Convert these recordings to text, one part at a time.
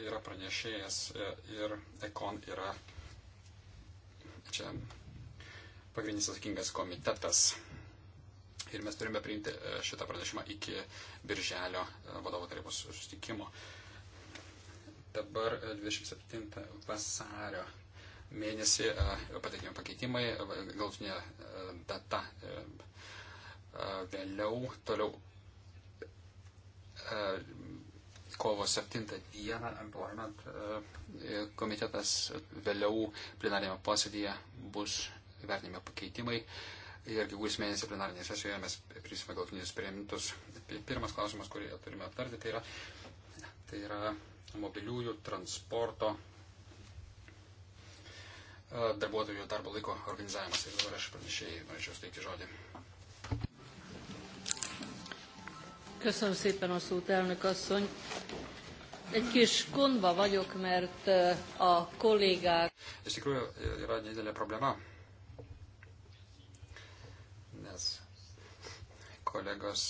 yra pranešėjas e, ir Ekon yra čia pagrindinis atsakingas komitetas. Ir mes turime priimti e, šitą pranešimą iki Birželio e, vadovo tarybos sustikimo. Dabar 27 vasario mėnesį pateikėme pakeitimai, galutinė data vėliau, toliau kovo 7 dieną Employment e, komitetas vėliau plenarinėme posėdėje bus vertinimo pakeitimai ir gegužės mėnesį plenarinėje sesijoje mes prisime galutinius priimtus. Pirmas klausimas, kurį turime aptarti, tai yra, tai yra mobiliųjų transporto e, darbuotojų darbo laiko organizavimas. Ir dabar aš pranešėjai norėčiau steigti žodį. Köszönöm szépen a szót, elnök asszony. Egy kis gondba vagyok, mert eh, a kollégák... Iš tikrųjų, yra didelė problema, nes kolegos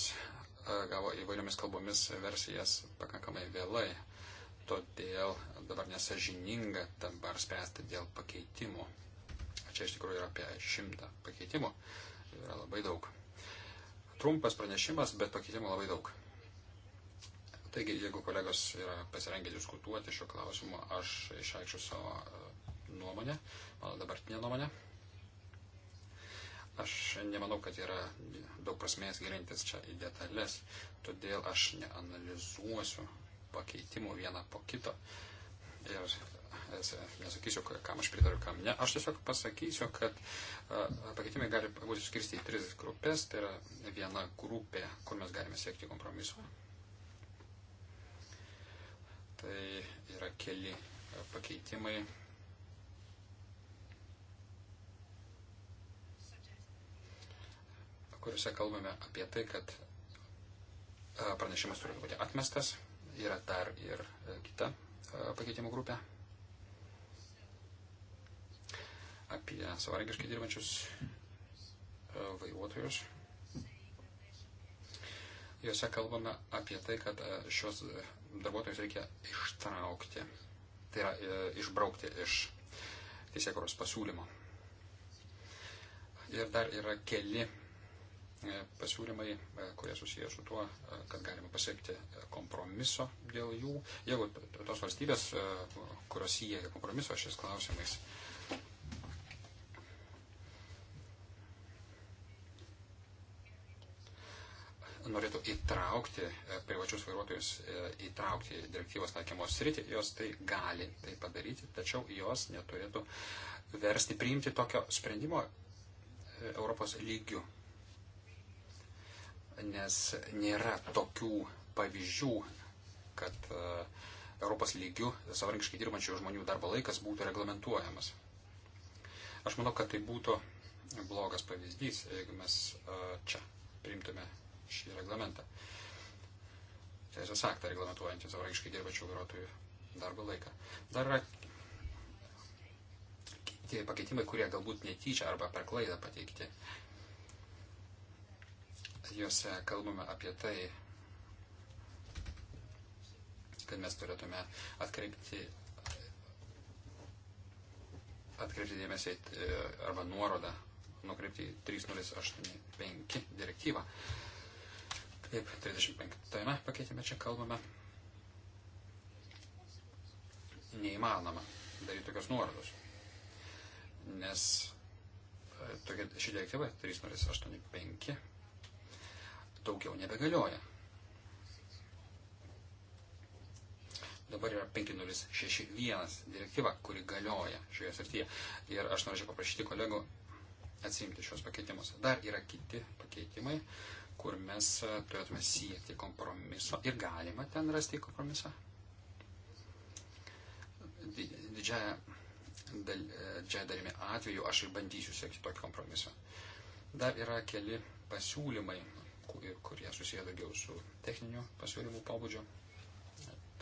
gavo įvairiomis kalbomis versijas pakankamai vėlai, todėl dabar nesažininga dabar spręsti dėl pakeitimų. Čia iš tikrųjų yra apie šimtą pakeitimų, yra labai daug trumpas pranešimas, bet pakeitimų labai daug. Taigi, jeigu kolegos yra pasirengę diskutuoti šiuo klausimu, aš išreikščiau savo e, nuomonę, mano dabartinę nuomonę. Aš nemanau, kad yra daug prasmės gilintis čia į detalės, todėl aš neanalizuosiu pakeitimų vieną po kito ir nesakysiu, kam aš pritariu, kam ne. Aš tiesiog pasakysiu, kad pakeitimai gali būti skirsti į tris grupės. Tai yra viena grupė, kur mes galime siekti kompromiso. Tai yra keli pakeitimai. kuriuose kalbame apie tai, kad pranešimas turi būti atmestas. Yra dar ir kita pakeitimo grupė, apie savarankiškai dirbančius e, vairuotojus. Juose kalbame apie tai, kad e, šios e, darbuotojus reikia ištraukti, tai yra išbraukti iš teisėkuros pasiūlymo. Ir dar yra keli pasiūlymai, kurie susiję su tuo, kad galima pasiekti kompromiso dėl jų. Jeigu tos valstybės, kurios siekia kompromiso šiais klausimais, norėtų įtraukti e, privačius vairuotojus, e, įtraukti direktyvos taikymos sritį, jos tai gali tai padaryti, tačiau jos neturėtų versti priimti tokio sprendimo e, Europos lygių, nes nėra tokių pavyzdžių, kad Europos lygių savarankiškai dirbančių žmonių darbo laikas būtų reglamentuojamas. Aš manau, kad tai būtų blogas pavyzdys, jeigu mes čia priimtume šį reglamentą. Teisės aktą reglamentuojantį savarankiškai dirbačių vairuotojų darbo laiką. Dar yra tie pakeitimai, kurie galbūt netyčia arba per klaidą pateikti. Juose kalbame apie tai, kad mes turėtume atkreipti, atkreipti dėmesį e, arba nuorodą nukreipti 3085 direktyvą. Taip, 35 pakeitime čia kalbame. Neįmanoma daryti tokios nuorodos. Nes e, tokia, ši direktyva 3085 daugiau nebegalioja. Dabar yra 5061 direktyva, kuri galioja šioje srityje. Ir aš norėčiau paprašyti kolegų atsiimti šios pakeitimus. Dar yra kiti pakeitimai, kur mes e, turėtume siekti kompromiso ir galima ten rasti kompromisą. Didžiaja, dal, e, didžiaja dalimi atveju aš ir bandysiu siekti tokį kompromisą. Dar yra keli pasiūlymai, kurie susiję daugiau su techniniu pasiūlymų pobūdžiu.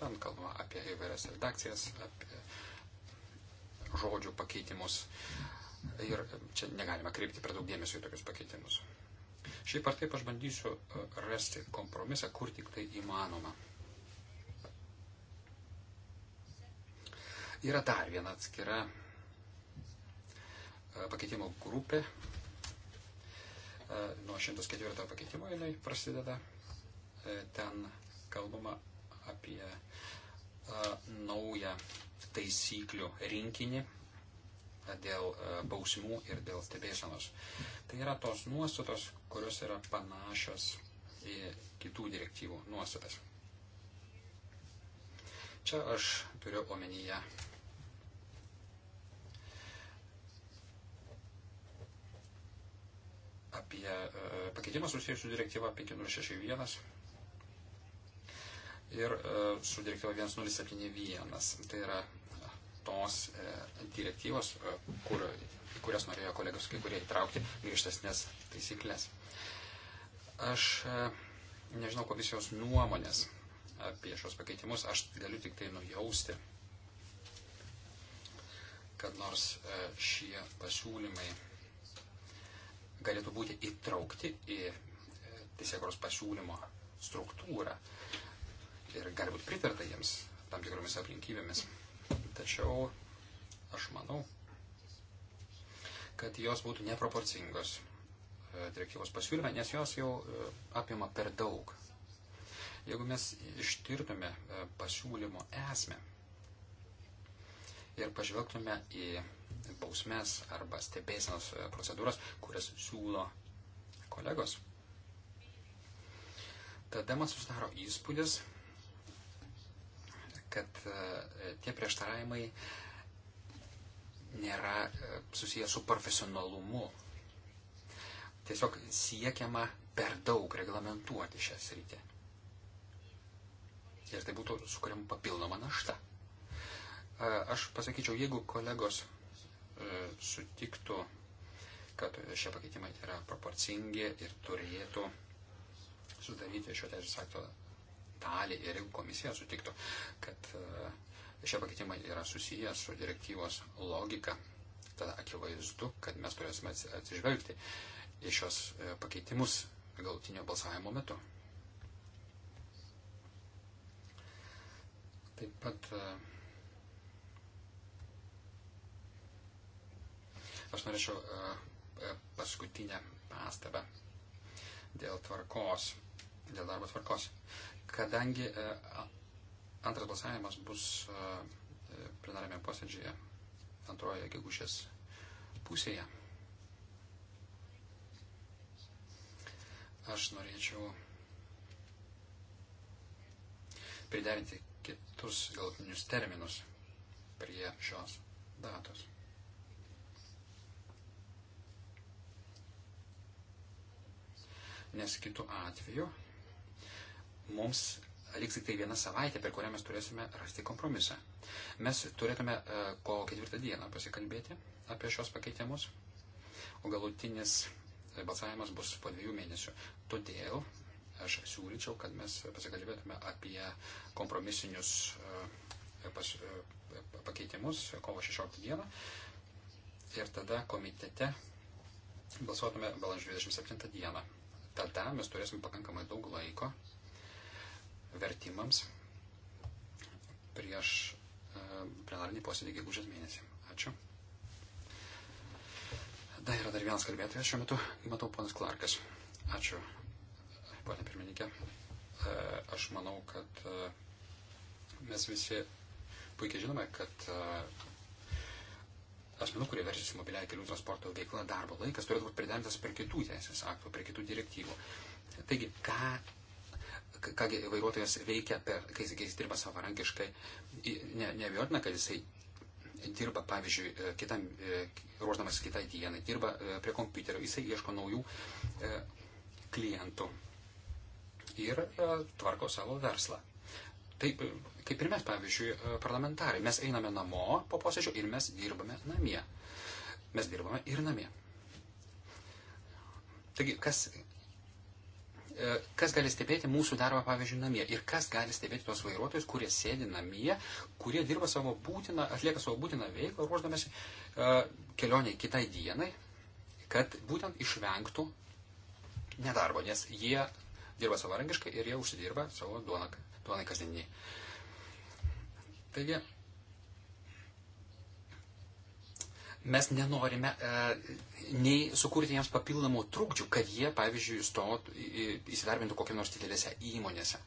Ten kalbama apie įvairias redakcijas, apie žodžių pakeitimus. Ir čia negalima kreipti per daug dėmesio į tokius pakeitimus. Šiaip ar taip aš bandysiu e, rasti kompromisą, kur tik tai įmanoma. Yra dar viena atskira e, pakeitimo grupė. E, nuo 104 pakeitimo jinai prasideda. Ten kalbama apie naują taisyklių rinkinį dėl e, bausmų ir dėl stebėsenos. Tai yra tos nuostatos, kurios yra panašios į kitų direktyvų nuostatas. Čia aš turiu omenyje apie e, pakeitimą susijusiu direktyvą 5061 ir su direktyva 1071. E, tai yra tos e, direktyvos, e, kur, kurias norėjo kolegos kai kurie įtraukti, griežtesnės taisyklės. Aš e, nežinau komisijos nuomonės apie šios pakeitimus, aš galiu tik tai nujausti, kad nors šie pasiūlymai galėtų būti įtraukti į teisėkros pasiūlymo struktūrą ir gali būti pritarta jiems tam tikromis aplinkybėmis. Tačiau aš manau, kad jos būtų neproporcingos e, direktyvos pasiūlyme, nes jos jau e, apima per daug. Jeigu mes ištirtume e, pasiūlymo esmę ir pažvelgtume į bausmes arba stebėsenos procedūras, kurias siūlo kolegos, tada man susidaro įspūdis, kad e, tie prieštaravimai nėra e, susiję su profesionalumu. Tiesiog siekiama per daug reglamentuoti šią sritį. Ir tai būtų sukuriama papildoma našta. E, aš pasakyčiau, jeigu kolegos sutiktų, kad šie pakeitimai yra proporcingi ir turėtų sudaryti šio teisės akto detalė ir jeigu komisija sutiktų, kad e, šie pakeitimai yra susijęs su direktyvos logika, tada akivaizdu, kad mes turėsime atsižvelgti į šios e, pakeitimus galutinio balsavimo metu. Taip pat e, aš norėčiau paskutinę pastabą dėl tvarkos, dėl darbo tvarkos. Kadangi e, antras balsavimas bus e, e, plenarėme posėdžioje antroje gegužės pusėje, aš norėčiau priderinti kitus galutinius terminus prie šios datos. Nes kitų atveju mums liks tik tai viena savaitė, per kurią mes turėsime rasti kompromisą. Mes turėtume e, kovo ketvirtą dieną pasikalbėti apie šios pakeitimus, o galutinis e, balsavimas bus po dviejų mėnesių. Todėl aš siūlyčiau, kad mes pasikalbėtume apie kompromisinius e, pas, pakeitimus kovo 16 dieną ir tada komitete balsuotume balandžio 27 dieną. Tada mes turėsim pakankamai daug laiko vertimams prieš e, plenarinį posėdį gegužės mėnesį. Ačiū. Da, yra dar vienas kalbėtojas šiuo metu, matau, ponas Klarkas. Ačiū, ponė pirmininkė. E, aš manau, kad e, mes visi puikiai žinome, kad asmenų, kurie veržiasi mobiliai kelių transporto veikla, darbo laikas turėtų būti pridengtas prie kitų teisės aktų, prie kitų direktyvų. Taigi, ką kągi vairuotojas veikia, per, kai, kai jis dirba savarankiškai, neabijotina, ne kad jisai dirba, pavyzdžiui, e, kitam, e, ruoždamas kitai dienai, dirba e, prie kompiuterio, jisai ieško naujų klientų ir tvarko savo verslą. Taip, kaip ir mes, pavyzdžiui, parlamentarai, mes einame namo po posėdžio ir mes dirbame namie. Mes dirbame ir namie. Taigi, kas, E, kas gali stebėti mūsų darbą, pavyzdžiui, namie ir kas gali stebėti tos vairuotojus, kurie sėdi namie, kurie dirba savo būtiną, atlieka savo būtiną veiklą, ruoždamėsi e, kelioniai kitai dienai, kad būtent išvengtų nedarbo, nes jie dirba savarankiškai ir jie užsidirba savo duoną, duonai kasdieniniai. Taigi, mes nenorime e, nei sukurti jiems papildomų trukdžių, kad jie, pavyzdžiui, stot, įsidarbintų kokią nors didelėse įmonėse e,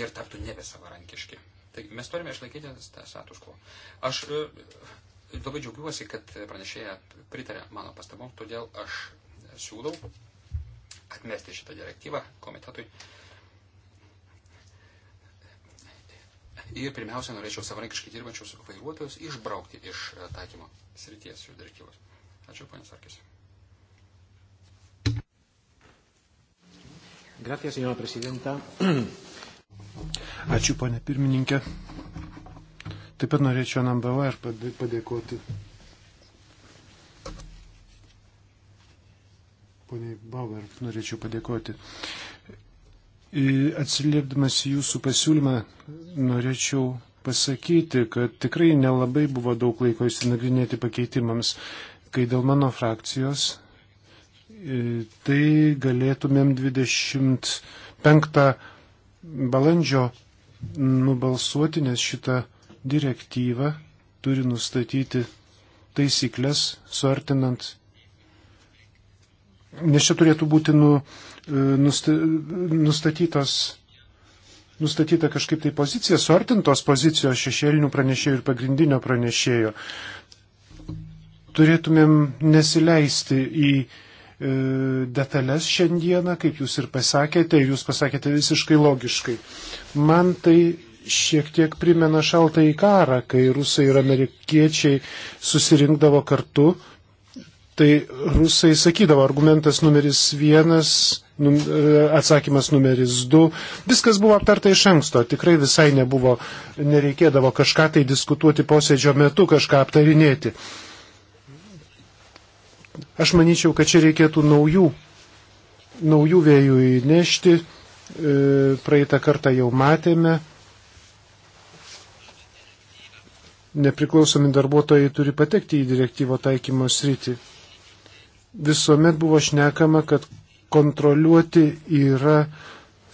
ir taptų nebe savarankiški. Taigi mes turime išlaikyti tą status quo. Aš e, labai džiaugiuosi, kad pranešėja pritarė mano pastabom, todėl aš siūlau atmesti šitą direktyvą komitetui. E, Ir pirmiausia, norėčiau savarankiškai dirbančius vairuotojus išbraukti iš e, taikymo srities jų direktyvos. Ačiū, ponė Sarkis. Gracias, señora presidenta. Ačiū, ponė pirmininkė. Taip pat norėčiau NMBV ir padėkoti. Pone Bauer, norėčiau padėkoti. Atsiliepdamas jūsų pasiūlymą, norėčiau pasakyti, kad tikrai nelabai buvo daug laiko įsinagrinėti pakeitimams, kai dėl mano frakcijos tai galėtumėm 25 balandžio nubalsuoti, nes šitą direktyvą turi nustatyti taisyklės, suartinant nes čia turėtų būti nu, e, nusta, nustatytas, nustatyta kažkaip tai pozicija, suartintos pozicijos šešėlinių pranešėjų ir pagrindinio pranešėjo. Turėtumėm nesileisti į e, detalės šiandieną, kaip jūs ir pasakėte, jūs pasakėte visiškai logiškai. Man tai šiek tiek primena šaltą į karą, kai rusai ir amerikiečiai susirinkdavo kartu Tai rusai sakydavo, argumentas numeris vienas, num, atsakymas numeris du, viskas buvo aptarta iš anksto, tikrai visai nebuvo, nereikėdavo kažką tai diskutuoti posėdžio metu, kažką aptarinėti. Aš manyčiau, kad čia reikėtų naujų, naujų vėjų įnešti, e, praeitą kartą jau matėme, nepriklausomi darbuotojai turi patekti į direktyvo taikymo sritį visuomet buvo šnekama, kad kontroliuoti yra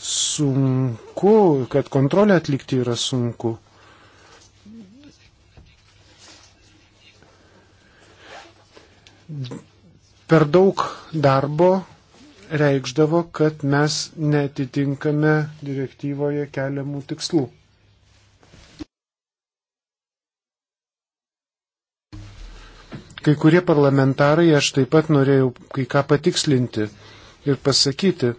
sunku, kad kontrolę atlikti yra sunku. Per daug darbo reikšdavo, kad mes netitinkame direktyvoje keliamų tikslų. Kai kurie parlamentarai, aš taip pat norėjau kai ką patikslinti ir pasakyti,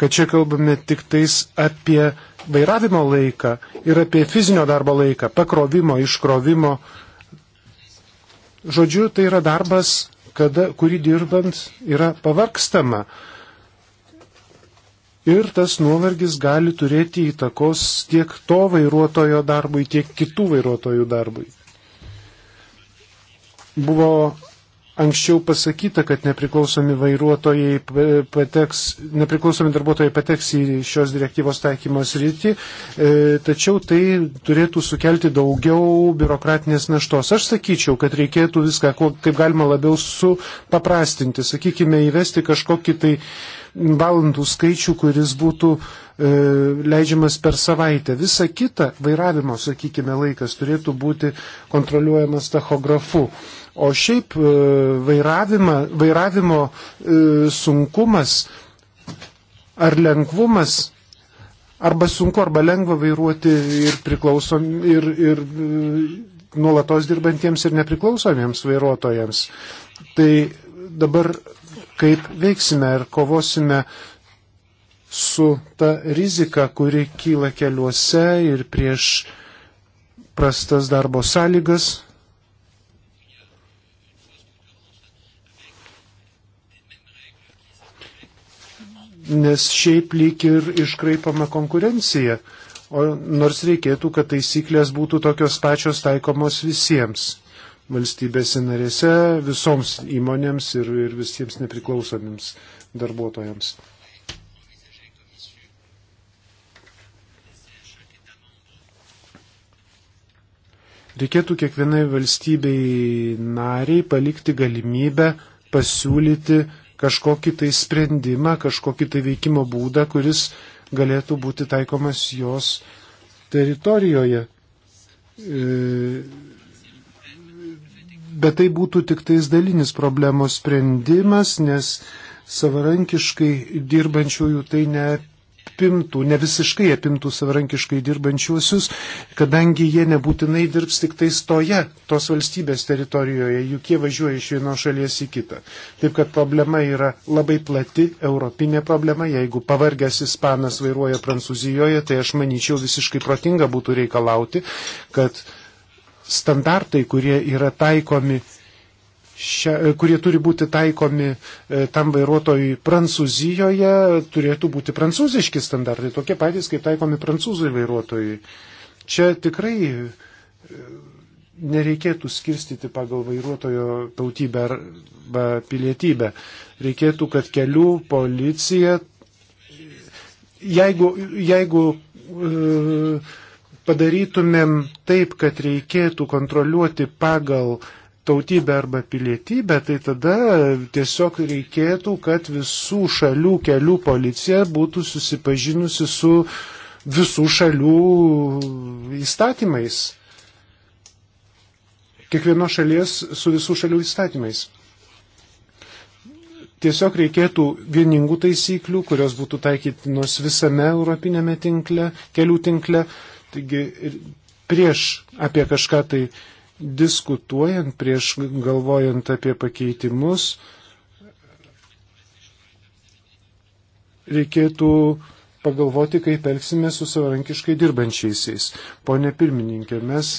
kad čia kalbame tik tais apie vairavimo laiką ir apie fizinio darbo laiką, pakrovimo, iškrovimo. Žodžiu, tai yra darbas, kada, kurį dirbant yra pavarkstama. Ir tas nuovargis gali turėti įtakos tiek to vairuotojo darbui, tiek kitų vairuotojų darbui. Buvo anksčiau pasakyta, kad nepriklausomi, pateks, nepriklausomi darbuotojai pateks į šios direktyvos taikymos rytį, e, tačiau tai turėtų sukelti daugiau biurokratinės naštos. Aš sakyčiau, kad reikėtų viską, kaip galima labiau supaprastinti, sakykime, įvesti kažkokį tai e, valandų skaičių, kuris būtų e, leidžiamas per savaitę. Visa kita vairavimo, sakykime, laikas turėtų būti kontroliuojamas tachografu. O šiaip e, vairavimo e, sunkumas ar lengvumas arba sunku, arba lengva vairuoti ir priklausom ir, ir e, nuolatos dirbantiems ir nepriklausomiems vairuotojams. Tai dabar kaip veiksime ir kovosime su ta rizika, kuri kyla keliuose ir prieš prastas darbo sąlygas. Nes šiaip lyg ir iškraipama konkurencija, o nors reikėtų, kad taisyklės būtų tokios pačios taikomos visiems valstybėse narėse visoms įmonėms ir, ir visiems nepriklausomiems darbuotojams. Reikėtų kiekvienai valstybei nariai palikti galimybę pasiūlyti kažkokį tai sprendimą, kažkokį tai veikimo būdą, kuris galėtų būti taikomas jos teritorijoje. E, bet tai būtų tik tais dalinis problemos sprendimas, nes savarankiškai dirbančiųjų tai neapimtų, ne visiškai apimtų savarankiškai dirbančiuosius, kadangi jie nebūtinai dirbs tik tais toje, tos valstybės teritorijoje, juk jie važiuoja iš vienos šalies į kitą. Taip kad problema yra labai plati, europinė problema, jeigu pavargęs ispanas vairuoja Prancūzijoje, tai aš manyčiau visiškai protinga būtų reikalauti, kad standartai, kurie yra taikomi, šia, kurie turi būti taikomi e, tam vairuotojui Prancūzijoje, turėtų būti prancūziški standartai, tokie patys, kaip taikomi prancūzai vairuotojai. Čia tikrai e, nereikėtų skirstyti pagal vairuotojo tautybę arba pilietybę. Reikėtų, kad kelių policija, jeigu, jeigu e, padarytumėm taip, kad reikėtų kontroliuoti pagal tautybę arba pilietybę, tai tada tiesiog reikėtų, kad visų šalių kelių policija būtų susipažinusi su visų šalių įstatymais. Kiekvienos šalies su visų šalių įstatymais. Tiesiog reikėtų vieningų taisyklių, kurios būtų taikytinos visame europinėme tinkle, kelių tinkle. Uh, Taigi prieš apie kažką tai diskutuojant, prieš galvojant apie pakeitimus, reikėtų pagalvoti, kaip elgsime su savarankiškai dirbančiaisiais. Pone pirmininkė, mes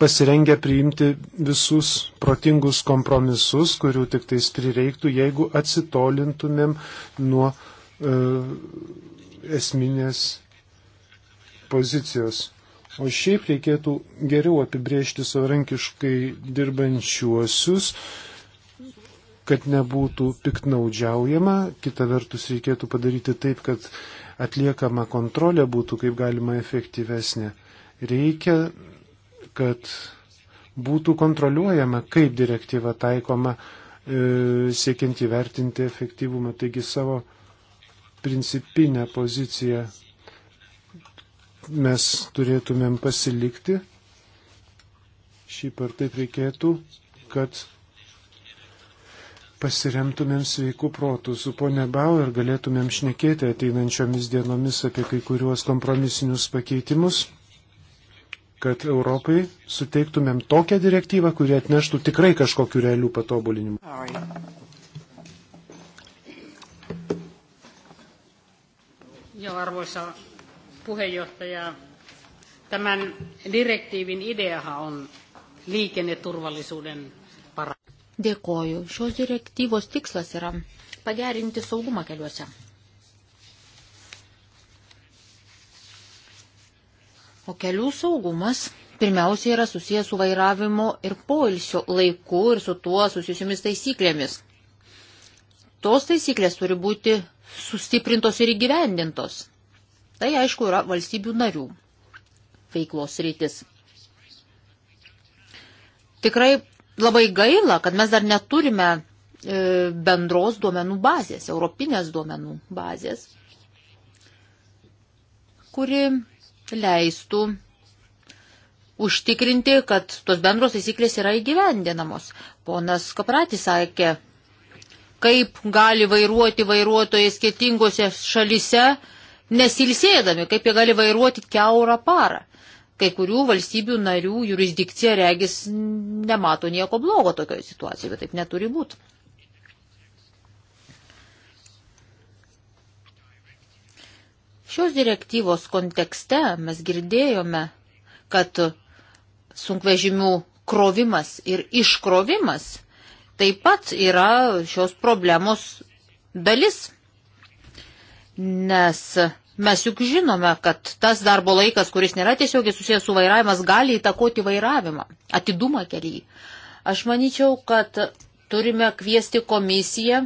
pasirengę priimti visus protingus kompromisus, kurių tik tais prireiktų, jeigu atsitolintumėm nuo e, esminės pozicijos. O šiaip reikėtų geriau apibriežti savarankiškai dirbančiuosius, kad nebūtų piknaudžiaujama. Kita vertus reikėtų padaryti taip, kad atliekama kontrolė būtų kaip galima efektyvesnė. Reikia, kad būtų kontroliuojama, kaip direktyva taikoma, e, siekiant įvertinti efektyvumą. Taigi savo principinę poziciją mes turėtumėm pasilikti. Šį par taip reikėtų, kad pasiremtumėm sveikų protų su ponė Bau ir galėtumėm šnekėti ateinančiomis dienomis apie kai kuriuos kompromisinius pakeitimus, kad Europai suteiktumėm tokią direktyvą, kuri atneštų tikrai kažkokiu realių patobulinimu. Ja arvoisa puheenjohtaja. Tämän direktiivin ideahan on liikenneturvallisuuden parantaminen. Dėkoju. Šios direktyvos tikslas yra pagerinti saugumą keliuose. O kelių saugumas pirmiausia yra susijęs su vairavimo ir poilsio laiku ir su tuo susijusiamis taisyklėmis. Tos taisyklės turi būti sustiprintos ir įgyvendintos. Tai aišku yra valstybių narių veiklos rytis. Tikrai labai gaila, kad mes dar neturime e, bendros duomenų bazės, europinės duomenų bazės, kuri leistų užtikrinti, kad tos bendros taisyklės yra įgyvendinamos. Ponas Kapratis sakė, kaip gali vairuoti vairuotojai skirtingose šalise, nesilsėdami, kaip jie gali vairuoti keurą parą. Kai kurių valstybių narių jurisdikcija regis nemato nieko blogo tokioje situacijoje, bet taip neturi būti. Šios direktyvos kontekste mes girdėjome, kad sunkvežimių krovimas ir iškrovimas taip pat yra šios problemos dalis, nes Mes juk žinome, kad tas darbo laikas, kuris nėra tiesiogiai susijęs su vairavimas, gali įtakoti vairavimą, atidumą kelyje. Aš manyčiau, kad turime kviesti komisiją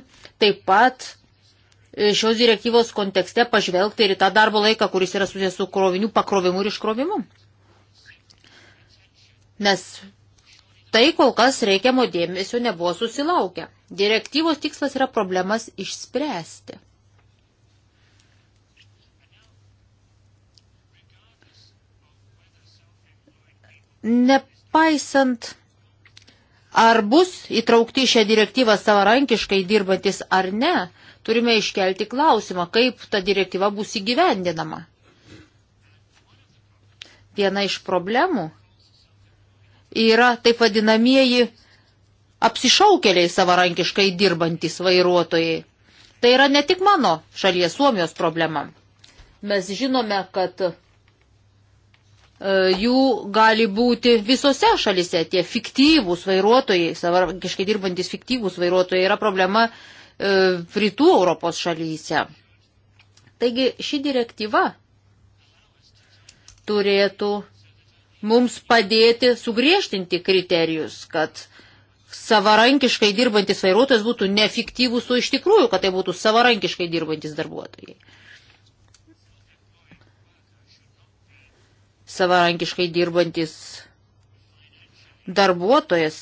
taip pat e, šios direktyvos kontekste pažvelgti ir tą darbo laiką, kuris yra susijęs su krovinių pakrovimu ir iškrovimu. Nes tai kol kas reikiamo dėmesio nebuvo susilaukę. Direktyvos tikslas yra problemas išspręsti. Nepaisant, ar bus įtraukti šią direktyvą savarankiškai dirbantis ar ne, turime iškelti klausimą, kaip ta direktyva bus įgyvendinama. Viena iš problemų yra taip vadinamieji apsišaukėliai savarankiškai dirbantis vairuotojai. Tai yra ne tik mano šalies Suomijos problema. Mes žinome, kad E, jų gali būti visose šalise, tie fiktyvūs vairuotojai, savarankiškai dirbantis fiktyvūs vairuotojai yra problema e, rytų Europos šalyse. Taigi ši direktyva turėtų mums padėti sugriežtinti kriterijus, kad savarankiškai dirbantis vairuotojas būtų nefiktyvus, o iš tikrųjų, kad tai būtų savarankiškai dirbantis darbuotojai. savarankiškai dirbantis darbuotojas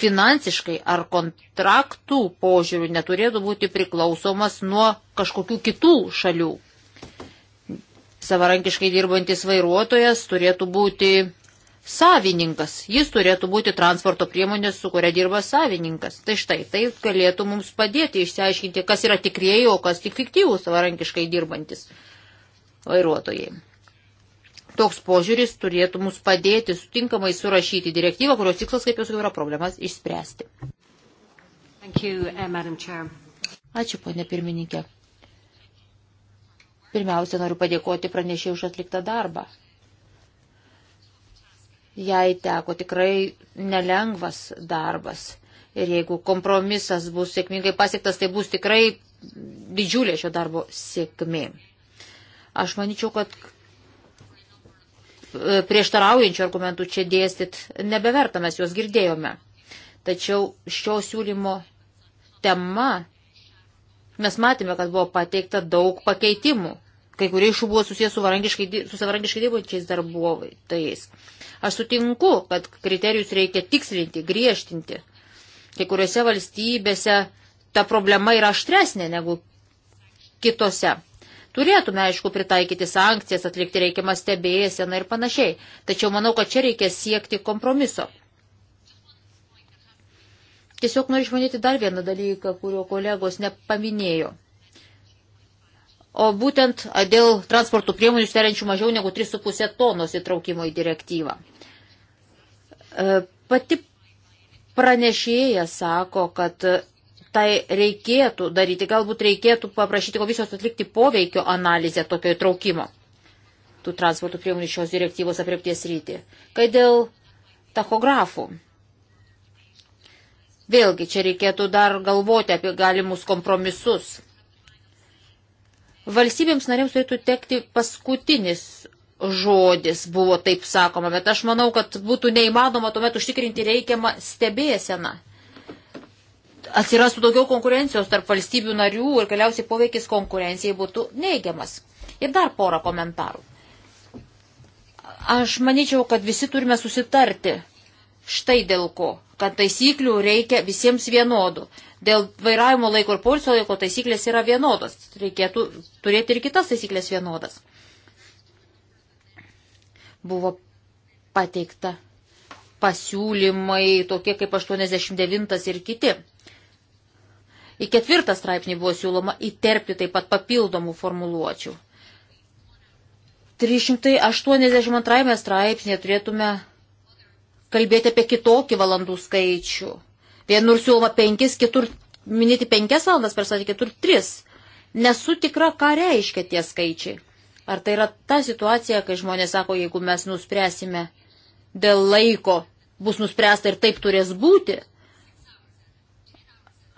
finansiškai ar kontraktų požiūrių neturėtų būti priklausomas nuo kažkokių kitų šalių. Savarankiškai dirbantis vairuotojas turėtų būti savininkas. Jis turėtų būti transporto priemonės, su kuria dirba savininkas. Tai štai, tai galėtų mums padėti išsiaiškinti, kas yra tikrieji, o kas tik fiktyvų savarankiškai dirbantis vairuotojai toks požiūris turėtų mums padėti sutinkamai surašyti direktyvą, kurios tikslas, kaip jau sakiau, yra problemas išspręsti. You, eh, Ačiū, ponė pirmininkė. Pirmiausia, noriu padėkoti pranešėjai už atliktą darbą. Jai teko tikrai nelengvas darbas. Ir jeigu kompromisas bus sėkmingai pasiektas, tai bus tikrai didžiulė šio darbo sėkmė. Aš manyčiau, kad E, prieštaraujančių argumentų čia dėstyt nebeverta, mes juos girdėjome. Tačiau šio siūlymo tema, mes matėme, kad buvo pateikta daug pakeitimų. Kai kurie iš jų buvo susijęs su, su savarankiškai dirbančiais darbuotojais. Aš sutinku, kad kriterijus reikia tikslinti, griežtinti. Kai kuriuose valstybėse ta problema yra aštresnė negu kitose. Turėtume, aišku, pritaikyti sankcijas, atlikti reikiamą stebėjęseną ir panašiai. Tačiau manau, kad čia reikia siekti kompromiso. Tiesiog noriu išmanyti dar vieną dalyką, kurio kolegos nepaminėjo. O būtent dėl transporto priemonių sveriančių mažiau negu 3,5 tonos įtraukimo į direktyvą. E, pati pranešėja sako, kad tai reikėtų daryti. Galbūt reikėtų paprašyti komisijos atlikti poveikio analizę tokio įtraukimo tų transporto priemonių šios direktyvos apriepties rytį. Kai dėl tachografų. Vėlgi, čia reikėtų dar galvoti apie galimus kompromisus. Valstybėms narėms turėtų tekti paskutinis žodis, buvo taip sakoma, bet aš manau, kad būtų neįmanoma tuomet užtikrinti reikiamą stebėseną atsirastų daugiau konkurencijos tarp valstybių narių ir galiausiai poveikis konkurencijai būtų neigiamas. Ir dar porą komentarų. Aš manyčiau, kad visi turime susitarti štai dėl ko, kad taisyklių reikia visiems vienodų. Dėl vairavimo laiko ir polsio laiko taisyklės yra vienodos. Reikėtų turėti ir kitas taisyklės vienodas. Buvo pateikta pasiūlymai tokie kaip 89 ir kiti. Į ketvirtą straipsnį buvo siūloma įterpti taip pat papildomų formuluočių. 382 straipsnėje turėtume kalbėti apie kitokį valandų skaičių. Vienur siūloma 5, kitur minėti 5 valandas per savaitę, kitur 3. Nesu tikra, ką reiškia tie skaičiai. Ar tai yra ta situacija, kai žmonės sako, jeigu mes nuspręsime dėl laiko, bus nuspręsta ir taip turės būti,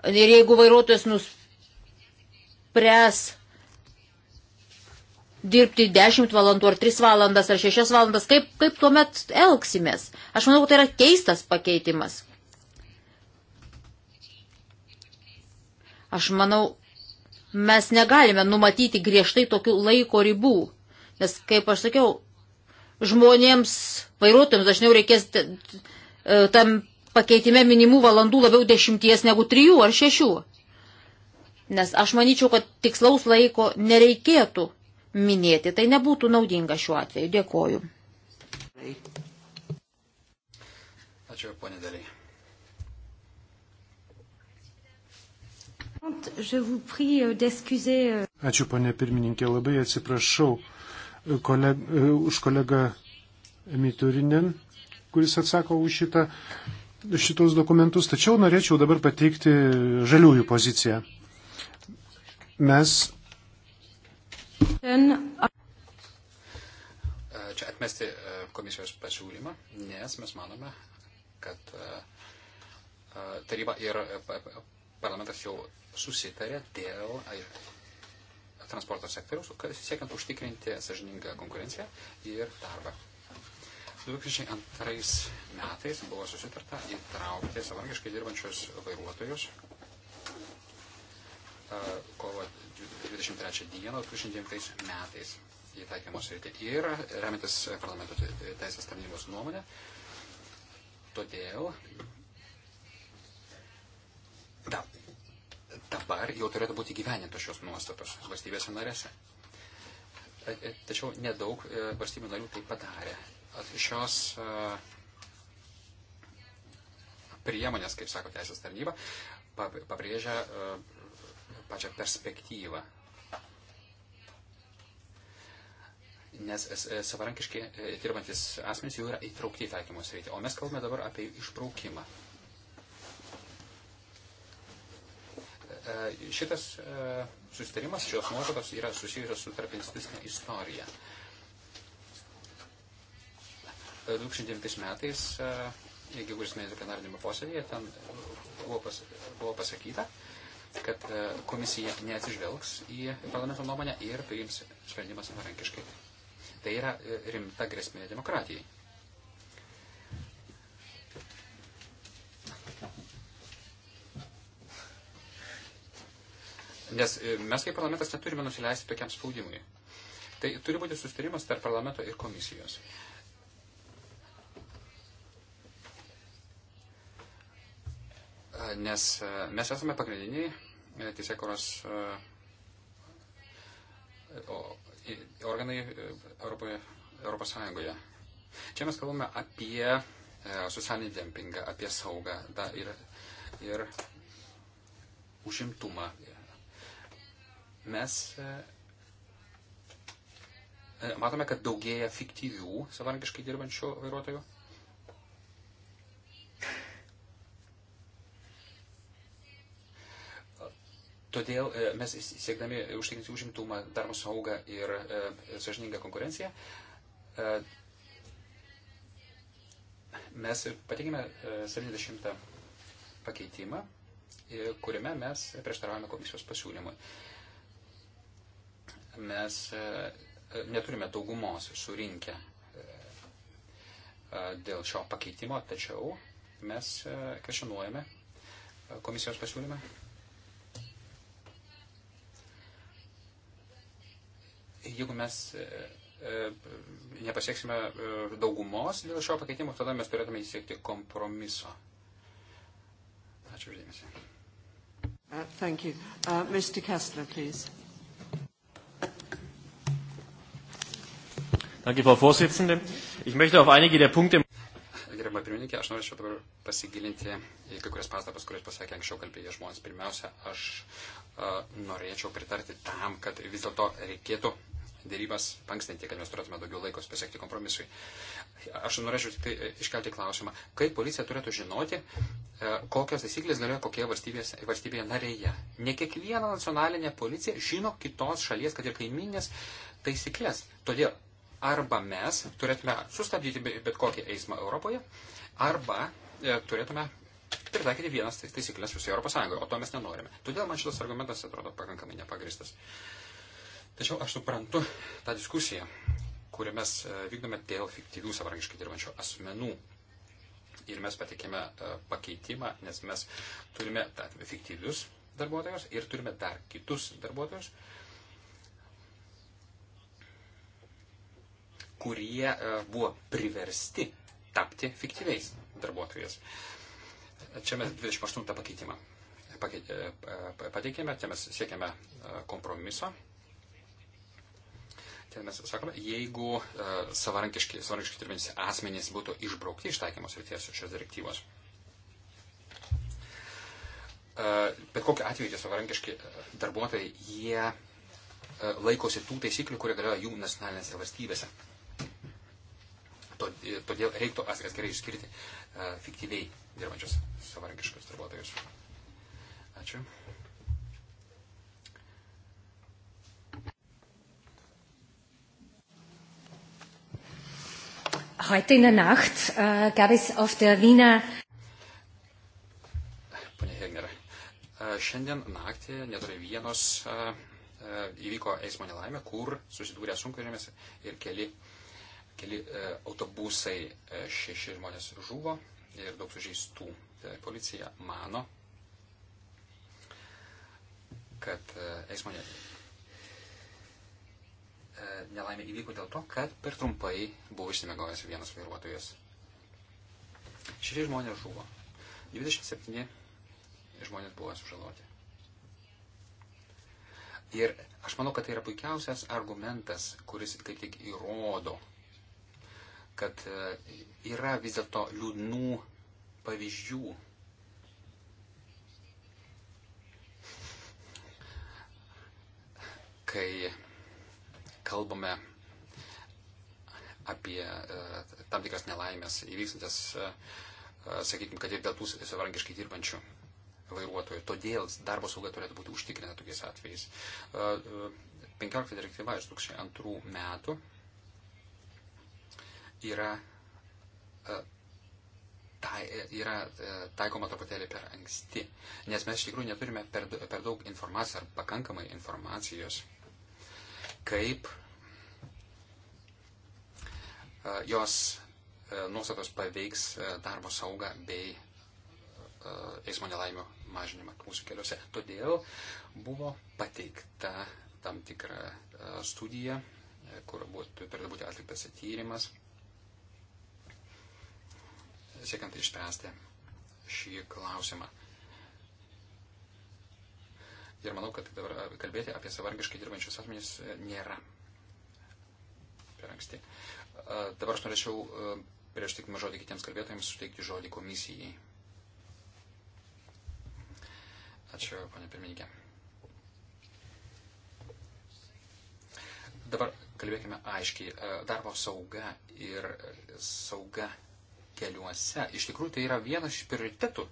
Ir jeigu vairuotojas nuspręs dirbti 10 valandų ar 3 valandas ar 6 valandas, kaip, kaip tuomet elgsimės? Aš manau, tai yra keistas pakeitimas. Aš manau, mes negalime numatyti griežtai tokių laiko ribų, nes, kaip aš sakiau, žmonėms, vairuotojams dažniau reikės e, tam pakeitime minimų valandų labiau dešimties negu trijų ar šešių. Nes aš manyčiau, kad tikslaus laiko nereikėtų minėti. Tai nebūtų naudinga šiuo atveju. Dėkoju. Ačiū, ponė Daliai. Euh, euh, Ačiū, ponė pirmininkė, labai atsiprašau e, koleg, e, už kolegą Miturinen, kuris atsako už šitą šitos dokumentus, tačiau norėčiau dabar pateikti žaliųjų poziciją. Mes. Čia atmesti e, komisijos pasiūlymą, nes mes manome, kad e, e, taryba ir parlamentas jau susitarė dėl transporto sektoriaus, siekiant užtikrinti sažiningą konkurenciją ir darbą. 2002 metais buvo susitarta įtraukti savarankiškai dirbančius vairuotojus e, kovo 23 dieną 2009 metais į taikymos rytį. Ir remiantis parlamento teisės tarnybos nuomonę, todėl da, dabar jau turėtų būti gyvenintos šios nuostatos valstybėse narėse. Tačiau nedaug valstybių narių tai padarė šios e, priemonės, kaip sako teisės tarnyba, pabrėžia e, pačią perspektyvą. Nes e, savarankiškai dirbantis asmenys jau yra įtraukti į taikymus reitį, o mes kalbame dabar apie išbraukimą. Šitas susitarimas, šios nuostatos yra susijusios su tarp institucinė istorija. 2009 e, metais, e, gegužės mėnesio plenarinėme posėdėje, ten buvo, pas, buvo pasakyta, kad e, komisija neatsižvelgs į parlamento nuomonę ir priims sprendimą savarankiškai. Tai yra rimta grėsmė demokratijai. Nes mes kaip parlamentas neturime nusileisti tokiam spaudimui. Tai turi būti sustarimas tarp parlamento ir komisijos. Uh, nes e, mes esame pagrindiniai e, teisėkuros e, organai Europoje, Europos Sąjungoje. Čia mes kalbame apie socialinį dempingą, apie saugą da, ir, ir užimtumą. Mes matome, kad daugėja fiktyvių savarankiškai dirbančių vairuotojų. Todėl e, mes siekdami užtikrinti užimtumą, darbo saugą ir e, sažiningą konkurenciją, e, mes pateikime 70 pakeitimą, kuriame mes prieštaravome komisijos pasiūlymui. Mes neturime daugumos surinkę dėl šio pakeitimo, tačiau mes kvešinuojame komisijos pasiūlymą jeigu mes e, e, nepasieksime e, daugumos dėl šio pakeitimo, tada mes turėtume įsiekti kompromiso. Ačiū uždėmesi. Uh, thank you. Uh, Mr. Kessler, please. Danke, Frau Vorsitzende. Ich möchte auf einige der Punkte gerima pirmininkė, aš norėčiau dabar pasigilinti į kai kurias pastabas, kurias pasakė anksčiau kalbėję žmonės. Pirmiausia, aš a, norėčiau pritarti tam, kad vis dėlto reikėtų dėrybas pankstinti, kad mes turėtume daugiau laiko pasiekti kompromisui. Aš norėčiau tik tai e, iškelti klausimą, kaip policija turėtų žinoti, a, e, kokios taisyklės galioja kokioje valstybėje narėje. Ne kiekviena nacionalinė policija žino kitos šalies, kad ir kaiminės taisyklės. Todėl arba mes turėtume sustabdyti bet kokį eismą Europoje, arba e, turėtume pritaikyti vienas tai taisyklės visoje Europos Sąjungoje, o to mes nenorime. Todėl man šitas argumentas atrodo pakankamai nepagristas. Tačiau aš suprantu tą diskusiją, kurią mes e, vykdome dėl fiktyvių savarankiškai dirbančių asmenų. Ir mes patikėme e, pakeitimą, nes mes turime fiktyvius darbuotojus ir turime dar kitus darbuotojus, uh, kurie e, buvo priversti tapti fiktyviais darbuotojais. Čia mes 28 pakeitimą e, pateikėme, čia mes siekiame e, kompromiso. Ten mes sakome, jeigu savarankiškai, savarankiškai dirbantys asmenys būtų išbraukti iš taikymos ryties šios direktyvos. Bet kokiu atveju tie savarankiški darbuotojai, jie laikosi tų taisyklių, kurie galioja jų nacionalinėse valstybėse. Todėl reiktų atskirai išskirti e, fiktyviai dirbančius savarankiškus darbuotojus. Ačiū. Heute in der Nacht äh, gab es auf der Wiener. Pane Hegner, e, šiandien naktį netoli vienos e, įvyko eismo nelaimė, kur susidūrė sunkvežimis ir keli uh, keli e, autobusai, e, šeši žmonės žuvo ir daug sužeistų. E, policija mano, kad e, eismo e, nelaimė įvyko dėl to, kad per trumpai buvo išsimegojęs vienas vairuotojas. Šeši žmonės žuvo. 27 žmonės buvo sužaloti. Ir aš manau, kad tai yra puikiausias argumentas, kuris kaip tik įrodo, kad e, yra vis dėlto liūdnų pavyzdžių. Kai kalbame apie e, tam tikras nelaimės įvykstantis, e, sakykime, kad ir dėl tų savarankiškai dirbančių vairuotojų. Todėl darbo sauga turėtų būti užtikrinta tokiais atvejais. 15 direktyva iš 2002 metų yra, e, tai, e, yra e, taikoma truputėlį per anksti, nes mes iš tikrųjų neturime per, per daug informacijos ar pakankamai informacijos, kaip jos nuostatos paveiks darbo saugą bei eismo nelaimių mažinimą mūsų keliuose. Todėl buvo pateikta tam tikra studija, kur būtų, turėtų būti atliktas tyrimas siekiant išspręsti šį klausimą. Ir manau, kad dabar e, kalbėti apie savargiškai dirbančius asmenys e, nėra per anksti. E, dabar aš norėčiau prieš tik žodį kitiems kalbėtojams suteikti žodį komisijai. Ačiū, ponė pirmininkė. Dabar kalbėkime aiškiai. Darbo sauga ir sauga keliuose. Iš tikrųjų, tai yra vienas iš prioritetų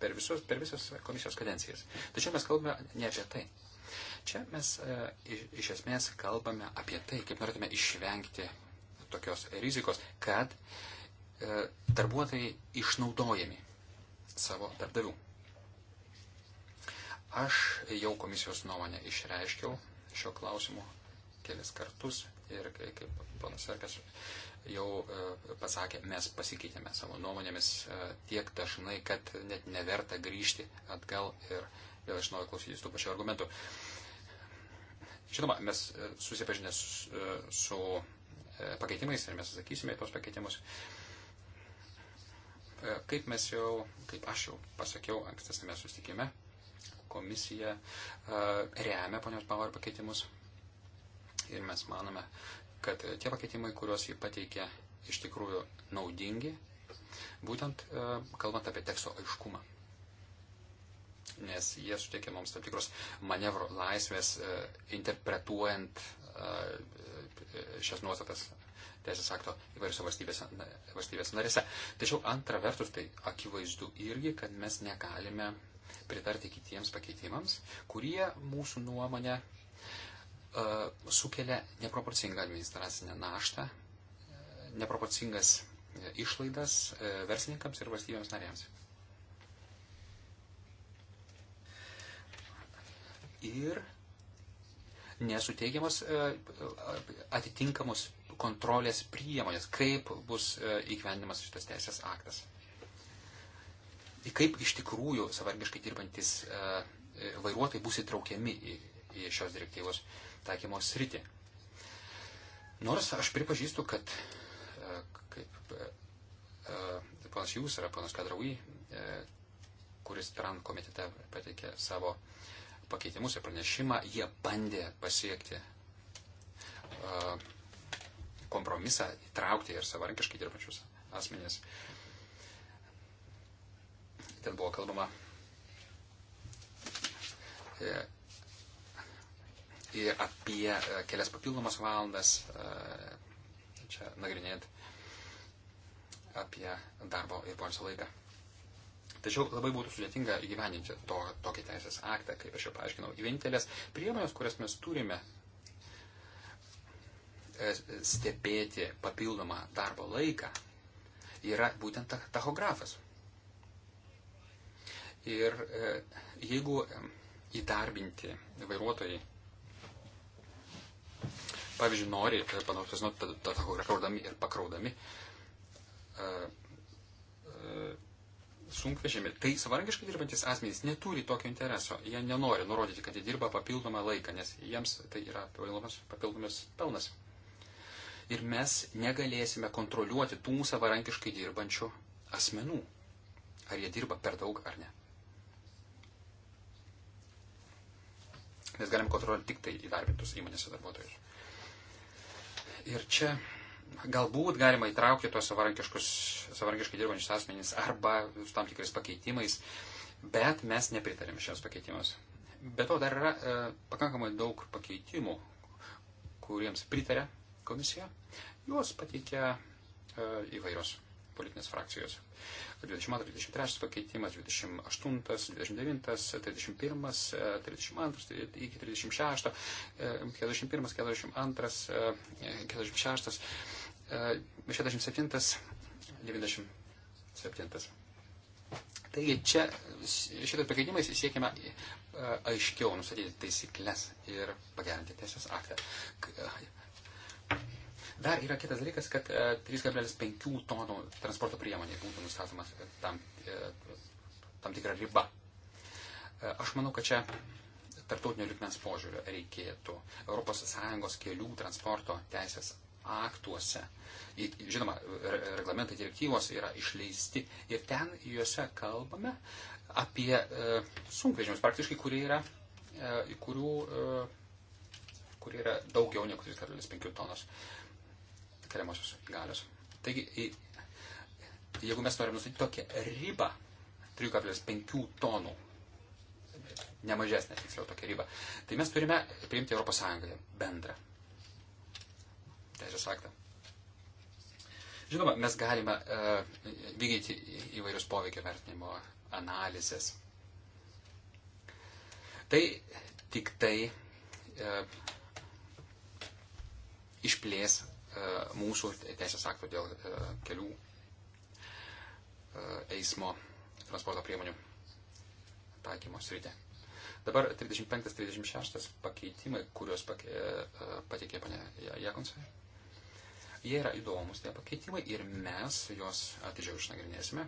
per, visus, per visas komisijos kadencijas. Tačiau mes kalbame ne apie tai. Čia mes e, iš, iš esmės kalbame apie tai, kaip norėtume išvengti tokios rizikos, kad e, darbuotojai išnaudojami savo darbdavių. Aš jau komisijos nuomonę išreiškiau šio klausimu kelis kartus ir kaip ponas Serkas jau e, pasakė, mes pasikeitėme savo nuomonėmis e, tiek dažnai, kad net neverta grįžti atgal ir vėl iš naujo klausytis tų pačių argumentų. Žinoma, mes e, susipažinę su, su pakeitimais ir mes atsakysime į tos pakeitimus. Kaip mes jau, kaip aš jau pasakiau ankstesnėme sustikime, komisija remia ponios Bauer pakeitimus ir mes manome, kad tie pakeitimai, kuriuos jį pateikė, iš tikrųjų naudingi, būtent e, kalbant apie teksto aiškumą. Nes jie suteikia mums tam tikros manevro laisvės e, interpretuojant e, šias nuostatas teisės akto įvairiose valstybės, valstybės narėse. Tačiau antra vertus, tai akivaizdu irgi, kad mes negalime pritarti kitiems pakeitimams, kurie mūsų nuomonė E, sukelia neproporcingą administracinę naštą, e, neproporcingas e, išlaidas verslininkams ir valstybėms narėms. Ir nesuteikiamas atitinkamos kontrolės priemonės, kaip bus įgyvendinamas šitas teisės aktas. Ir kaip iš tikrųjų savargiškai dirbantis vairuotojai bus įtraukiami į, į šios direktyvos uh, taikymo sritį. Nors aš pripažįstu, kad e, kaip e, e, panas Jūs yra panas Kadraui, kuris Tran komitete pateikė savo pakeitimus ir pranešimą, jie bandė pasiekti kompromisą, įtraukti ir savarankiškai dirbančius asmenys. Ten buvo kalbama apie e, kelias papildomas valandas, e, čia nagrinėjant apie darbo ir poilsio laiką. Tačiau labai būtų sudėtinga įgyvendinti to, tokį teisės aktą, kaip aš jau paaiškinau. Vienintelės priemonės, kurias mes turime e, stebėti papildomą darbo laiką, yra būtent tachografas. Ir jeigu įdarbinti vairuotojai pavyzdžiui, nori, e, panaudodami ir pakraudami e, e, sunkvežimį, tai savarankiškai dirbantis asmenys neturi tokio intereso. Jie nenori nurodyti, kad jie dirba papildomą laiką, nes jiems tai yra papildomas pelnas. Ir mes negalėsime kontroliuoti tų savarankiškai dirbančių asmenų, ar jie dirba per daug ar ne. Mes galim kontroliuoti tik tai įdarbintus įmonėse darbuotojus. Ir čia galbūt galima įtraukti tos savarankiškai dirbančius asmenys arba su tam tikrais pakeitimais, bet mes nepritarėme šiems pakeitimams. Be to dar yra e, pakankamai daug pakeitimų, kuriems pritarė komisija. Juos pateikia e, įvairios politinės frakcijos. 22-23 pakeitimas, 28, 29, 31, 32 iki 36, 41, 42, 46, 67, 97. Taigi čia šitas pakeitimais siekiame aiškiau nustatyti taisyklės ir pagerinti teisės aktą. Dar yra kitas dalykas, kad 3,5 e, tonų transporto priemonė būtų nustatomas tam, e, tam tikra riba. E, aš manau, kad čia tarptautinio likmens požiūrio reikėtų ES kelių transporto teisės aktuose. Žinoma, reglamentai direktyvos yra išleisti ir ten juose kalbame apie e, sunkvežimius praktiškai, kurie yra, e, kurių, e, kurie yra daugiau negu 3,5 tonos. E, tariamosios galios. Taigi, jeigu mes norime nustatyti tokią ribą, 3,5 tonų, nemažesnė tiksliau tokia riba, tai mes turime priimti Europos Sąjungoje bendrą teisės aktą. Žinoma, mes galime uh, vykdyti įvairius poveikio vertinimo analizės. Tai tik tai uh, išplės Uh, mūsų teisės aktų dėl uh, kelių uh, eismo transporto priemonių taikymo sritė. Dabar 35-36 pakeitimai, kuriuos pake, pateikė ponė Jakonsai. Jie yra įdomus tie pakeitimai ir mes juos atidžiau išnagrinėsime.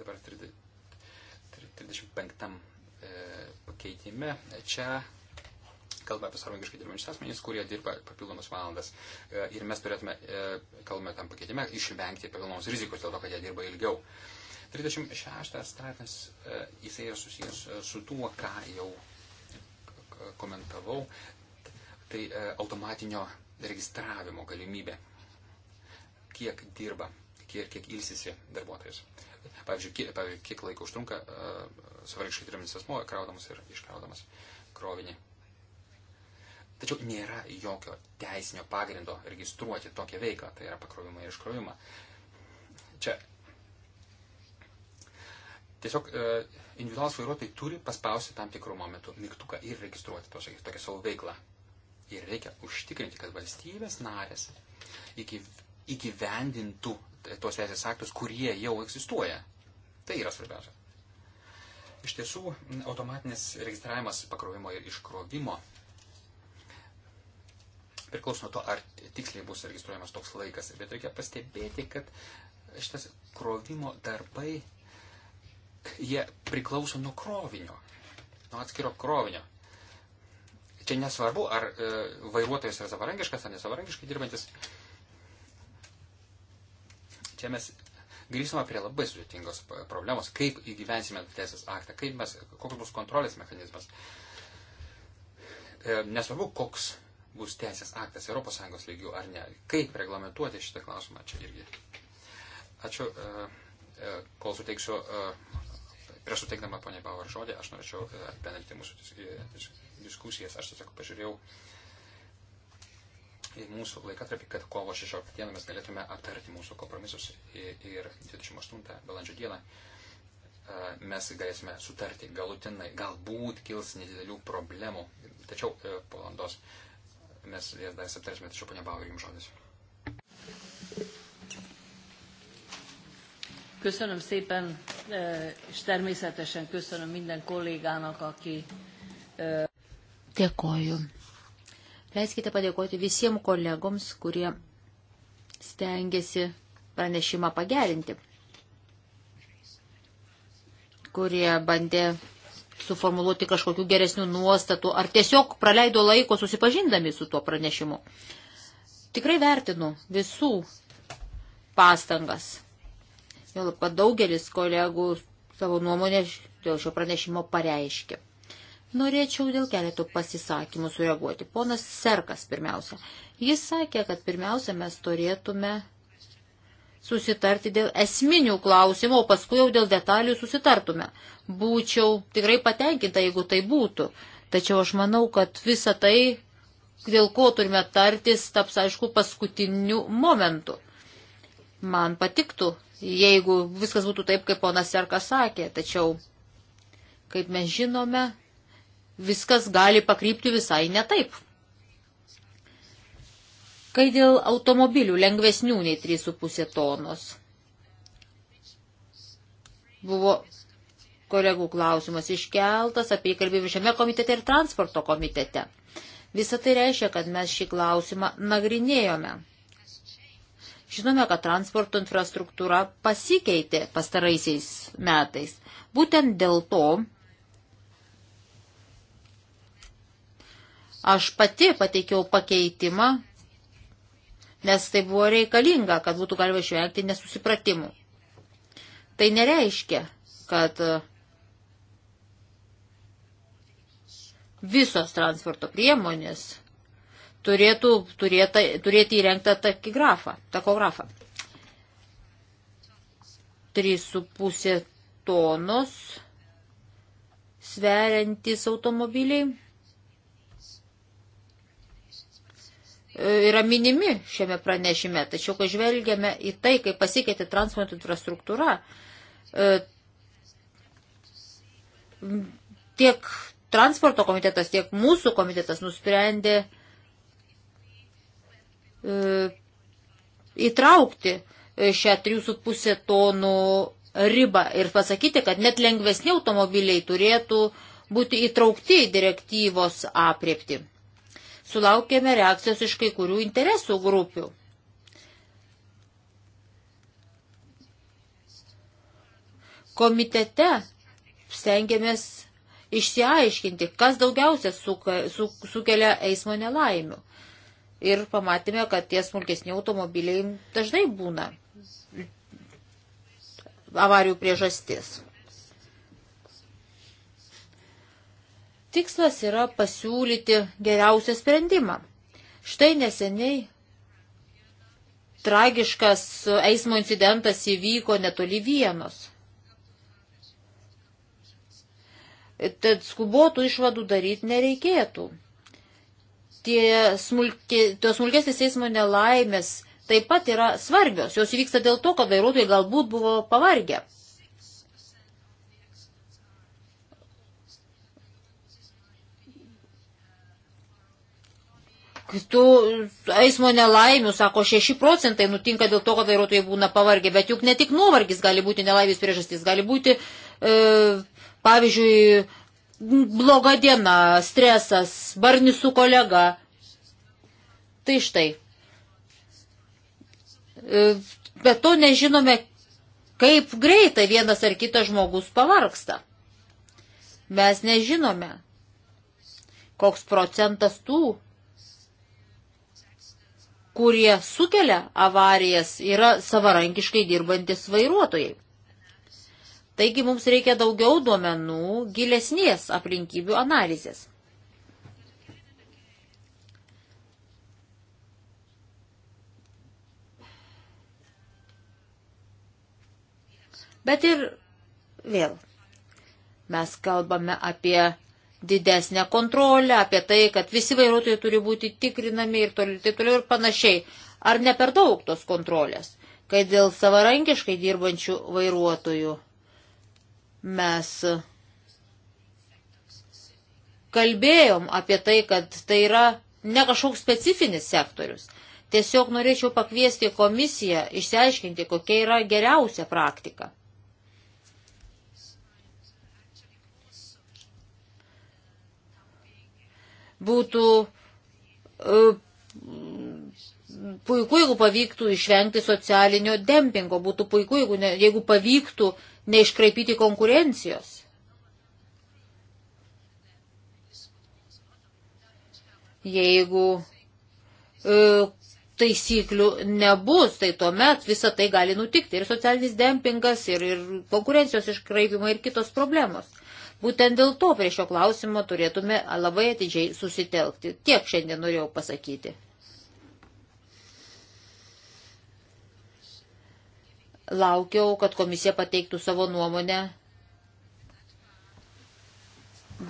Dabar 35 pakeitime čia kalbame apie savarankiškai dirbančius asmenys, kurie dirba papildomas valandas. E, ir mes turėtume, e, kalbame tam pakeitime, išvengti papildomos rizikos dėl to, kad jie dirba ilgiau. 36 straipsnis, e, jisai yra susijęs su tuo, ką jau komentavau, tai automatinio registravimo galimybė, kiek dirba, kiek, kiek ilsisi darbuotojas. Pavyzdžiui, kiek, pavyzdžiui, kiek laiko užtrunka uh, savarankiškai dirbantis asmuo, kraudamas ir iškraudamas krovinį. Uh, Tačiau nėra jokio teisinio pagrindo registruoti tokią veiklą, tai yra pakrovimą ir iškrovimą. Čia tiesiog e, individualus vairuotojai turi paspausti tam tikrų momentų mygtuką ir registruoti tos, tokią savo veiklą. Ir reikia užtikrinti, kad valstybės narės įgyvendintų tos teisės aktus, kurie jau egzistuoja. Tai yra svarbiausia. Iš tiesų, automatinis registravimas pakrovimo ir iškrovimo priklauso nuo to, ar tiksliai bus registruojamas toks laikas. Bet reikia pastebėti, kad šitas krovimo darbai, jie priklauso nuo krovinio, nuo atskiro krovinio. Čia nesvarbu, ar e, vairuotojas yra savarankiškas ar nesavarankiškai dirbantis. Čia mes grįžtama prie labai sudėtingos problemos, kaip įgyvensime teisės aktą, kaip mes, koks bus kontrolės mechanizmas. E, nesvarbu, koks bus teisės aktas ES lygių ar ne. Kaip reglamentuoti šitą klausimą čia irgi. Ačiū, e, e, kol suteiksiu, e, prieš suteikdama ponia Bauer žodį, aš norėčiau apibendrinti mūsų diskusijas. Aš tiesiog pažiūrėjau į mūsų laikotarpį, kad kovo 16 dieną mes galėtume aptarti mūsų kompromisus ir 28 balandžio dieną mes galėsime sutarti galutinai, galbūt kils nedidelių problemų, tačiau po valandos mes jas dar aptarsime, tačiau ponia Bauer, jums žodis. Köszönöm szépen, e, és természetesen köszönöm minden kollégának, aki. E, Dėkoju. Leiskite padėkoti visiems kolegoms, kurie stengiasi pranešimą pagerinti, kurie bandė suformuluoti kažkokių geresnių nuostatų, ar tiesiog praleido laiko susipažindami su tuo pranešimu. Tikrai vertinu visų pastangas. Jau daugelis kolegų savo nuomonę dėl šio pranešimo pareiškė. Norėčiau dėl keletų pasisakymų sureaguoti. Ponas Serkas pirmiausia. Jis sakė, kad pirmiausia mes turėtume susitarti dėl esminių klausimų, o paskui jau dėl detalių susitartume. Būčiau tikrai patenkinta, jeigu tai būtų. Tačiau aš manau, kad visa tai, dėl ko turime tartis, taps aišku paskutiniu momentu. Man patiktų, jeigu viskas būtų taip, kaip ponas Serkas sakė, tačiau, kaip mes žinome, viskas gali pakrypti visai ne taip. Kai dėl automobilių lengvesnių nei 3,5 tonos. Buvo kolegų klausimas iškeltas, apie jį kalbėjome šiame komitete ir transporto komitete. Visą tai reiškia, kad mes šį klausimą nagrinėjome. Žinome, kad transporto infrastruktūra pasikeitė pastaraisiais metais. Būtent dėl to aš pati pateikiau pakeitimą, nes tai buvo reikalinga, kad būtų galima išvengti nesusipratimų. Tai nereiškia, kad e, visos transporto priemonės turėtų turėta, turėti įrengtą takigrafą, takografą. 3,5 tonos sveriantys automobiliai. yra minimi šiame pranešime. Tačiau, kai žvelgiame į tai, kaip pasikeitė transporto infrastruktūra, e, tiek transporto komitetas, tiek mūsų komitetas nusprendė e, įtraukti e, šią 3,5 tonų ribą ir pasakyti, kad net lengvesni automobiliai turėtų būti įtraukti į direktyvos apriepti sulaukėme reakcijos iš kai kurių interesų grupių. Komitete stengiamės išsiaiškinti, kas daugiausia suka, su, sukelia eismo nelaimių. Ir pamatėme, kad tie smulkesni automobiliai dažnai būna avarijų priežastis. Tikslas yra pasiūlyti geriausią sprendimą. Štai neseniai tragiškas eismo incidentas įvyko netoli vienos. Tad skubotų išvadų daryti nereikėtų. Tie smulkė, tos smulkesnės eismo nelaimės taip pat yra svarbios. Jos įvyksta dėl to, kad vairuotojai galbūt buvo pavargę. tų eismo nelaimių, sako, 6 procentai nutinka dėl to, kad vairuotojai būna pavargę, bet juk ne tik nuovargis gali būti nelaimės priežastys, gali būti, e, pavyzdžiui, bloga diena, stresas, barnis su kolega. Tai štai. E, bet to nežinome, kaip greitai vienas ar kitas žmogus pavarksta. Mes nežinome, koks procentas tų kurie sukelia avarijas, yra savarankiškai dirbantis vairuotojai. Taigi mums reikia daugiau duomenų, gilesnės aplinkybių analizės. Bet ir vėl mes kalbame apie didesnę kontrolę, apie tai, kad visi vairuotojai turi būti tikrinami ir toliau ir, toli, ir panašiai. Ar ne per daug tos kontrolės, kai dėl savarankiškai dirbančių vairuotojų mes e, kalbėjom apie tai, kad tai yra ne kažkoks specifinis sektorius. Tiesiog norėčiau pakviesti komisiją išsiaiškinti, kokia yra geriausia praktika. būtų e, puiku, jeigu pavyktų išvengti socialinio dempingo, būtų puiku, jeigu, ne, jeigu pavyktų neiškraipyti konkurencijos. Jeigu e, taisyklių nebus, tai tuomet visa tai gali nutikti ir socialinis dempingas, ir, ir konkurencijos iškraipimai, ir kitos problemos. Būtent dėl to prie šio klausimo turėtume labai atidžiai susitelkti. Tiek šiandien norėjau pasakyti. Laukiau, kad komisija pateiktų savo nuomonę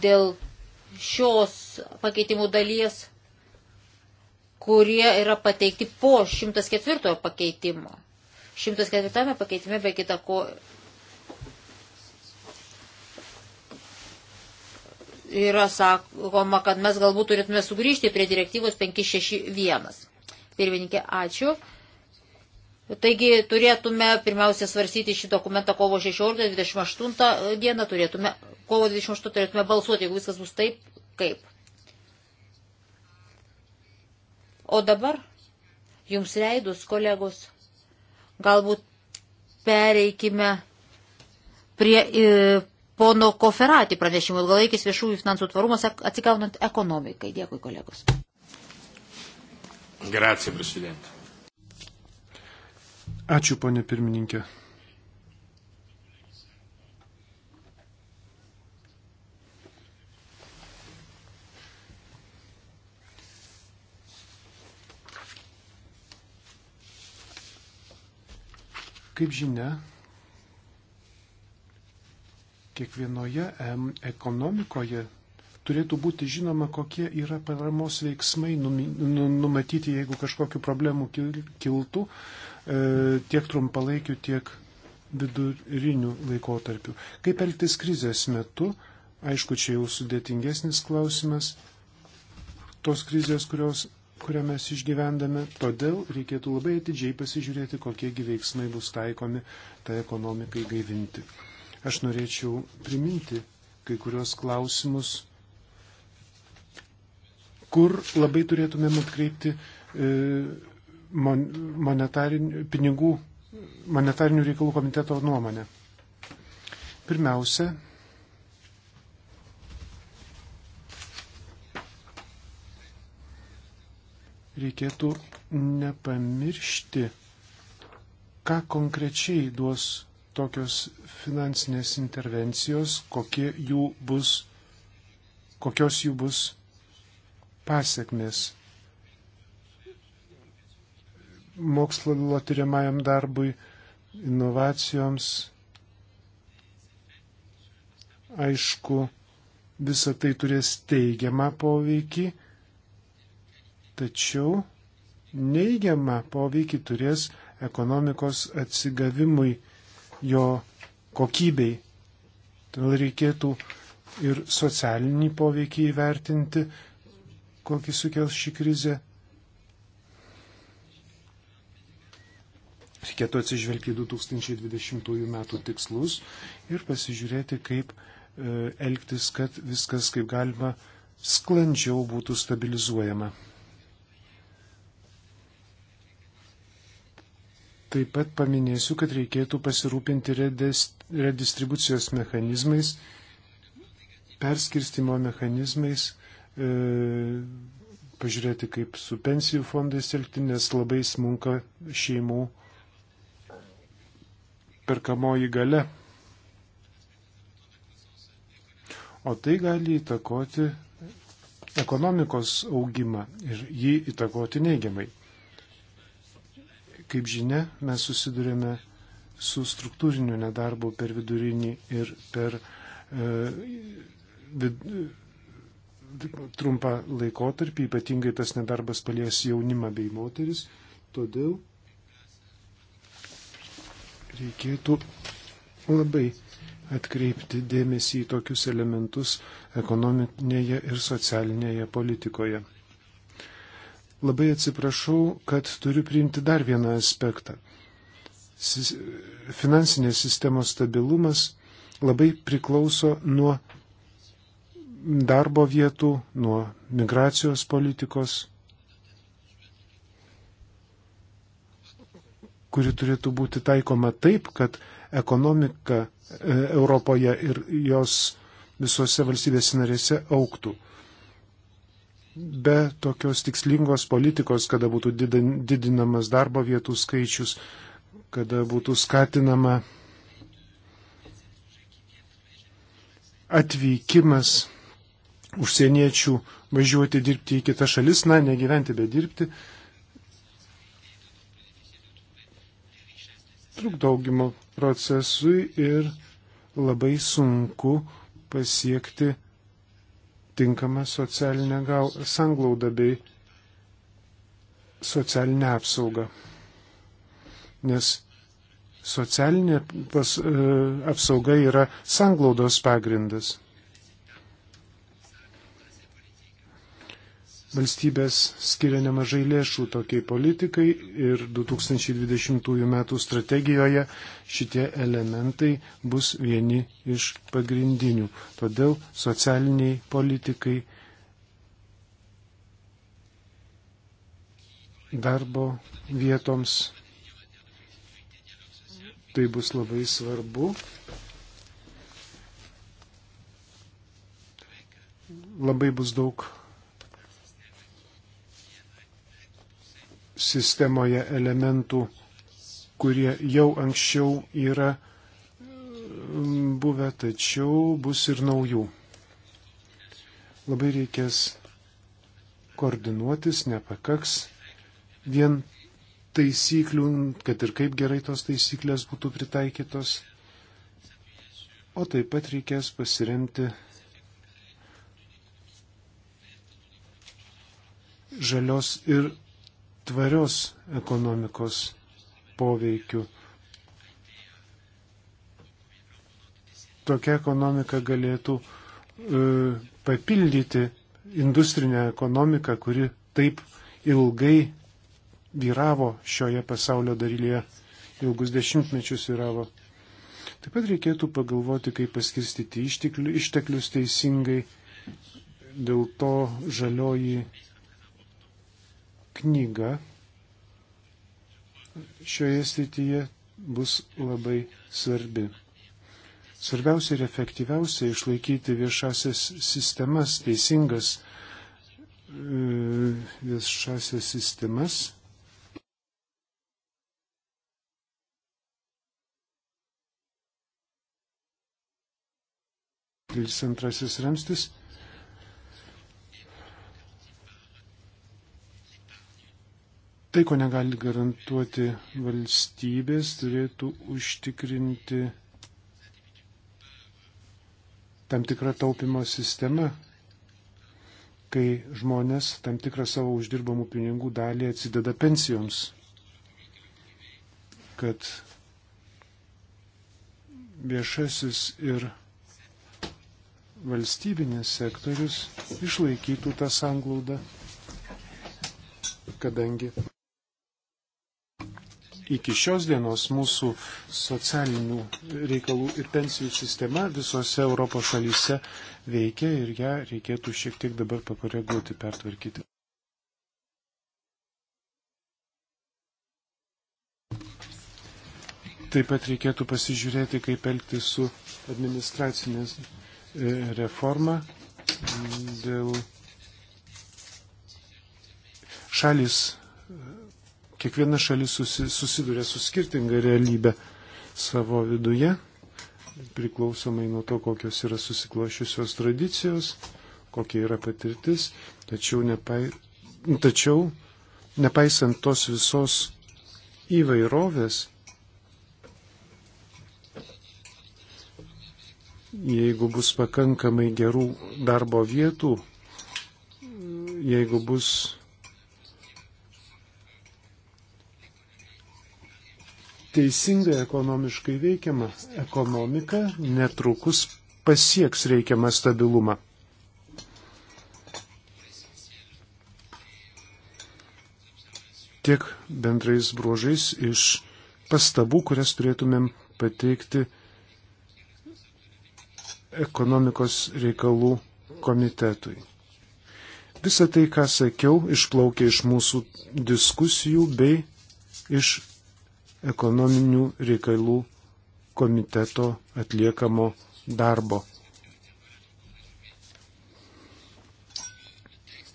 dėl šios pakeitimų dalies, kurie yra pateikti po 104 pakeitimo. 104 pakeitime be kita ko yra sakoma, kad mes galbūt turėtume sugrįžti prie direktyvos 561. Pirmininkė, ačiū. Taigi turėtume pirmiausia svarsyti šį dokumentą kovo 16-28 dieną, turėtume, kovo 28 turėtume balsuoti, jeigu viskas bus taip, kaip. O dabar, jums leidus, kolegos, galbūt pereikime prie e, pono Koferati pranešimų ilgalaikis viešųjų finansų tvarumas atsigaunant ekonomikai. Dėkui, kolegos. Grazie, prezidentė. Ačiū, ponė pirmininkė. Kaip žinia, kiekvienoje ekonomikoje turėtų būti žinoma, kokie yra paramos veiksmai nu, numatyti, jeigu kažkokiu problemu kiltų, e, tiek trumpalaikiu, tiek viduriniu laikotarpiu. Kaip elgtis krizės metu, aišku, čia jau sudėtingesnis klausimas, tos krizės, kurios kurią mes išgyvendame, todėl reikėtų labai atidžiai pasižiūrėti, kokiegi veiksmai bus taikomi tai ekonomikai gaivinti. Aš norėčiau priminti kai kurios klausimus, kur labai turėtumėm atkreipti e, monetarinių, pinigų, monetarinių reikalų komiteto nuomonę. Pirmiausia, reikėtų nepamiršti, ką konkrečiai duos tokios finansinės intervencijos, kokie jų bus, kokios jų bus pasiekmes mokslo tyriamajam darbui, inovacijoms. Aišku, visa tai turės teigiamą poveikį, tačiau neigiamą poveikį turės ekonomikos atsigavimui jo kokybei. Todėl reikėtų ir socialinį poveikį įvertinti, kokį sukels šį krizę. Reikėtų atsižvelgti 2020 metų tikslus ir pasižiūrėti, kaip e, elgtis, kad viskas kaip galima sklandžiau būtų stabilizuojama. Taip pat paminėsiu, kad reikėtų pasirūpinti redistribucijos mechanizmais, perskirstimo mechanizmais, e, pažiūrėti, kaip su pensijų fondais elgti, nes labai smunka šeimų perkamoji gale. O tai gali įtakoti ekonomikos augimą ir jį įtakoti neigiamai. Kaip žinia, mes susidurėme su struktūriniu nedarbu per vidurinį ir per e, vid, trumpą laikotarpį, ypatingai tas nedarbas palies jaunimą bei moteris. Todėl reikėtų labai atkreipti dėmesį į tokius elementus ekonominėje ir socialinėje politikoje. Labai atsiprašau, kad turiu priimti dar vieną aspektą. Finansinės sistemos stabilumas labai priklauso nuo darbo vietų, nuo migracijos politikos, kuri turėtų būti taikoma taip, kad ekonomika e, Europoje ir jos visose valstybėse narėse auktų be tokios tikslingos politikos, kada būtų didinamas darbo vietų skaičius, kada būtų skatinama atvykimas užsieniečių važiuoti dirbti į kitą šalis, na, negyventi, bet dirbti, trukdo augimo procesui ir labai sunku pasiekti tinkamą socialinę gal, sanglaudą bei socialinę apsaugą. Nes socialinė pas, e, apsauga yra sanglaudos pagrindas. Valstybės skiria nemažai lėšų tokiai politikai ir 2020 m. strategijoje šitie elementai bus vieni iš pagrindinių. Todėl socialiniai politikai, darbo vietoms tai bus labai svarbu. Labai bus daug sistemoje elementų, kurie jau anksčiau yra mm, buvę, tačiau bus ir naujų. Labai reikės koordinuotis, nepakaks vien taisyklių, kad ir kaip gerai tos taisyklės būtų pritaikytos, o taip pat reikės pasiremti žalios ir tvarios ekonomikos poveikiu. Tokia ekonomika galėtų e, papildyti industrinę ekonomiką, kuri taip ilgai vyravo šioje pasaulio dalyje, ilgus dešimtmečius vyravo. Taip pat reikėtų pagalvoti, kaip paskirstyti išteklius teisingai, dėl to žalioji knyga šioje srityje bus labai svarbi. Svarbiausia ir efektyviausia išlaikyti viešasias sistemas, teisingas e, viešasias sistemas. Pilis antrasis ramstis Tai, ko negali garantuoti valstybės, turėtų užtikrinti tam tikrą taupimo sistemą, kai žmonės tam tikrą savo uždirbamų pinigų dalį atsideda pensijoms, kad viešasis ir valstybinis sektorius išlaikytų tą sanglaudą, kadangi iki šios dienos mūsų socialinių reikalų ir pensijų sistema visose Europos šalyse veikia ir ją reikėtų šiek tiek dabar pakoreguoti, pertvarkyti. Taip pat reikėtų pasižiūrėti, kaip elgtis su administracinės e, reforma dėl šalis kiekviena šalis susi, susiduria su skirtinga realybė savo viduje, priklausomai nuo to, kokios yra susiklošiusios tradicijos, kokia yra patirtis, tačiau, nepai, nu, tačiau nepaisant tos visos įvairovės, jeigu bus pakankamai gerų darbo vietų, jeigu bus teisingai ekonomiškai veikiama ekonomika netrukus pasieks reikiamą stabilumą. Tiek bendrais bruožais iš pastabų, kurias turėtumėm pateikti ekonomikos reikalų komitetui. Visą tai, ką sakiau, išplaukė iš mūsų diskusijų bei iš ekonominių reikalų komiteto atliekamo darbo.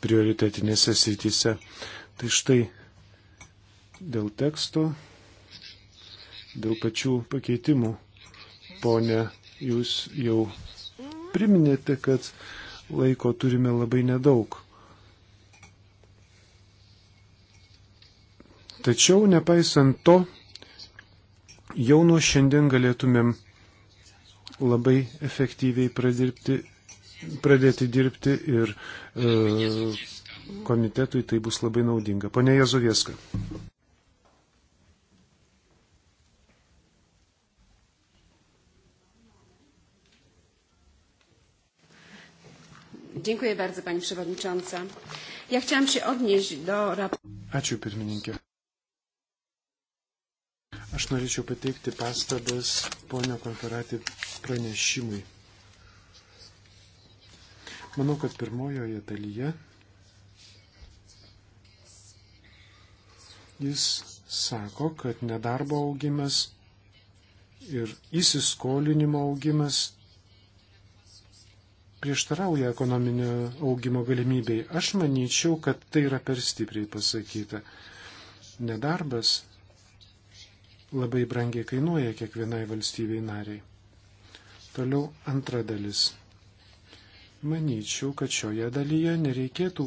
prioritetinėse srityse. Tai štai dėl teksto, dėl pačių pakeitimų, ponė, jūs jau priminėte, kad laiko turime labai nedaug. Tačiau, nepaisant to, jau nuo šiandien galėtumėm labai efektyviai pradirbti, pradėti dirbti ir e, komitetui tai bus labai naudinga. Pane Jazovieska. Dziękuję bardzo Pani Przewodnicząca. Ja chciałam się odnieść do raportu. Ačiū pirmininkė. Aš norėčiau pateikti pastabas ponio konferatį pranešimui. Manau, kad pirmojoje dalyje jis sako, kad nedarbo augimas ir įsiskolinimo augimas prieštarauja ekonominio augimo galimybei. Aš manyčiau, kad tai yra per stipriai pasakyta. Nedarbas labai brangiai kainuoja kiekvienai valstybei nariai. Toliau antra dalis. Manyčiau, kad šioje dalyje nereikėtų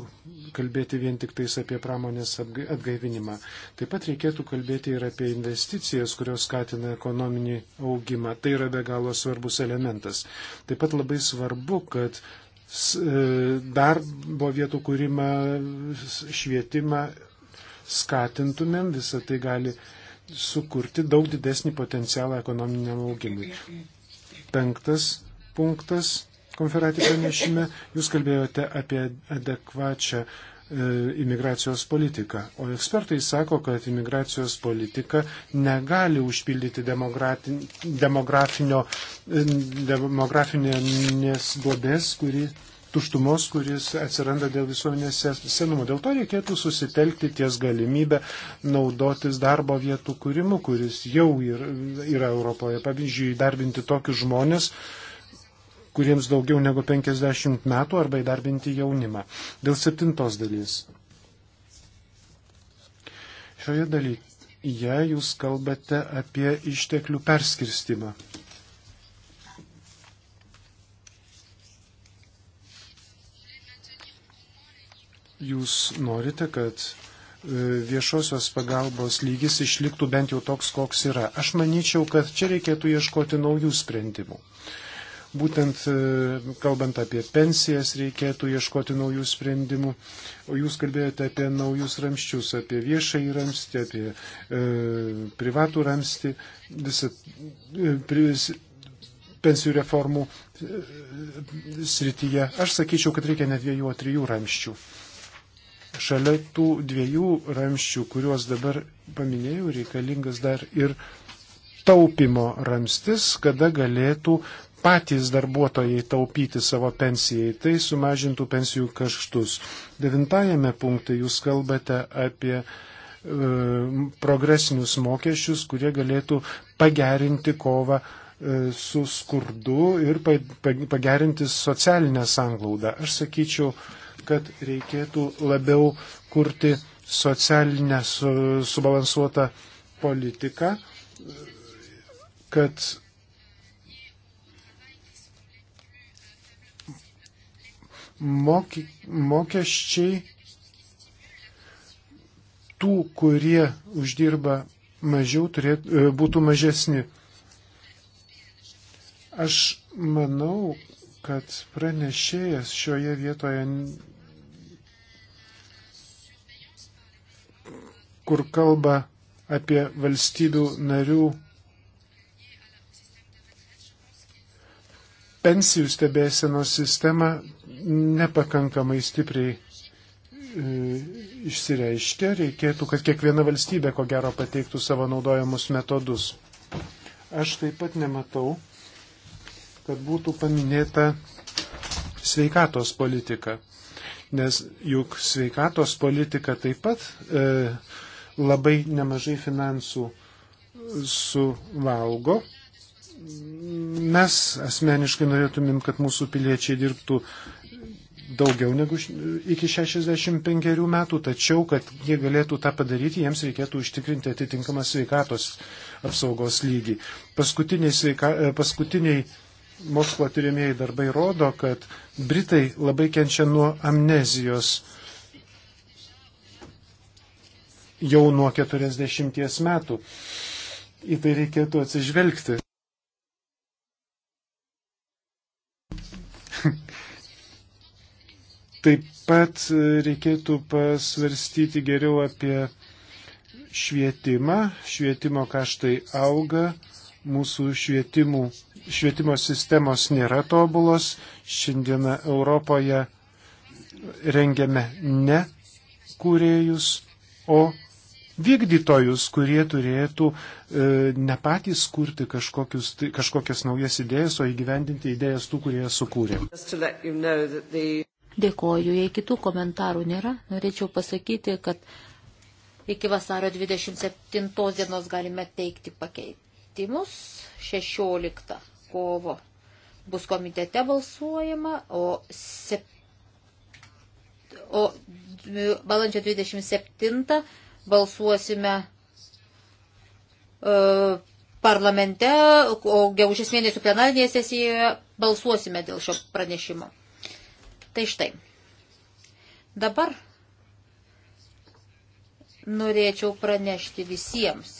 kalbėti vien tik tais apie pramonės atgaivinimą. Taip pat reikėtų kalbėti ir apie investicijas, kurios skatina ekonominį augimą. Tai yra be galo svarbus elementas. Taip pat labai svarbu, kad e, darbo vietų kūrimą, švietimą skatintumėm, visą tai gali sukurti daug didesnį potencialą ekonominiam augimui. Penktas punktas konferatį pranešime, jūs kalbėjote apie adekvačią e, imigracijos politiką. O ekspertai sako, kad imigracijos politika negali užpildyti demografinio, e, demografinės duobės, kuri tuštumos, kuris atsiranda dėl visuomenės senumo. Dėl to reikėtų susitelkti ties galimybę naudotis darbo vietų kūrimu, kuris jau yra, yra Europoje. Pavyzdžiui, įdarbinti tokius žmonės, kuriems daugiau negu 50 metų arba įdarbinti jaunimą. Dėl septintos dalys. Šioje dalyje jūs kalbate apie išteklių perskirstimą. jūs norite, kad e, viešosios pagalbos lygis išliktų bent jau toks, koks yra. Aš manyčiau, kad čia reikėtų ieškoti naujų sprendimų. Būtent e, kalbant apie pensijas reikėtų ieškoti naujų sprendimų, o jūs kalbėjote apie naujus ramščius, apie viešąjį ramstį, apie e, privatų ramstį, visą e, privis, pensijų reformų e, srityje. Aš sakyčiau, kad reikia ne dviejų, o trijų ramščių. E, Šalia tų dviejų ramščių, kuriuos dabar paminėjau, reikalingas dar ir taupimo ramstis, kada galėtų patys darbuotojai taupyti savo pensijai, tai sumažintų pensijų kaštus. Devintajame punkte jūs kalbate apie e, progresinius mokesčius, kurie galėtų pagerinti kovą e, su skurdu ir pagerinti socialinę sanglaudą. Aš sakyčiau, kad reikėtų labiau kurti socialinę su, subalansuotą politiką, kad moki, mokesčiai tų, kurie uždirba mažiau, turėt, e, būtų mažesni. Aš manau, kad pranešėjas šioje vietoje kur kalba apie valstybių narių pensijų stebėsenos sistemą nepakankamai stipriai e, išsireiškia, reikėtų, kad kiekviena valstybė ko gero pateiktų savo naudojamus metodus. Aš taip pat nematau, kad būtų paminėta sveikatos politika, nes juk sveikatos politika taip pat e, labai nemažai finansų suvalgo. Mes asmeniškai norėtumėm, kad mūsų piliečiai dirbtų daugiau negu iki 65 metų, tačiau, kad jie galėtų tą padaryti, jiems reikėtų užtikrinti atitinkamą sveikatos apsaugos lygį. Paskutiniai, sveika, e, paskutiniai mokslo tyrimėjai darbai rodo, kad Britai labai kenčia nuo amnezijos jau nuo 40 metų. Į tai reikėtų atsižvelgti. Taip pat reikėtų pasvarstyti geriau apie švietimą. Švietimo kaštai auga, mūsų švietimų, švietimo sistemos nėra tobulos. Šiandieną Europoje rengiame ne kūrėjus, o vykdytojus, kurie turėtų e, ne patys kurti kažkokius, tai, kažkokias naujas idėjas, o įgyvendinti idėjas tų, kurie jas sukūrė. Dėkoju, jei kitų komentarų nėra, norėčiau pasakyti, kad iki vasario 27 dienos galime teikti pakeitimus, 16 kovo bus komitete balsuojama, o 7 o balandžio 27 balsuosime e, parlamente, o gegužės mėnesių plenarinėje sesijoje balsuosime dėl šio pranešimo. Tai štai. Dabar norėčiau pranešti visiems,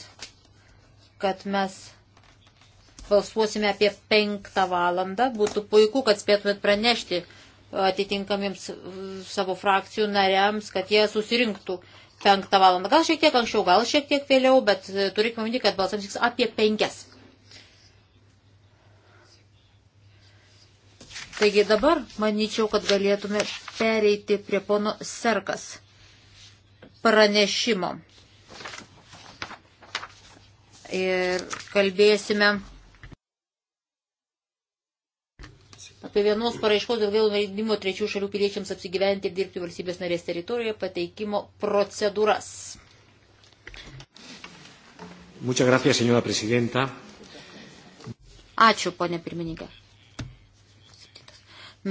kad mes balsuosime apie penktą valandą. Būtų puiku, kad spėtumėt pranešti atitinkamiems savo frakcijų nariams, kad jie susirinktų penktą valandą. Gal šiek tiek anksčiau, gal šiek tiek vėliau, bet e, turėkime minti, kad balsams vyks apie penkias. Taigi dabar manyčiau, kad galėtume pereiti prie pono Serkas pranešimo. Ir kalbėsime apie vienos paraiškos daugiau leidimo trečių šalių piliečiams apsigyventi ir dirbti valstybės narės teritorijoje pateikimo procedūras. Muchas gracias, señora presidenta. Ačiū, ponė pirmininkė.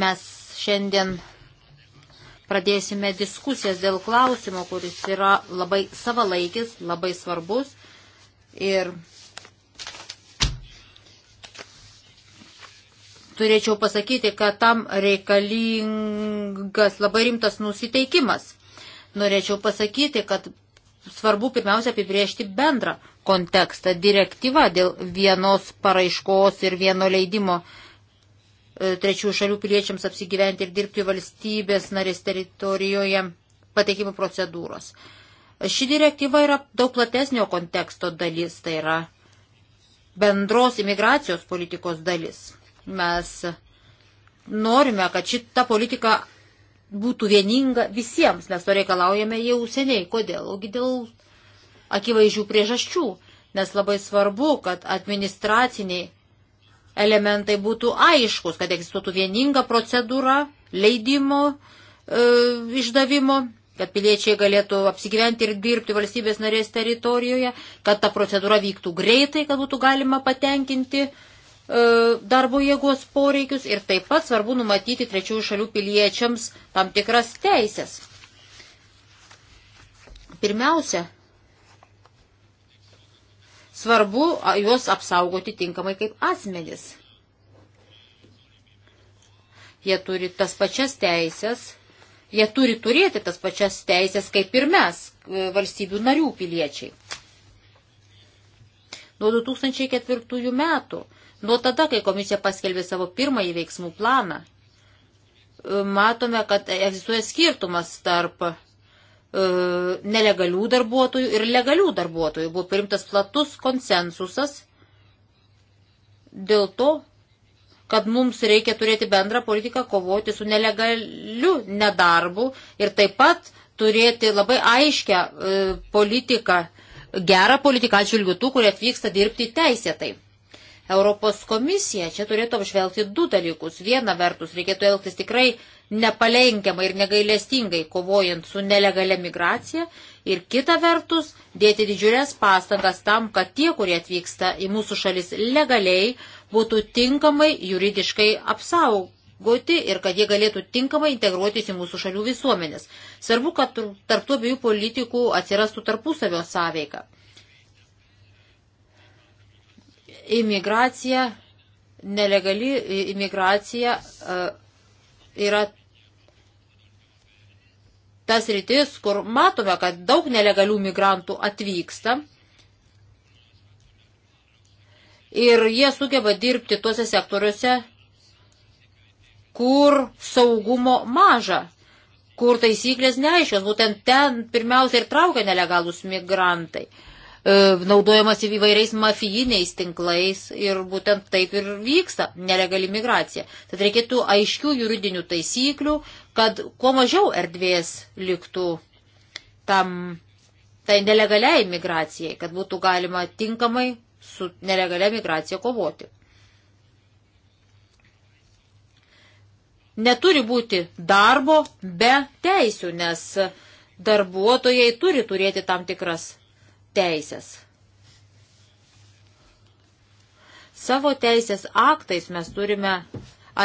Mes šiandien pradėsime diskusijas dėl klausimo, kuris yra labai savalaikis, labai svarbus. Ir turėčiau pasakyti, kad tam reikalingas labai rimtas nusiteikimas. Norėčiau pasakyti, kad svarbu pirmiausia apibriežti bendrą kontekstą. Direktyva dėl vienos paraiškos ir vieno leidimo e, trečių šalių piliečiams apsigyventi ir dirbti valstybės narės teritorijoje pateikimo procedūros. Ši direktyva yra daug platesnio konteksto dalis, tai yra bendros imigracijos politikos dalis. Mes norime, kad šita politika būtų vieninga visiems. Mes to reikalaujame jau seniai. Kodėl? Ogi dėl akivaizdžių priežasčių. Nes labai svarbu, kad administraciniai elementai būtų aiškus, kad egzistuotų vieninga procedūra leidimo e, išdavimo kad piliečiai galėtų apsigyventi ir dirbti valstybės narės teritorijoje, kad ta procedūra vyktų greitai, kad būtų galima patenkinti uh, E, darbo jėgos poreikius ir taip pat svarbu numatyti trečiųjų šalių piliečiams tam tikras teisės. Pirmiausia, svarbu juos apsaugoti tinkamai kaip asmenis. Jie turi tas pačias teisės, jie turi turėti tas pačias teisės kaip ir mes, e, valstybių narių piliečiai. Nuo 2004 metų Nuo tada, kai komisija paskelbė savo pirmąjį veiksmų planą, matome, kad egzistuoja skirtumas tarp e, nelegalių darbuotojų ir legalių darbuotojų. Buvo priimtas platus konsensusas dėl to, kad mums reikia turėti bendrą politiką kovoti su nelegaliu nedarbu ir taip pat turėti labai aiškę e, politiką, gerą politiką atžvilgių tų, kurie atvyksta dirbti teisėtai. Europos komisija čia turėtų apžvelgti du dalykus. Viena vertus, reikėtų elgtis tikrai nepalenkiamai ir negailestingai kovojant su nelegalia migracija ir kita vertus, dėti didžiulės pastangas tam, kad tie, kurie atvyksta į mūsų šalis legaliai, būtų tinkamai juridiškai apsaugoti ir kad jie galėtų tinkamai integruotis į mūsų šalių visuomenės. Svarbu, kad tarptų abiejų politikų atsirastų tarpusavio sąveika. imigracija, nelegali imigracija e, yra tas rytis, kur matome, kad daug nelegalių migrantų atvyksta. Ir jie sugeba dirbti tuose sektoriuose, kur saugumo maža, kur taisyklės neaiškios, būtent ten pirmiausia ir traukia nelegalus migrantai. Uh, E, naudojamas įvairiais mafijiniais tinklais ir būtent taip ir vyksta nelegali migracija. Tad reikėtų aiškių juridinių taisyklių, kad kuo mažiau erdvės liktų tam, tai nelegaliai migracijai, kad būtų galima tinkamai su nelegalia migracija kovoti. Neturi būti darbo be teisių, nes darbuotojai turi turėti tam tikras teisės. Savo teisės aktais mes turime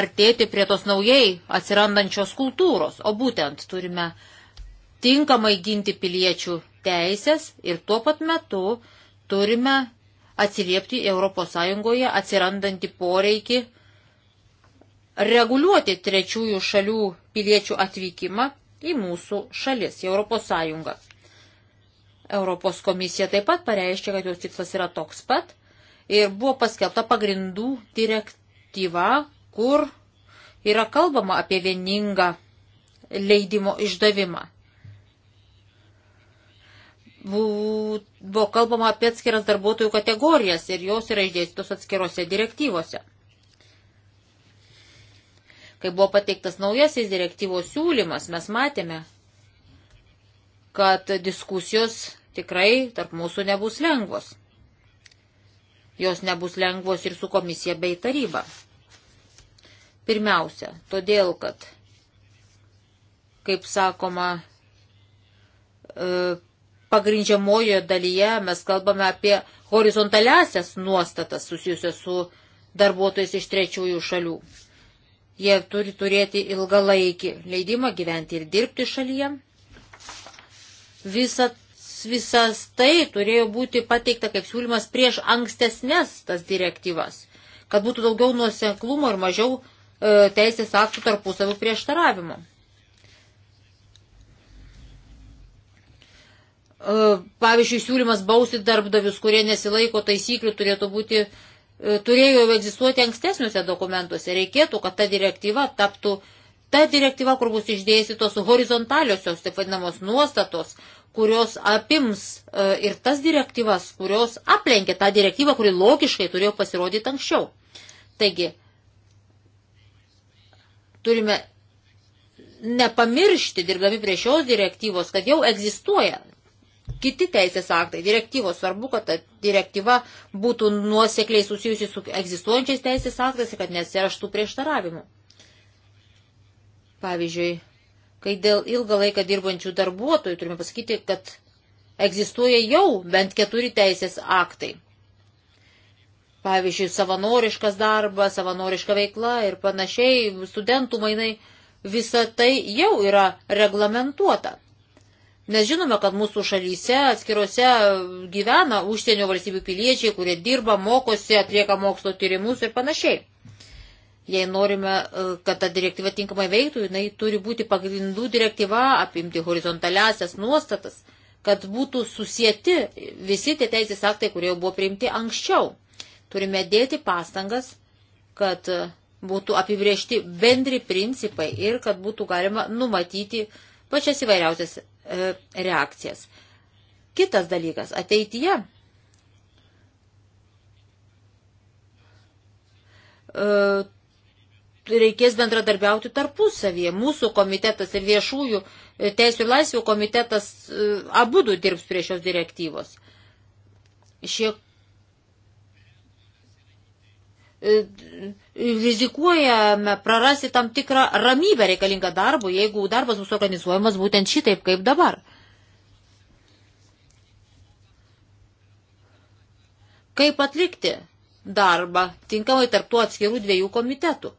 artėti prie tos naujai atsirandančios kultūros, o būtent turime tinkamai ginti piliečių teisės ir tuo pat metu turime atsiliepti ES atsirandantį poreikį reguliuoti trečiųjų šalių piliečių atvykimą į mūsų šalis, į ES. Europos komisija taip pat pareiškė, kad jos tikslas yra toks pat ir buvo paskelbta pagrindų direktyva, kur yra kalbama apie vieningą leidimo išdavimą. Buvo kalbama apie atskiras darbuotojų kategorijas ir jos yra išdėstytos atskirose direktyvose. Kai buvo pateiktas naujasis direktyvos siūlymas, mes matėme, kad diskusijos tikrai tarp mūsų nebus lengvos. Jos nebus lengvos ir su komisija bei taryba. Pirmiausia, todėl, kad, kaip sakoma, e, pagrindžiamojoje dalyje mes kalbame apie horizontaliasias nuostatas susijusias su darbuotojais iš trečiųjų šalių. Jie turi turėti ilgalaikį leidimą gyventi ir dirbti šalyje. Visa visas tai turėjo būti pateikta kaip siūlymas prieš ankstesnės tas direktyvas, kad būtų daugiau nuoseklumo ir mažiau e, teisės aktų tarpusavio prieštaravimo. E, pavyzdžiui, siūlymas bausti darbdavius, kurie nesilaiko taisyklių, turėtų būti, e, turėjo egzistuoti ankstesniuose dokumentuose. Reikėtų, kad ta direktyva taptų ta direktyva, kur bus išdėstytos horizontaliosios, taip vadinamos, nuostatos, kurios apims e, ir tas direktyvas, kurios aplenkė tą direktyvą, kuri logiškai turėjo pasirodyti anksčiau. Taigi, turime nepamiršti, dirbdami prie šios direktyvos, kad jau egzistuoja kiti teisės aktai, direktyvos svarbu, kad ta direktyva būtų nuosekliai susijusi su egzistuojančiais teisės aktais ir kad nesiraštų prieštaravimų. Pavyzdžiui, kai dėl ilgą laiką dirbančių darbuotojų turime pasakyti, kad egzistuoja jau bent keturi teisės aktai. Pavyzdžiui, savanoriškas darbas, savanoriška veikla ir panašiai, studentų mainai, visa tai jau yra reglamentuota. Nes žinome, kad mūsų šalyse atskiruose gyvena užsienio valstybių piliečiai, kurie dirba, mokosi, atlieka mokslo tyrimus ir panašiai. Jei norime, e, kad ta direktyva tinkamai veiktų, jinai turi būti pagrindų direktyva, apimti horizontaliasias nuostatas, kad būtų susieti visi tie teisės aktai, kurie jau buvo priimti anksčiau. Turime dėti pastangas, kad būtų apibriežti bendri principai ir kad būtų galima numatyti pačias įvairiausias e, reakcijas. Kitas dalykas - ateityje e, reikės bendradarbiauti tarpusavyje. Mūsų komitetas ir viešųjų e, teisų ir laisvių komitetas e, abu du dirbs prie šios direktyvos. Šie e, rizikuojame prarasti tam tikrą ramybę reikalingą darbų, jeigu darbas bus organizuojamas būtent šitaip kaip dabar. Kaip atlikti darbą tinkamai tarptų atskirų dviejų komitetų?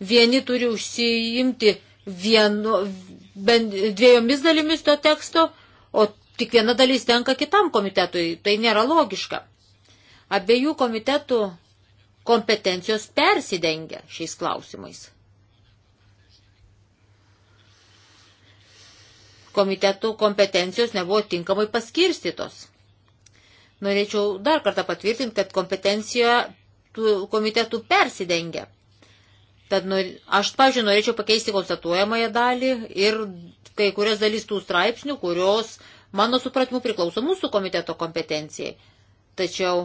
vieni turi užsiimti vienu, bent dviejomis dalimis to teksto, o tik viena dalis tenka kitam komitetui. Tai nėra logiška. Abiejų komitetų kompetencijos persidengia šiais klausimais. Komitetų kompetencijos nebuvo tinkamai paskirstytos. Norėčiau dar kartą patvirtinti, kad kompetencija komitetų persidengia. Tad nor, aš, pavyzdžiui, norėčiau pakeisti konstatuojamąją dalį ir kai kurias dalys tų straipsnių, kurios, mano supratimu, priklauso mūsų komiteto kompetencijai. Tačiau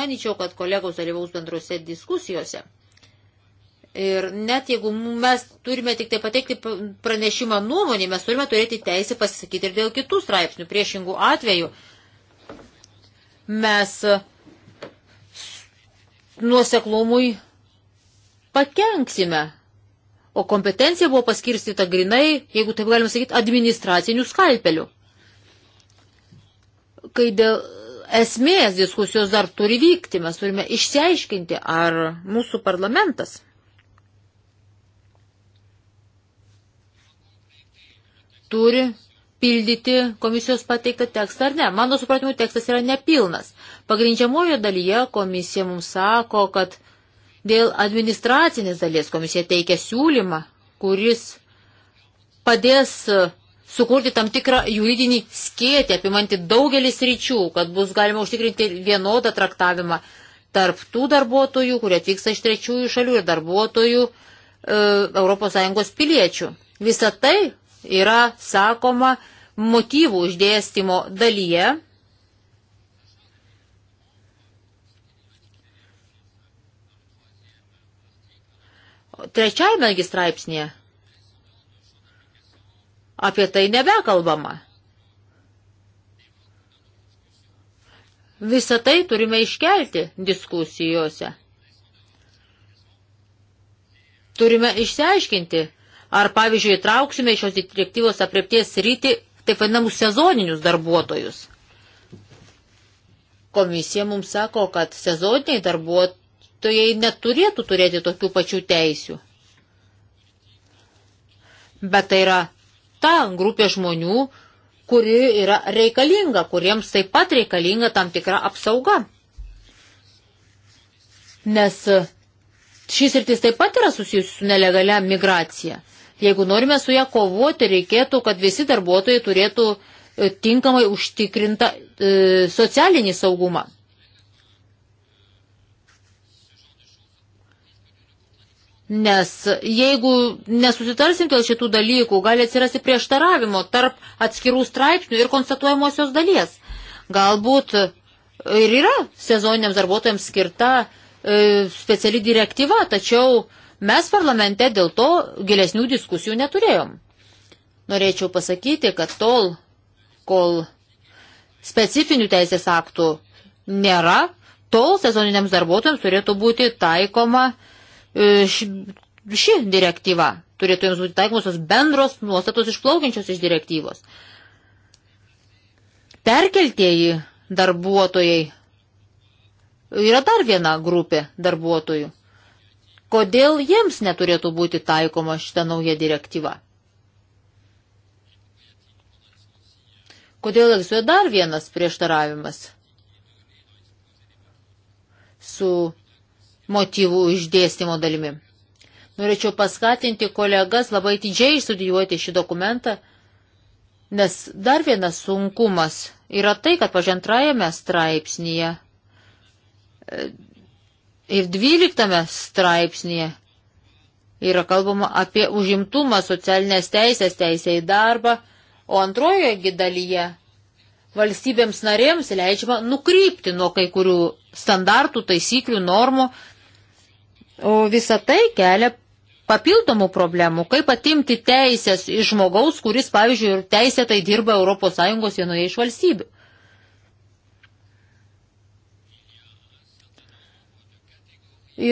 manyčiau, kad kolegos dalyvaus bendrose diskusijose. Ir net jeigu mes turime tik tai pateikti pranešimą nuomonį, mes turime turėti teisę pasisakyti ir dėl kitų straipsnių. Priešingų atvejų mes nuoseklumui pakenksime. O kompetencija buvo paskirstyta grinai, jeigu taip galima sakyti, administracinių skalpelių. Kai dėl esmės diskusijos dar turi vykti, mes turime išsiaiškinti, ar mūsų parlamentas turi pildyti komisijos pateiktą tekstą ar ne. Mano supratimu, tekstas yra nepilnas. Pagrindžiamojo dalyje komisija mums sako, kad Dėl administracinės dalies komisija teikia siūlymą, kuris padės e, sukurti tam tikrą juridinį skėtį, apimantį daugelį sričių, kad bus galima užtikrinti vienodą traktavimą tarp tų darbuotojų, kurie atvyksta iš trečiųjų šalių ir darbuotojų e, ES piliečių. Visa tai yra sakoma motyvų uždėstymo dalyje, trečiajame straipsnėje apie tai nebekalbama. Visą tai turime iškelti diskusijose. Turime išsiaiškinti, ar pavyzdžiui įtrauksime šios direktyvos apriepties rytį taip vadinamus sezoninius darbuotojus. Komisija mums sako, kad sezoniniai darbuotojai mokytojai neturėtų turėti tokių pačių teisių. Bet tai yra ta grupė žmonių, kuri yra reikalinga, kuriems taip pat reikalinga tam tikra apsauga. Nes šis rytis taip pat yra susijusi su nelegalia migracija. Jeigu norime su ją kovoti, reikėtų, kad visi darbuotojai turėtų e, tinkamai užtikrintą e, socialinį saugumą. Nes jeigu nesusitarsim dėl šitų dalykų, gali atsirasti prieštaravimo tarp atskirų straipsnių ir konstatuojamosios dalies. Galbūt e, ir yra sezoniniams darbuotojams skirta e, speciali direktyva, tačiau mes parlamente dėl to gilesnių diskusijų neturėjom. Norėčiau pasakyti, kad tol, kol specifinių teisės aktų nėra, tol sezoniniams darbuotojams turėtų būti taikoma E, ši direktyva. Turėtų jums būti taikomosios bendros nuostatos išplaukiančios iš direktyvos. Perkeltieji darbuotojai yra dar viena grupė darbuotojų. Kodėl jiems neturėtų būti taikoma šita nauja direktyva? Kodėl egzistuoja dar vienas prieštaravimas su motyvų išdėstymo dalimi. Norėčiau paskatinti kolegas labai didžiai studijuoti šį dokumentą, nes dar vienas sunkumas yra tai, kad pažentrajame straipsnėje e, ir dvyliktame straipsnėje yra kalbama apie užimtumą, socialinės teisės, teisę į darbą, o antrojoje dalyje valstybėms narėms leidžiama nukrypti nuo kai kurių standartų, taisyklių, normų O visa tai kelia papildomų problemų, kaip atimti teisės iš žmogaus, kuris, pavyzdžiui, ir teisė tai dirba ES vienoje iš valstybių.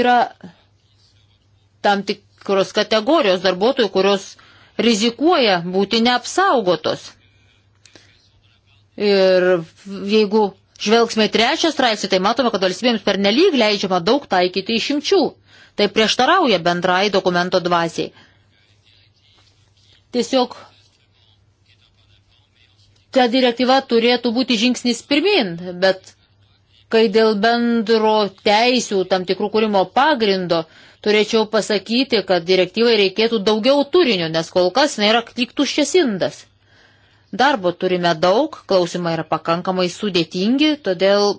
Yra tam tikros kategorijos darbuotojų, kurios rizikuoja būti neapsaugotos. Ir jeigu žvelgsime trečią straipsnį, tai matome, kad valstybėms per nelyg leidžiama daug taikyti išimčių. Tai prieštarauja bendrai dokumento dvasiai. Tiesiog ta direktyva turėtų būti žingsnis pirmin, bet kai dėl bendro teisių tam tikrų kūrimo pagrindo, turėčiau pasakyti, kad direktyvai reikėtų daugiau turinio, nes kol kas nėra tik tuščias indas. Darbo turime daug, klausimai yra pakankamai sudėtingi, todėl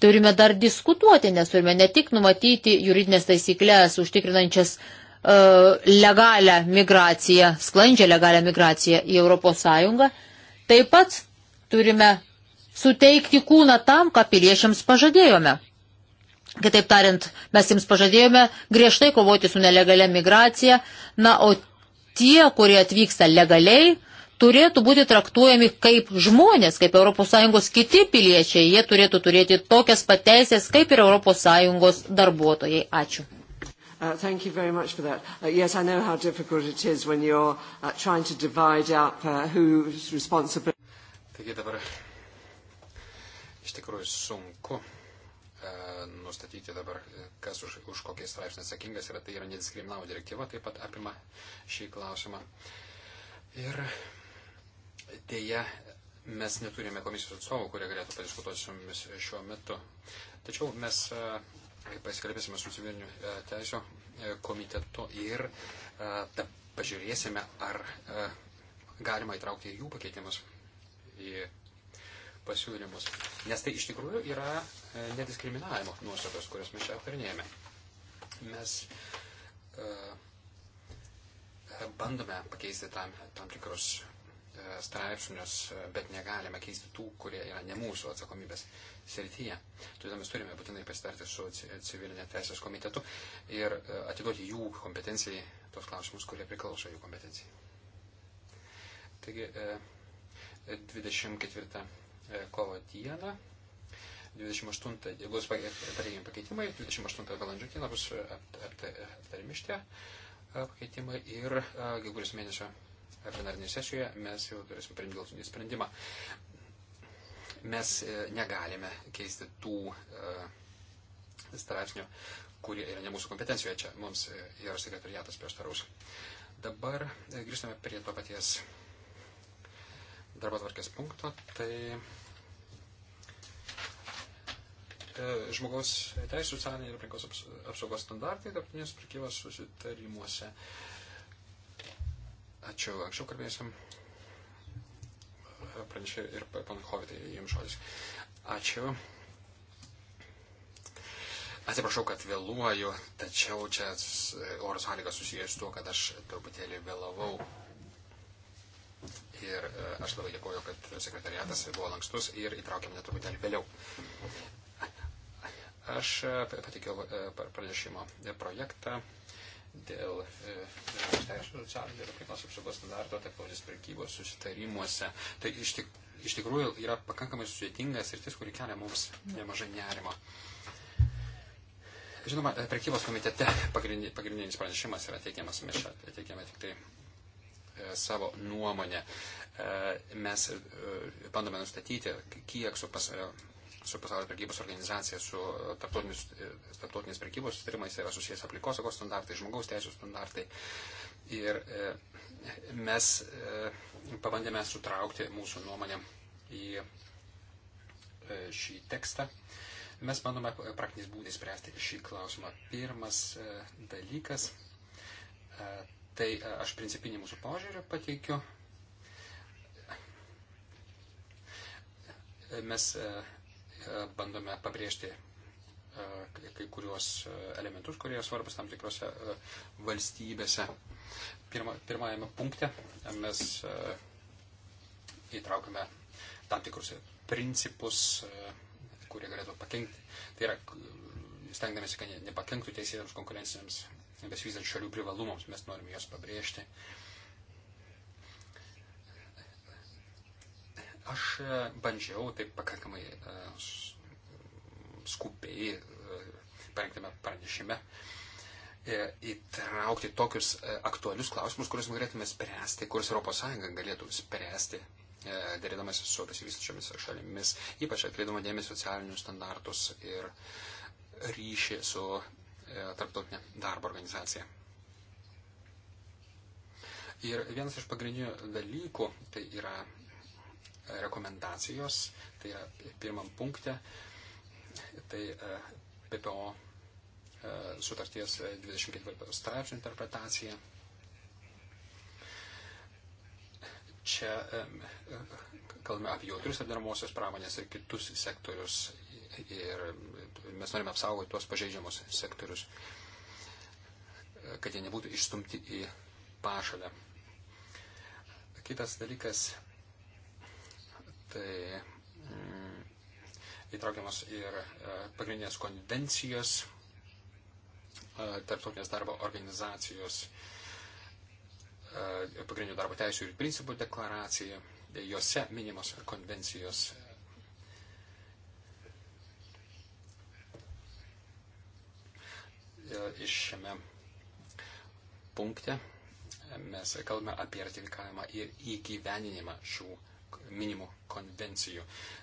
turime dar diskutuoti, nes turime ne tik numatyti juridinės taisyklės užtikrinančias uh, legalią migraciją, sklandžią legalią migraciją į ES, taip pat turime suteikti kūną tam, ką piliečiams pažadėjome. Kitaip tariant, mes jums pažadėjome griežtai kovoti su nelegalia migracija, na, o tie, kurie atvyksta legaliai, turėtų būti traktuojami kaip žmonės, kaip ES kiti piliečiai. Jie turėtų turėti tokias pateisės kaip ir ES darbuotojai. Ačiū. Uh, thank you very much for that. Uh, yes, I know how difficult it is when you're uh, trying to divide up uh, who's responsible. Taigi dabar iš tikrųjų sunku uh, nustatyti dabar, uh, kas už, už kokį straipsnį atsakingas yra, tai yra nediskriminavo direktyva, taip pat apima šį klausimą. Ir Deja, mes neturime komisijos atstovų, kurie galėtų padiskutuoti su mumis šiuo metu. Tačiau mes e, pasikalbėsime su civilinių e, teisų e, komitetu ir ta, pažiūrėsime, ar galima įtraukti jų pakeitimus į pasiūlymus. Nes tai iš tikrųjų yra nediskriminavimo nuostatos, kurias mes čia aptarinėjame. Mes uh, bandome pakeisti tam, tam tikrus straipsnius, bet negalime keisti tų, kurie yra ne mūsų atsakomybės srityje. Todėl mes turime būtinai pasitarti su civilinė teisės komitetu ir e, atiduoti jų kompetencijai tos klausimus, kurie priklauso jų kompetencijai. Taigi, 24 e, e, kovo dieną 28 bus pareigiami pakeitimai, 28 valandžio dieną bus aptarimi šitie pakeitimai ir gegužės mėnesio plenarinėje sesijoje mes jau turėsim priimti galtinį sprendimą. Mes e, negalime keisti tų e, straipsnių, kurie yra ne mūsų kompetencijoje, čia mums e, yra sekretariatas prieštaraus. Dabar grįžtame prie to paties darbo tvarkės punkto, tai žmogaus teisų, socialiniai ir aplinkos apsaugos standartai tarptautinės prekybos susitarimuose. Uh, Ačiū anksčiau kalbėjusiam pranešė ir pankovitai jums žodis. Ačiū. Atsiprašau, kad vėluoju, tačiau čia oro sąlygas susijęs su tuo, kad aš truputėlį vėlavau. Ir e, aš labai dėkoju, kad sekretariatas buvo lankstus ir įtraukė mane truputėlį vėliau. Aš e, pateikiau e, pranešimo projektą dėl išteisinimo socialinio e, e, ir aplinkos apsaugos standarto tarptautinės prekybos susitarimuose. Tai iš, tik, iš tikrųjų yra pakankamai sudėtingas ir tis, kuri kelia mums nemažai nerimo. Žinoma, e, prekybos komitete pagrindinis, pagrindinis pranešimas yra teikiamas, mes čia teikiame tik tai savo nuomonę. Mes bandome nustatyti, kiek su pas, su pasaulio prekybos organizacija, su e, tarptautinės e, prekybos sutarimais yra susijęs aplikosakos standartai, žmogaus teisų standartai. Ir e, mes pabandėme sutraukti mūsų nuomonę į šį tekstą. Mes bandome praktiniais būdais spręsti šį klausimą. Pirmas dalykas, tai aš principinį mūsų požiūrį pateikiu. Mes E, bandome pabrėžti e, kai kuriuos e, elementus, kurie svarbus tam tikrose valstybėse. Pirma, pirmajame punkte mes įtraukime tam tikrus principus, kurie galėtų pakengti. Tai yra, stengdamėsi, kad nepakenktų teisėjams konkurencijams besvystančių šalių privalumams, mes norime juos pabrėžti. Uh, Aš e, bandžiau taip pakankamai e, skubiai e, parengtame pranešime įtraukti tokius aktualius klausimus, kuriuos norėtume spręsti, kuriuos ES galėtų spręsti dėrėdamas su besivystančiomis šalimis, ypač atkreidama dėmesį socialinius standartus ir ryšį su tarptautinė darbo organizacija. Ir vienas iš pagrindinių dalykų tai yra rekomendacijos, tai yra pirmam punkte, tai e, PPO e, sutarties 24 straipsnių interpretacija. Čia e, kalbame apie jautrius apdaromosios pramonės ir kitus sektorius ir mes norime apsaugoti tuos pažeidžiamus sektorius, kad jie nebūtų išstumti į pašalę. Kitas dalykas tai mm, įtraukiamas ir e, pagrindinės konvencijos e, tarptautinės darbo organizacijos e, pagrindinių darbo teisų ir principų deklaracija, tai juose minimos konvencijos. Iš šiame punkte mes kalbame apie ratifikavimą ir įgyveninimą šių minimo konvencijų.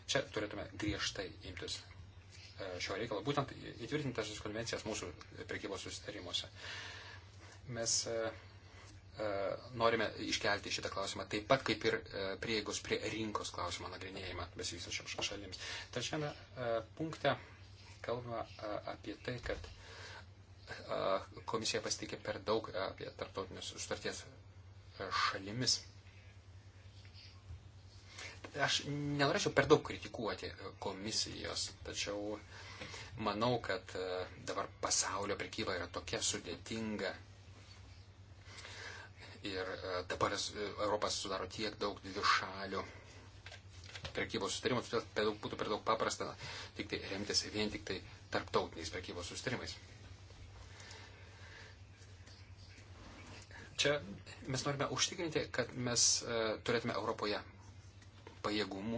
Čia turėtume griežtai imtis e, šio reikalo, būtent įtvirtintas šis konvencijas mūsų prekybos susitarimuose. Mes e, e, norime iškelti šitą klausimą taip pat kaip ir prieigos prie rinkos klausimą nagrinėjimą besivystančioms šalims. Trečiame punkte kalbama apie tai, kad komisija pasitikė per daug apie tarptautinius sutarties šalimis Aš nenorėčiau per daug kritikuoti komisijos, tačiau manau, kad e, dabar pasaulio prekyba yra tokia sudėtinga. Ir e, dabar e, Europas sudaro tiek daug dvišalių prekybos sustarimų, todėl būtų per daug paprasta tik tai remtis vien tik tai tarptautiniais prekybos sustarimais. Čia mes norime užtikrinti, kad mes turėtume Europoje pajėgumų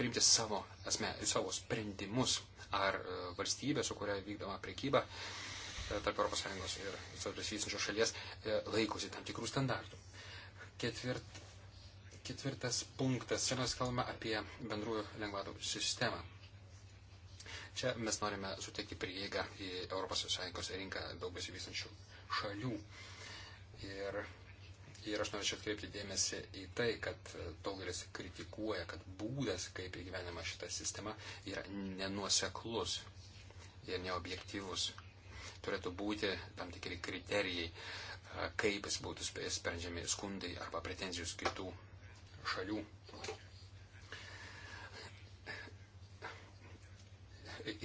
priimti savo, asme, savo sprendimus ar e, valstybė, su kuria vykdoma priekyba e, tarp ES ir besivystančios šalies, e, laikosi tam tikrų standartų. Ketvirt, ketvirtas punktas. Čia mes kalbame apie bendrųjų lengvatų sistemą. Čia mes norime suteikti prieigą į ES rinką daug besivystančių šalių. Ir Ir aš norėčiau atkreipti dėmesį į tai, kad daugelis kritikuoja, kad būdas, kaip įgyvenama šita sistema, yra nenuoseklus ir neobjektyvus. Turėtų būti tam tikri kriterijai, kaip jis būtų sprendžiami skundai arba pretenzijos kitų šalių.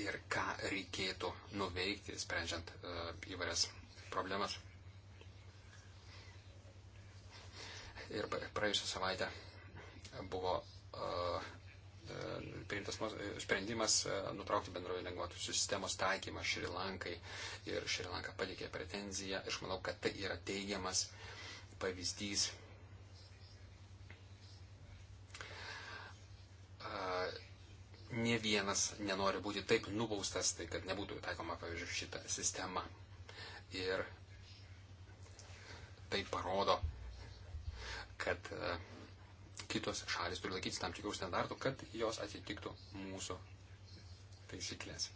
Ir ką reikėtų nuveikti, sprendžiant įvairias problemas. ir praėjusią savaitę buvo priimtas sprendimas nutraukti bendrojo lengvatų sistemos taikymą Šri Lankai ir Šri Lanka patikė pretenziją. Aš manau, kad tai yra teigiamas pavyzdys. Ne vienas nenori būti taip nubaustas, tai kad nebūtų taikoma, pavyzdžiui, šita sistema. Ir tai parodo, kad e, kitos šalis turi laikytis tam tikrų standartų, kad jos atitiktų mūsų taisyklės.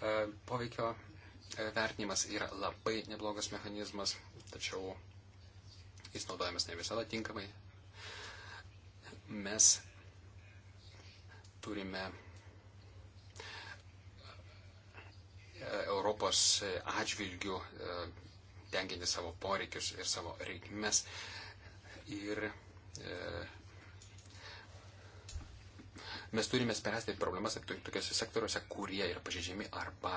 E, poveikio e, vertinimas yra labai neblogas mechanizmas, tačiau jis naudojamas ne visada tinkamai. Mes turime Europos atžvilgių tenkinti savo poreikius ir savo reikmes. Uh, ir e, mes turime spręsti problemas tokiuose sektoriuose, kurie yra pažeidžiami arba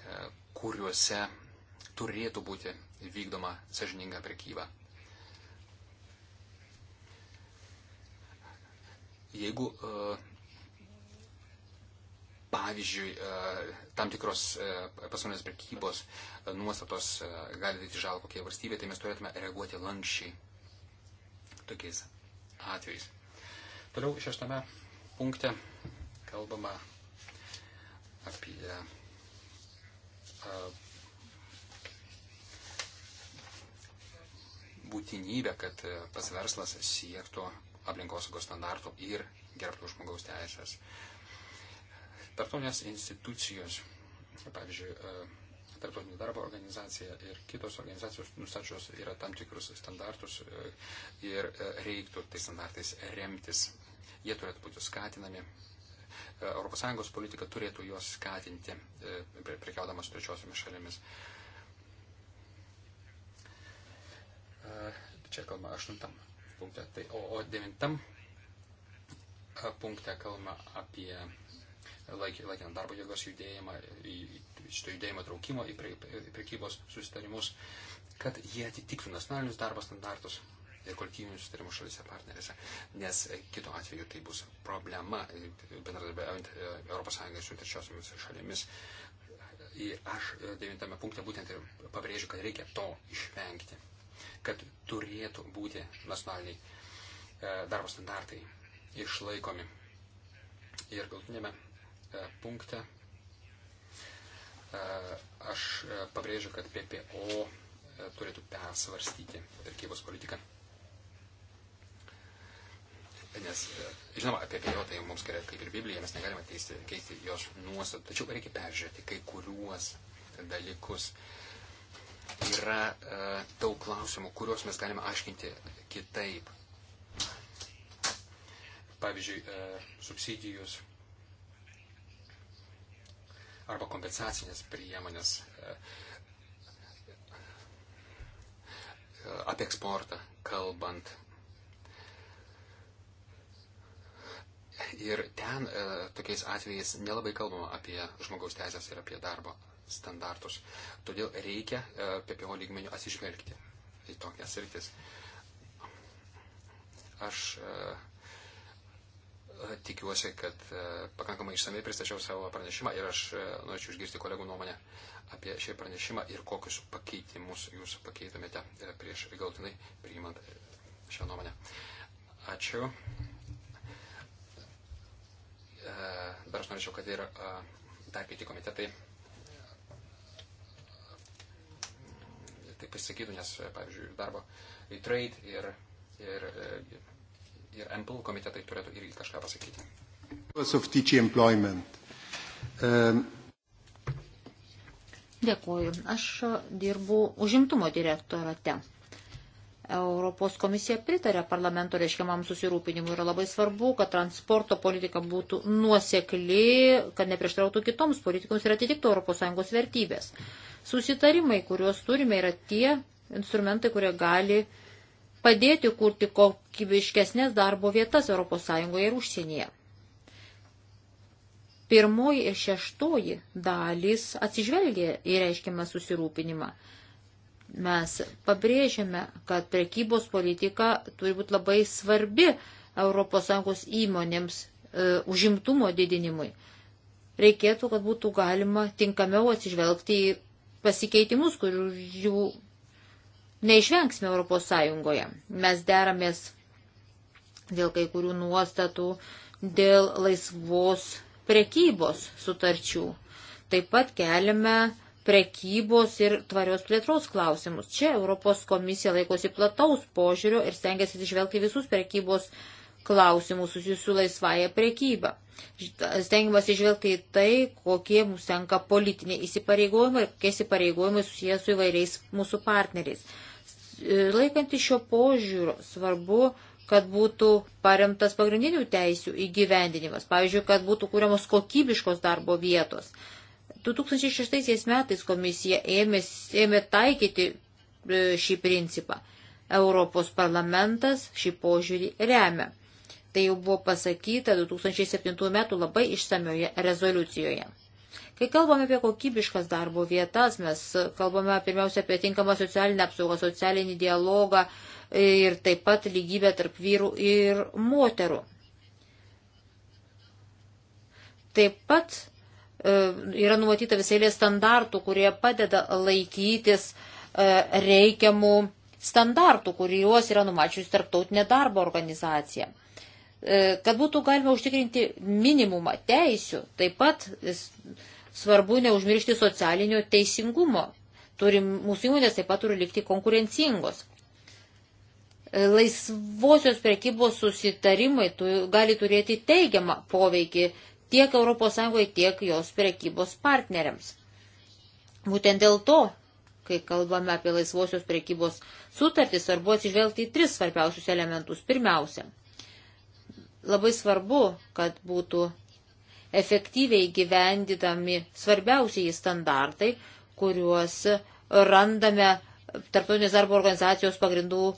e, kuriuose turėtų būti vykdoma sažininga prekyba. Jeigu uh, Pavyzdžiui, e, tam tikros e, pasaulinės prekybos e, nuostatos gali daryti žalą kokiai valstybė, tai mes turėtume reaguoti lankščiai tokiais atvejais. Toliau šeštame punkte kalbama apie būtinybę, kad pats verslas siektų aplinkosaugos standartų ir gerbtų žmogaus teisės. Uh, Tarptautinės institucijos, pavyzdžiui, e, Tarptautinė darbo organizacija ir kitos organizacijos nustačios yra tam tikrus standartus e, ir e, reiktų tais standartais remtis. Jie turėtų būti skatinami. ES politika turėtų juos skatinti, prekiaudamas trečiosiomis šalimis. Čia kalba aštuntam punkte. Tai, o, o devintam punkte kalba apie laikinant darbo jėgos judėjimą, šito judėjimo traukimo į prekybos susitarimus, kad jie atitiktų nacionalinius darbo standartus ir kolektyvinių sutarimų šalise partnerėse, nes e, kito atveju tai bus problema e, bendradarbiaujant ES su trečiosiomis šalimis. Ir aš e, devintame punkte būtent ir pabrėžiu, kad reikia to išvengti, kad turėtų būti nacionaliniai darbo standartai išlaikomi. Ir galutinėme E, punkte aš e, pabrėžiu, kad PPO e, turėtų persvarstyti prekybos politiką. Nes, žinoma, apie PPO tai mums gerai kaip ir Biblija, mes negalime teisti, keisti jos nuostatų, tačiau reikia peržiūrėti kai kuriuos dalykus. Yra e, daug klausimų, kuriuos mes galime aiškinti kitaip. Pavyzdžiui, e, subsidijus, arba kompensacinės priemonės e, e, apie eksportą kalbant. Ir ten e, tokiais atvejais nelabai kalbama apie žmogaus teisės ir apie darbo standartus. Todėl reikia e, PPO lygmenių atsižvelgti į tokias rytis. Aš e, tikiuosi, kad e, pakankamai išsamei pristačiau savo pranešimą ir aš e, norėčiau išgirsti kolegų nuomonę apie šį pranešimą ir kokius pakeitimus jūs pakeitumėte e, prieš galtinai priimant šią nuomonę. Ačiū. Dar aš norėčiau, kad ir dar kiti komitetai taip pasakytų, nes, pavyzdžiui, darbo į trade ir, ir ir NPL komitetai turėtų irgi kažką pasakyti. Um, Dėkuoju. Aš dirbu užimtumo direktorate. Europos komisija pritarė parlamento reiškiamam susirūpinimui. Yra labai svarbu, kad transporto politika būtų nuosekli, kad neprieštrautų kitoms politikoms ir atitiktų ES vertybės. Susitarimai, kuriuos turime, yra tie instrumentai, kurie gali uh, padėti kurti kokybiškesnės darbo vietas ES ir užsienyje. Pirmoji ir šeštoji dalys atsižvelgia į reiškiamą susirūpinimą. Mes pabrėžiame, kad prekybos politika turi būti labai svarbi ES įmonėms e, užimtumo didinimui. Reikėtų, kad būtų galima tinkamiau atsižvelgti į pasikeitimus, kurių neišvengsime Europos Sąjungoje. Mes deramės dėl kai kurių nuostatų, dėl laisvos prekybos sutarčių. Taip pat keliame prekybos ir tvarios plėtros klausimus. Čia Europos komisija laikosi plataus požiūrio ir stengiasi atsižvelgti visus prekybos klausimus klausimų susijusių laisvąją priekybą. Stengiamas išvelgti į tai, kokie mums tenka politiniai įsipareigojimai ir kokie įsipareigojimai susijęs su įvairiais mūsų partneriais. Laikantis šio požiūrio svarbu, kad būtų paremtas pagrindinių teisių įgyvendinimas, pavyzdžiui, kad būtų kūriamos kokybiškos darbo vietos. 2006 metais komisija ėmė, ėmė taikyti e, šį principą. Europos parlamentas šį požiūrį remia. Tai jau buvo pasakyta 2007 metų labai išsamioje rezoliucijoje. Kai kalbame apie kokybiškas darbo vietas, mes kalbame pirmiausia apie tinkamą socialinę apsaugą, socialinį dialogą ir taip pat lygybę tarp vyrų ir moterų. Taip pat e, yra numatyta visėlė standartų, kurie padeda laikytis e, reikiamų standartų, kuriuos yra numačiusi tarptautinė darbo organizacija. E, kad būtų galima užtikrinti minimumą teisių, taip pat svarbu neužmiršti socialinio teisingumo. Turim, mūsų įmonės taip pat turi likti konkurencingos. E, laisvosios prekybos susitarimai tu, gali turėti teigiamą poveikį tiek ES, tiek jos prekybos partneriams. Būtent dėl to, kai kalbame apie laisvosios prekybos sutartį, svarbu atsižvelgti į tris svarbiausius elementus. Pirmiausia, Labai svarbu, kad būtų efektyviai gyvendydami svarbiausiai standartai, kuriuos randame Tarptautinės darbo organizacijos pagrindų e,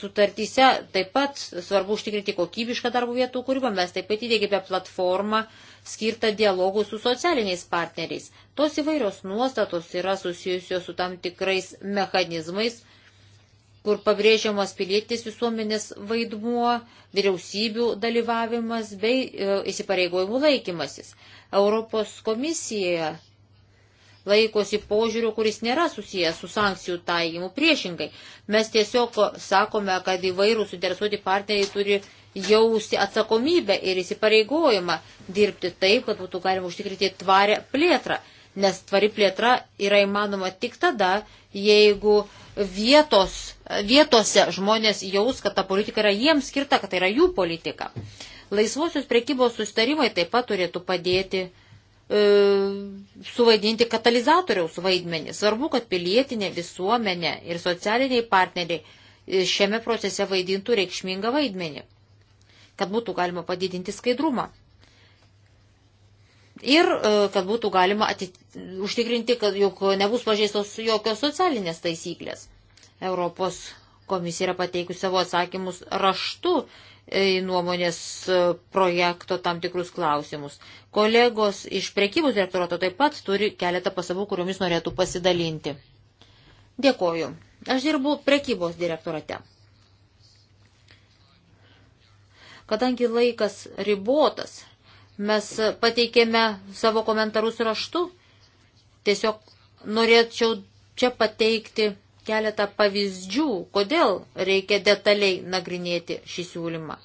sutartyse. Taip pat svarbu užtikrinti kokybišką darbo vietų kūrimą. Mes taip pat įdėgėme platformą skirtą dialogų su socialiniais partneriais. Tos įvairios nuostatos yra susijusios su tam tikrais mechanizmais, kur pabrėžiamas pilietis visuomenės vaidmuo, vyriausybių dalyvavimas bei e, įsipareigojimų laikymasis. Europos komisija laikosi požiūrių, kuris nėra susijęs su sankcijų taikymu. Priešingai, mes tiesiog sakome, kad įvairūs suinteresuoti partneriai turi jausti atsakomybę ir įsipareigojimą dirbti taip, kad būtų galima užtikrinti tvarę plėtrą. Nes tvari plėtra yra įmanoma tik tada, jeigu vietos, vietose žmonės jaus, kad ta politika yra jiems skirta, kad tai yra jų politika. Laisvosios priekybos sustarimai taip pat turėtų padėti e, suvaidinti katalizatoriaus vaidmenį. Svarbu, kad pilietinė visuomenė ir socialiniai partneriai e, šiame procese vaidintų reikšmingą vaidmenį, kad būtų galima padidinti skaidrumą ir e, kad būtų galima atit... užtikrinti, kad jog nebus pažeistos jokios socialinės taisyklės. Europos komisija yra pateikusi savo atsakymus raštu į nuomonės e, projekto tam tikrus klausimus. Kolegos iš priekybos direktorato taip pat turi keletą pasabų, kuriomis norėtų pasidalinti. Dėkoju. Aš dirbu priekybos direktorate. Kadangi laikas ribotas, Mes pateikėme savo komentarus raštu. Tiesiog norėčiau čia pateikti keletą pavyzdžių, kodėl reikia detaliai nagrinėti šį siūlymą.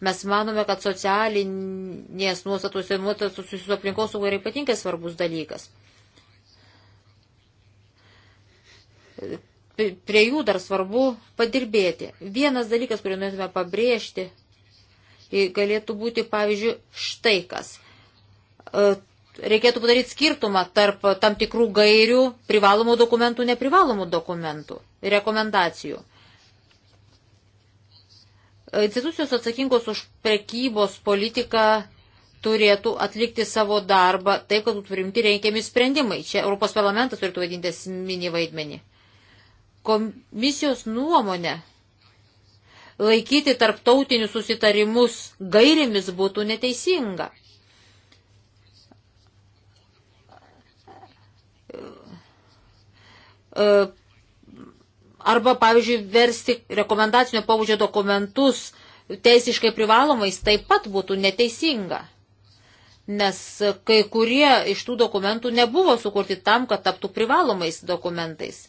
Mes manome, kad socialinės nuostatos ir nuostatos su aplinkos sauga yra ypatingai svarbus dalykas. Prie jų dar svarbu padirbėti. Vienas dalykas, kurį norėtume pabrėžti, galėtų būti, pavyzdžiui, štai kas. E, reikėtų padaryti skirtumą tarp tam tikrų gairių, privalomų dokumentų, neprivalomų dokumentų, rekomendacijų. Institucijos atsakingos už prekybos politiką turėtų atlikti savo darbą taip, kad būtų primti reikiami sprendimai. Čia Europos parlamentas turėtų vaidinti esminį vaidmenį. Komisijos nuomonė laikyti tarptautinius susitarimus gairėmis būtų neteisinga. E, arba, pavyzdžiui, versti rekomendacinio pabudžio dokumentus teisiškai privalomais taip pat būtų neteisinga. Nes kai kurie iš tų dokumentų nebuvo sukurti tam, kad taptų privalomais dokumentais.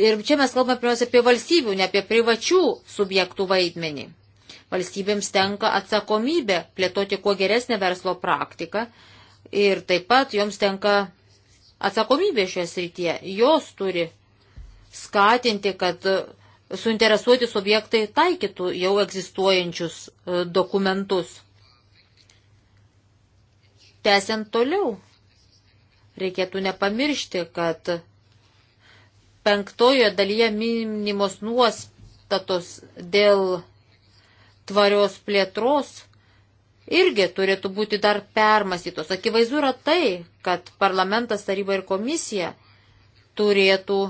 Ir čia mes kalbame pirmiausia apie valstybių, ne apie privačių subjektų vaidmenį. Valstybėms tenka atsakomybė plėtoti kuo geresnę verslo praktiką ir taip pat joms tenka atsakomybė šioje srityje. Jos turi skatinti, kad suinteresuoti subjektai taikytų jau egzistuojančius e, dokumentus. Tęsiant toliau, reikėtų nepamiršti, kad penktojoje dalyje minimos nuostatos dėl tvarios plėtros irgi turėtų būti dar permastytos. Akivaizdu yra tai, kad parlamentas, taryba ir komisija turėtų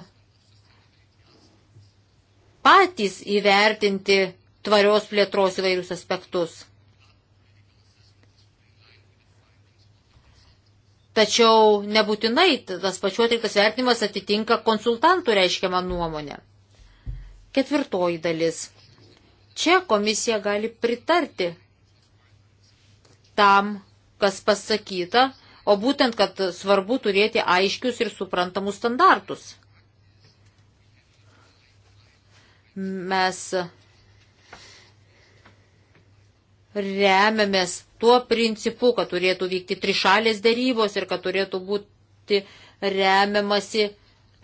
patys įvertinti tvarios plėtros įvairius aspektus. tačiau nebūtinai tas pačiu atliktas vertinimas atitinka konsultantų reiškiamą nuomonę. Ketvirtoji dalis. Čia komisija gali pritarti tam, kas pasakyta, o būtent, kad svarbu turėti aiškius ir suprantamus standartus. Mes remiamės tuo principu, kad turėtų vykti trišalės dėrybos ir kad turėtų būti remiamasi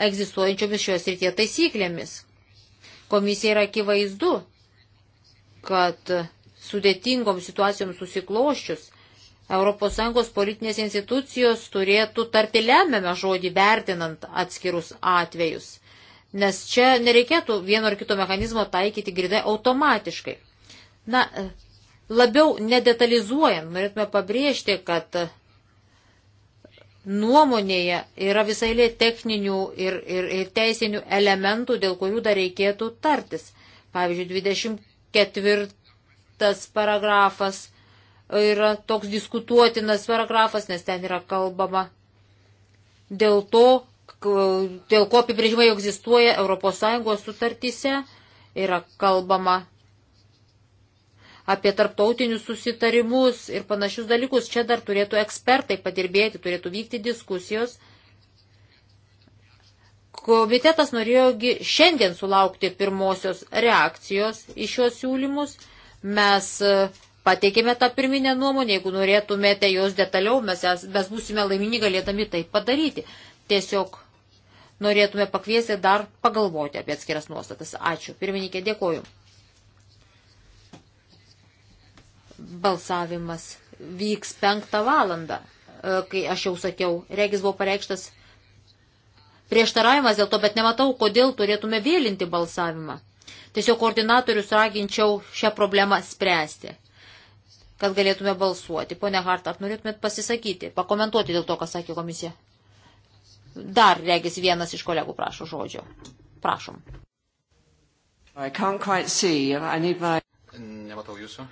egzistuojančiomis šios rytie taisyklėmis. Komisija yra akivaizdu, kad sudėtingom situacijom susikloščius ES politinės institucijos turėtų tarti lemiamą žodį vertinant atskirus atvejus. Nes čia nereikėtų vieno ar kito mechanizmo taikyti gridai automatiškai. Na, Labiau nedetalizuojant, norėtume pabrėžti, kad nuomonėje yra visai lė techninių ir, ir, ir teisinių elementų, dėl kurių dar reikėtų tartis. Pavyzdžiui, 24 paragrafas yra toks diskutuotinas paragrafas, nes ten yra kalbama dėl to, dėl ko apibrėžimai egzistuoja ES sutartyse, yra kalbama apie tarptautinius susitarimus ir panašius dalykus. Čia dar turėtų ekspertai padirbėti, turėtų vykti diskusijos. Komitetas norėjogi šiandien sulaukti pirmosios reakcijos į šios siūlymus. Mes e, pateikėme tą pirminę nuomonę, jeigu norėtumėte jos detaliau, mes, jas, mes būsime laimingi galėdami tai padaryti. Tiesiog norėtume pakviesti dar pagalvoti apie atskiras nuostatas. Ačiū. Pirmininkė, dėkoju. balsavimas vyks penktą valandą, e, kai aš jau sakiau, regis buvo pareikštas prieštaravimas dėl to, bet nematau, kodėl turėtume vėlinti balsavimą. Tiesiog koordinatorius raginčiau šią problemą spręsti, kad galėtume balsuoti. Pone Hart, ar norėtumėt pasisakyti, pakomentuoti dėl to, ką sakė komisija? Dar regis vienas iš kolegų prašo žodžio. Prašom. I can't quite see. I need my... Nematau jūsų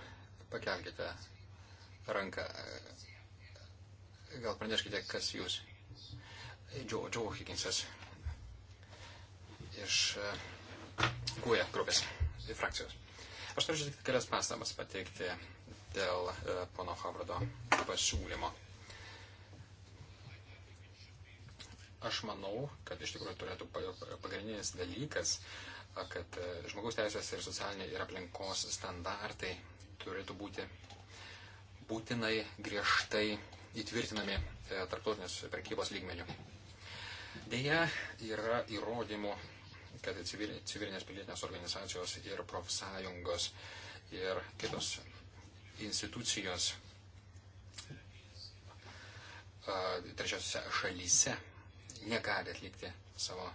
pakelkite ranką. Gal praneškite, kas jūs. Džo, Džo Higginsas iš e, Kuoja grupės frakcijos. Aš turiu tik kelias pastabas pateikti dėl e, pono Havardo pasiūlymo. Aš manau, kad iš tikrųjų turėtų pagrindinis dalykas, kad e, žmogaus teisės ir socialiniai ir aplinkos standartai turėtų būti būtinai griežtai įtvirtinami e, tarptautinės prekybos lygmenių. Deja, yra įrodymų, kad civilinės pilietinės organizacijos ir profsąjungos ir kitos institucijos e, trečiosiuose šalyse negali atlikti savo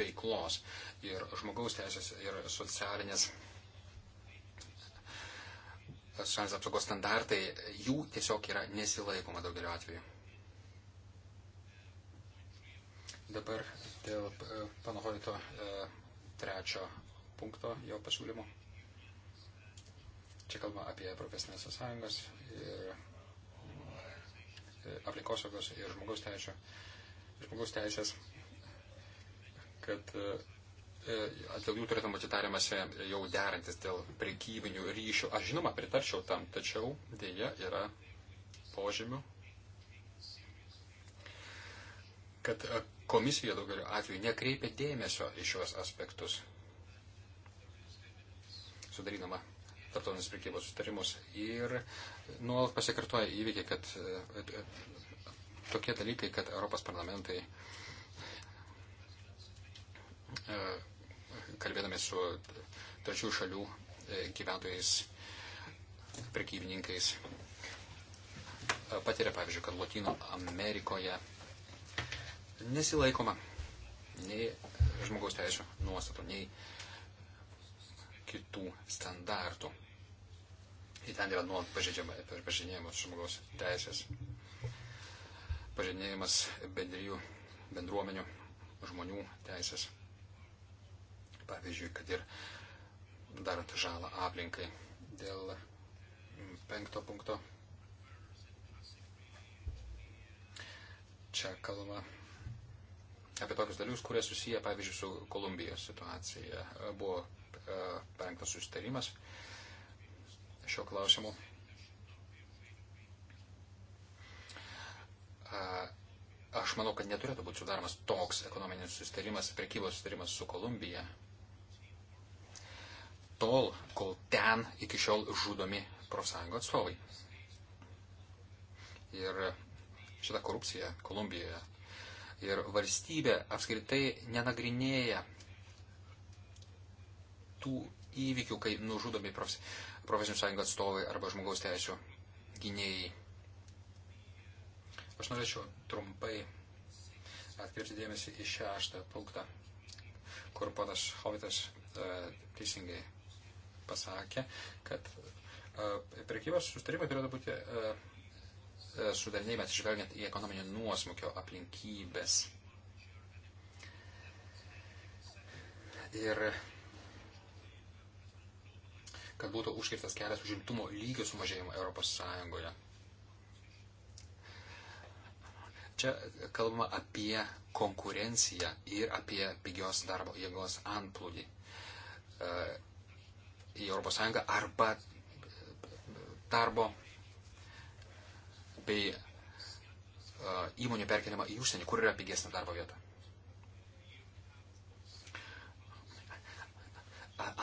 veiklos ir žmogaus teisės ir socialinės socialinės apsaugos standartai, jų tiesiog yra nesilaikoma daugeliu atveju. Dabar dėl e, panahoito e, trečio punkto jo pasiūlymo. Čia kalba apie profesinės sąjungas ir e, aplinkosaugos ir žmogaus teisės, žmogaus teisės kad dėl e, jų turėtum būti tariamasi jau derantis dėl prekybinių ryšių. Aš žinoma pritarčiau tam, tačiau dėja yra požymių, kad komisija daugeliu atveju nekreipia dėmesio į šios aspektus, sudarydama tarptautinės prekybos sutarimus. Ir nuolat pasikartoja įvykiai, kad e, e, tokie dalykai, kad Europos parlamentai kalbėdami su trečių šalių e, gyventojais, prekybininkais, e, patiria, pavyzdžiui, kad Latino Amerikoje nesilaikoma nei žmogaus teisų nuostatų, nei kitų standartų. Ir ten yra nuolat pažeidžiamas žmogaus teisės, pažeidinėjimas bendrijų, bendruomenių, žmonių teisės pavyzdžiui, kad ir darant žalą aplinkai. Dėl penkto punkto čia kalba apie tokius dalykus, kurie susiję, pavyzdžiui, su Kolumbijos situacija. Buvo e, parengtas susitarimas šio klausimu. E, aš manau, kad neturėtų būti sudaromas toks ekonominis susitarimas, prekybos susitarimas su Kolumbija, tol, kol ten iki šiol žudomi profsąjungo atstovai. Ir šita korupcija Kolumbijoje ir valstybė apskritai nenagrinėja tų įvykių, kai nužudomi profesinių sąjungų atstovai arba žmogaus teisų gynėjai. Aš norėčiau trumpai atkreipti dėmesį į šeštą punktą, kur ponas Hovitas e, teisingai pasakė, kad e, prekybos sustarimai turėtų būti e, e, sudarinėjami atsižvelgiant į ekonominio nuosmukio aplinkybės. Ir kad būtų užkirstas kelias užimtumo lygio sumažėjimo Europos Sąjungoje. Čia kalbama apie konkurenciją ir apie pigios darbo jėgos antplūdį į ES arba darbo bei e, įmonių perkeliama į užsienį, kur yra pigesnė darbo vieta.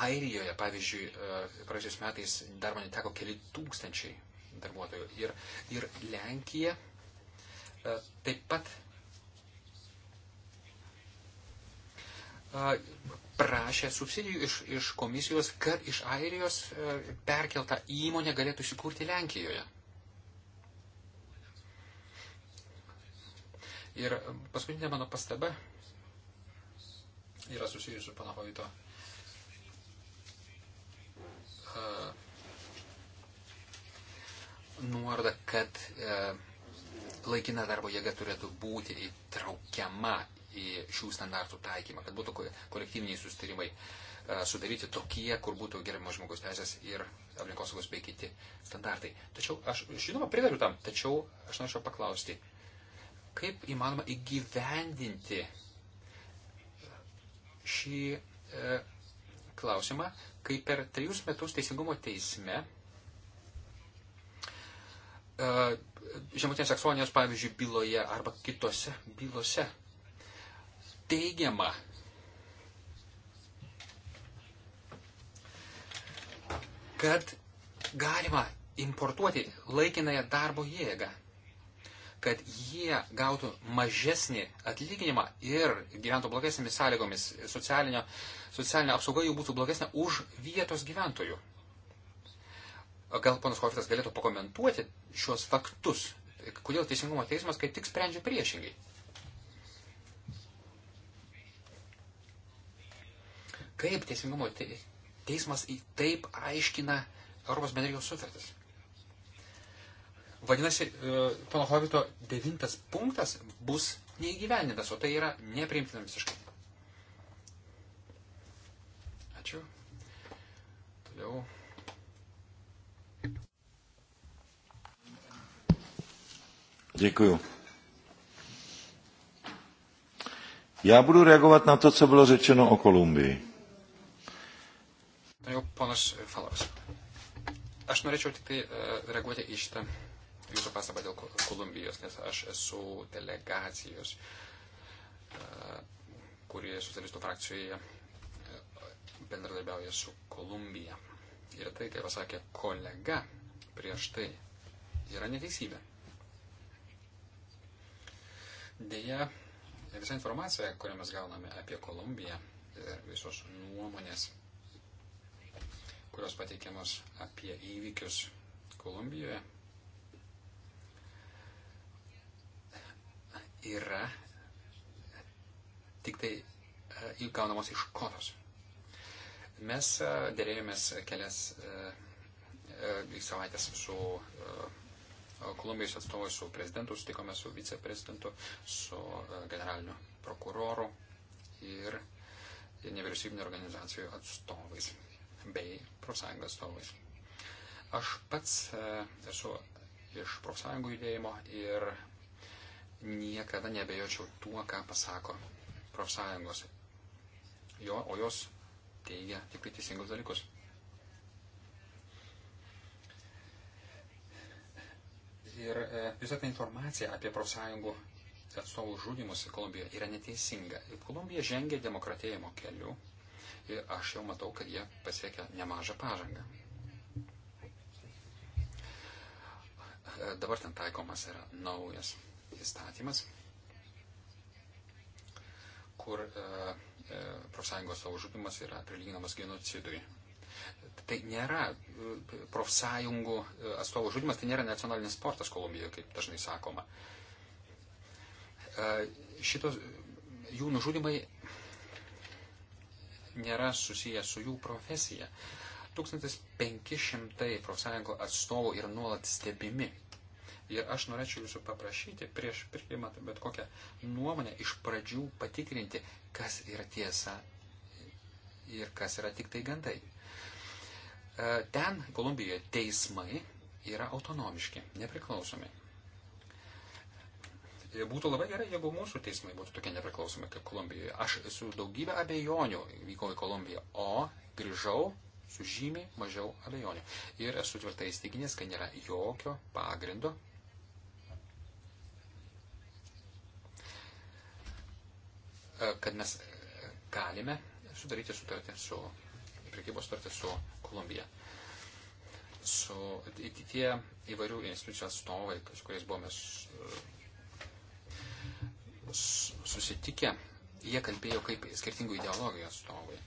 Airijoje, pavyzdžiui, e, praėjusiais metais darbo neteko keli tūkstančiai darbuotojų. Ir, ir Lenkija e, taip pat prašė subsidijų iš, iš komisijos, kad iš Airijos e, perkeltą įmonę galėtų įsikurti Lenkijoje. Ir paskutinė mano pastaba yra susijusi su pana Hovito uh, e, nuoroda, kad uh, laikina darbo jėga turėtų būti įtraukiama į šių standartų taikymą, kad būtų kolektyviniai sustarimai e, sudaryti tokie, kur būtų gerimo žmogus teisės ir aplinkosaugos bei kiti standartai. Tačiau aš, žinoma, pritariu tam, tačiau aš norėčiau paklausti, kaip įmanoma įgyvendinti šį e, klausimą, kai per trejus metus Teisingumo teisme e, žemutinės seksualinės, pavyzdžiui, byloje arba kitose bylose teigiama. kad galima importuoti laikinąją darbo jėgą, kad jie gautų mažesnį atlyginimą ir gyventų blogesnėmis sąlygomis, socialinio, socialinė apsauga jų būtų blogesnė už vietos gyventojų. Gal panas Hofitas galėtų pakomentuoti šios faktus, kodėl Teisingumo teismas kaip tik sprendžia priešingai. Kaip teisingumo te, teismas į taip aiškina Europos bendrijos sutartis? Vadinasi, e, pono Hovito devintas punktas bus neįgyvendintas, o tai yra nepriimtina visiškai. Ačiū. Toliau. Děkuju. Já budu reagovat na to, co bylo řečeno o Kolumbii. Jau ponas Falovas. Aš norėčiau tik tai e, reaguoti į šitą jūsų pastabą dėl Kolumbijos, nes aš esu delegacijos, e, kurie socialistų frakcijoje e, bendradarbiauja su Kolumbija. Ir tai, kaip pasakė kolega prieš tai, yra neteisybė. Deja, visa informacija, kurią mes gauname apie Kolumbiją ir visos nuomonės kurios pateikiamos apie įvykius Kolumbijoje, yra tik tai įgaunamos e, iš kotos. Mes e, dėrėjomės kelias e, savaitės su Kolumbijos atstovais, su prezidentu, sutikome su viceprezidentu, su generaliniu prokuroru ir nevyriausybinio organizacijų atstovais bei profsąjungos atstovais. Aš pats e, esu iš profsąjungų judėjimo ir niekada nebejočiau tuo, ką pasako profsąjungos. Jo, o jos teigia tikrai teisingus dalykus. Ir e, visą tą informaciją apie profsąjungų atstovų žudimus Kolumbijoje yra neteisinga. Kolumbija žengia demokratėjimo keliu ir aš jau matau, kad jie pasiekia nemažą pažangą. Dabar ten taikomas yra naujas įstatymas, kur e, e profsąjungos saužudimas yra prilyginamas genocidui. Tai nėra e, profsąjungų e, atstovų žudimas, tai nėra nacionalinis sportas Kolumbijoje, kaip dažnai sakoma. Šitos jų nužudimai nėra susijęs su jų profesija. 1500 profsąjungų atstovų yra nuolat stebimi. Ir aš norėčiau jūsų paprašyti, prieš priimant bet kokią nuomonę, iš pradžių patikrinti, kas yra tiesa ir kas yra tik tai gandai. E, ten Kolumbijoje teismai yra autonomiški, nepriklausomi. E, būtų labai gerai, jeigu mūsų teismai būtų tokie nepriklausomi kaip Kolumbijoje. Aš su daugybė abejonių vykau į Kolumbiją, o grįžau su žymiai mažiau abejonių. Ir esu tvirtai įstikinęs, kad nėra jokio pagrindo. E, kad mes galime sudaryti sutartį su, prekybos sutartį su Kolumbija su tie įvairių institucijų atstovai, su kuriais buvome susitikę, jie kalbėjo kaip skirtingų ideologijų atstovai.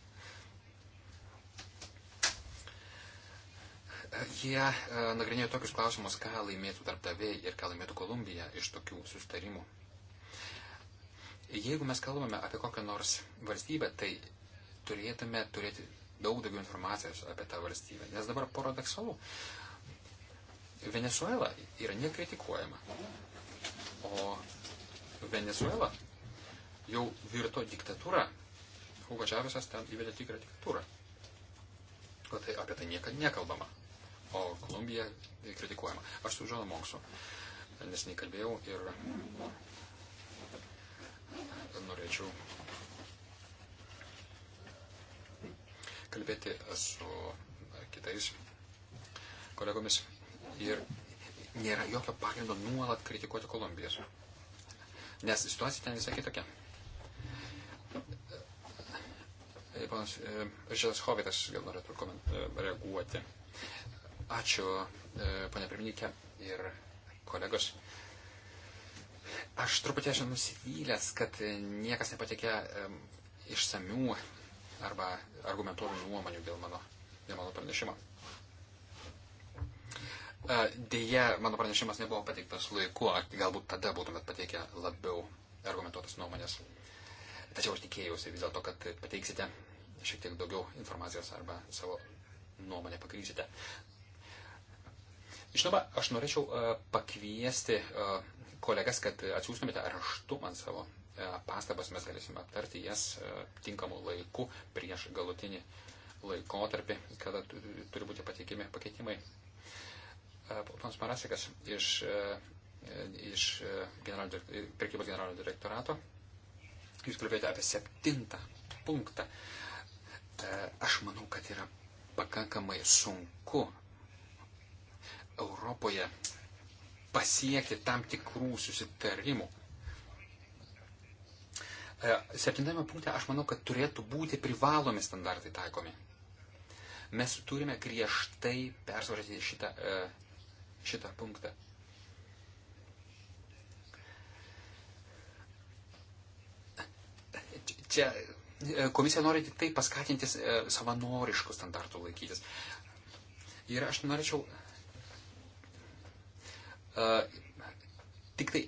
Jie e, nagrinėjo tokius klausimus, ką laimėtų darbdaviai ir ką laimėtų Kolumbija iš tokių sustarimų. Jeigu mes kalbame apie kokią nors valstybę, tai turėtume turėti daug daugiau informacijos apie tą valstybę. Nes dabar paradoksalu. Venezuela yra nekritikuojama. O Venezuela jau virto diktatūra. Hugo Čavesas ten įvedė tikrą diktatūrą. O tai apie tai niekad nekalbama. O Kolumbija kritikuojama. Aš su Džonu Monksu nesnei kalbėjau ir norėčiau kalbėti su kitais kolegomis. Ir nėra jokio pagrindo nuolat kritikuoti Kolumbijos nes situacija ten visai kitokia. E, ponas e, Žilas Hovitas gal norėtų e, reaguoti. Ačiū, ponė pirmininkė ir kolegos. Aš truputį esu nusivylęs, kad niekas nepatikė išsamių arba argumentuotų nuomonių dėl mano, dėl mano pranešimo. E, Deja, mano pranešimas nebuvo pateiktas laiku, galbūt tada būtumėt pateikę labiau argumentuotas nuomonės. Tačiau aš tikėjausi vis dėlto, kad pateiksite šiek tiek daugiau informacijos arba savo nuomonę pakrysite. Žinoma, aš norėčiau e, pakviesti e, kolegas, kad atsiųstumėte raštu man savo pastabas, mes galėsime aptarti jas tinkamu laiku prieš galutinį laikotarpį, kada turi būti pateikimi pakeitimai Ponas Marasikas iš, e, e, iš e, generalinio, prekybos generalinio direktorato. Jūs kalbėjote apie septintą punktą. Aš manau, kad yra pakankamai sunku Europoje pasiekti tam tikrų susitarimų. Septintame punkte aš manau, kad turėtų būti privalomi standartai taikomi. Mes turime griežtai persvarstyti šitą e, šitą punktą. Čia e, komisija nori tik tai paskatinti e, savanoriškų standartų laikytis. Ir aš norėčiau e, tik tai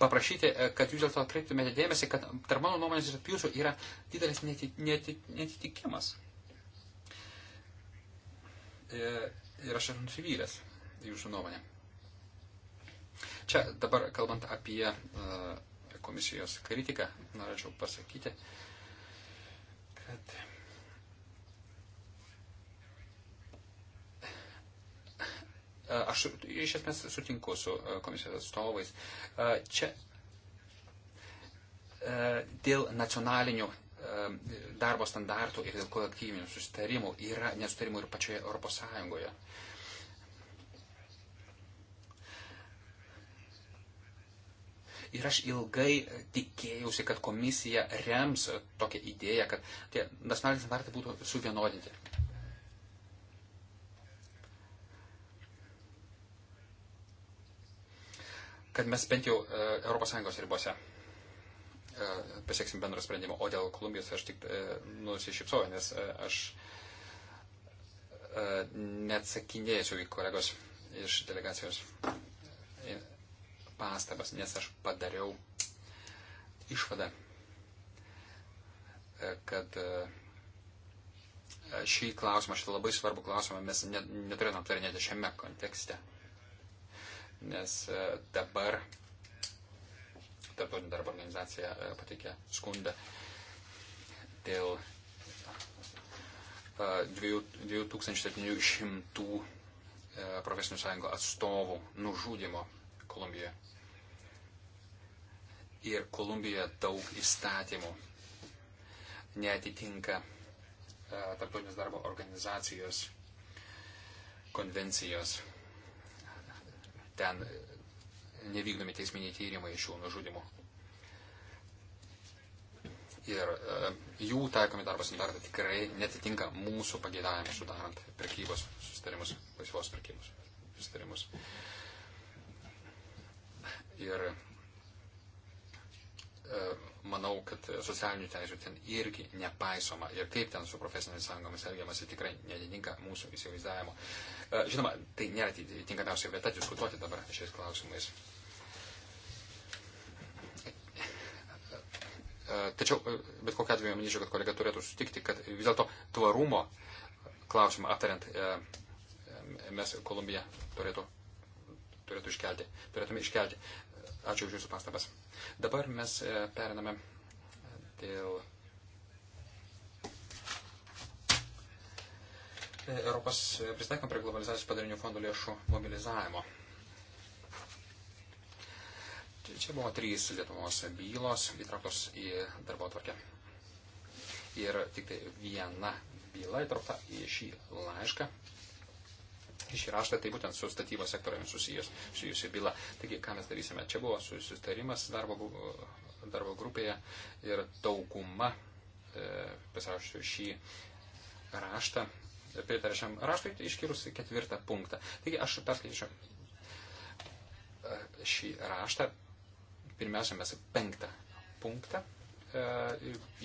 paprašyti, kad jūs dėl to atkreiptumėte dėmesį, kad tarp mano nuomonės ir jūsų yra didelis netitikimas. Ir aš esu nusivylęs jūsų nuomonė? Čia dabar kalbant apie e, komisijos kritiką, norėčiau pasakyti, kad e, aš iš esmės sutinku su e, komisijos atstovais. Čia dėl nacionalinių darbo standartų ir dėl kolektyvinių susitarimų yra nesutarimų ir pačioje Europos Sąjungoje. Uh, Ir aš ilgai tikėjausi, kad komisija rems tokią idėją, kad tie nacionaliniai standartai būtų suvienodinti. Kad mes bent jau ES ribose e, pasieksim bendrą sprendimą, o dėl Kolumbijos aš tik e, nusišypsau, nes e, aš neatsakinėsiu į kolegos iš delegacijos pastabas, nes aš padariau išvadą, e, kad e, šį klausimą, šitą labai svarbų klausimą mes neturėtume aptarinėti šiame kontekste. Nes e, dabar Tarptautinė darbo organizacija pateikė skundą dėl 2700 profesinių sąjungų atstovų nužudimo Kolumbijoje. Ir Kolumbijoje daug įstatymų neatitinka e, Tarptautinės darbo organizacijos konvencijos. Ten nevykdomi teisminiai tyrimai šių nužudimų. Ir e, jų taikomi darbo standartai tikrai netitinka mūsų pageidavimų sudarant prekybos sustarimus, laisvos prekybos sustarimus ir e, manau, kad socialinių teisų ten irgi nepaisoma ir kaip ten su profesinėmis sąjungomis elgiamasi tikrai netitinka mūsų įsivaizdavimo. E, žinoma, tai nėra tinkamiausia vieta diskutuoti dabar šiais klausimais. E, tačiau, bet kokia atveju, manyčiau, kad kolega turėtų sutikti, kad vis dėlto tvarumo klausimą aptariant mes Kolumbiją turėtų, turėtų iškelti, turėtume iškelti. Ačiū už Jūsų pastabas. Dabar mes e, periname e, dėl e, Europos pristaikom prie globalizacijos padarinių fondo lėšų mobilizavimo. Čia buvo trys Lietuvos bylos įtrauktos į darbo tvarkę. Ir tik tai viena byla įtraukta į šį laišką šį raštą, tai būtent su statybos sektoriumi susijęs, susijusi byla. Taigi, ką mes darysime? Čia buvo susitarimas darbo, darbo grupėje ir dauguma e, pasirašė šį raštą, pritarė šiam raštui, tai išskyrus ketvirtą punktą. Taigi, aš perskaičiu e, šį raštą, pirmiausia, mes penktą punktą, e,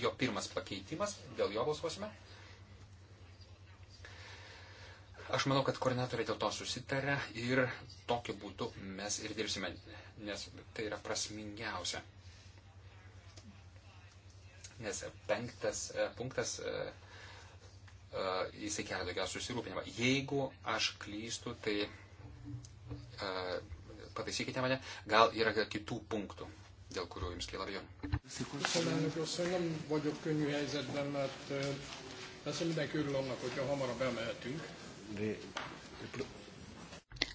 jo pirmas pakeitimas, dėl jo balsuosime. Aš manau, kad koordinatoriai dėl to susitarė ir tokiu būdu mes ir dirbsime, nes tai yra prasmingiausia. Nes penktas e, punktas e, e, jisai kelia daugiausia susirūpinimą. Jeigu aš klystu, tai a, pataisykite mane, gal yra kitų punktų, dėl kurių jums kyla abejonių. Köszönöm, mindenki örül annak, hogyha hamarabb elmehetünk.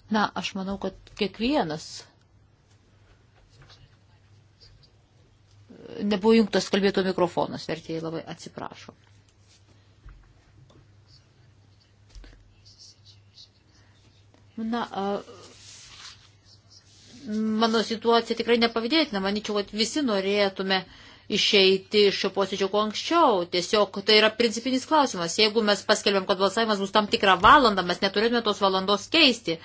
Na, aš manau, kad kiekvienas. Nebuvo jungtas kalbėto mikrofonas, vertėjai labai atsiprašo. Na, a, mano situacija tikrai nepavydėtina, manyčiau, kad visi norėtume uh, išeiti iš šio posėdžio kuo anksčiau. Tiesiog tai yra principinis klausimas. Jeigu mes paskelbėm, kad balsavimas bus tam tikrą valandą, mes neturėtume tos valandos keisti,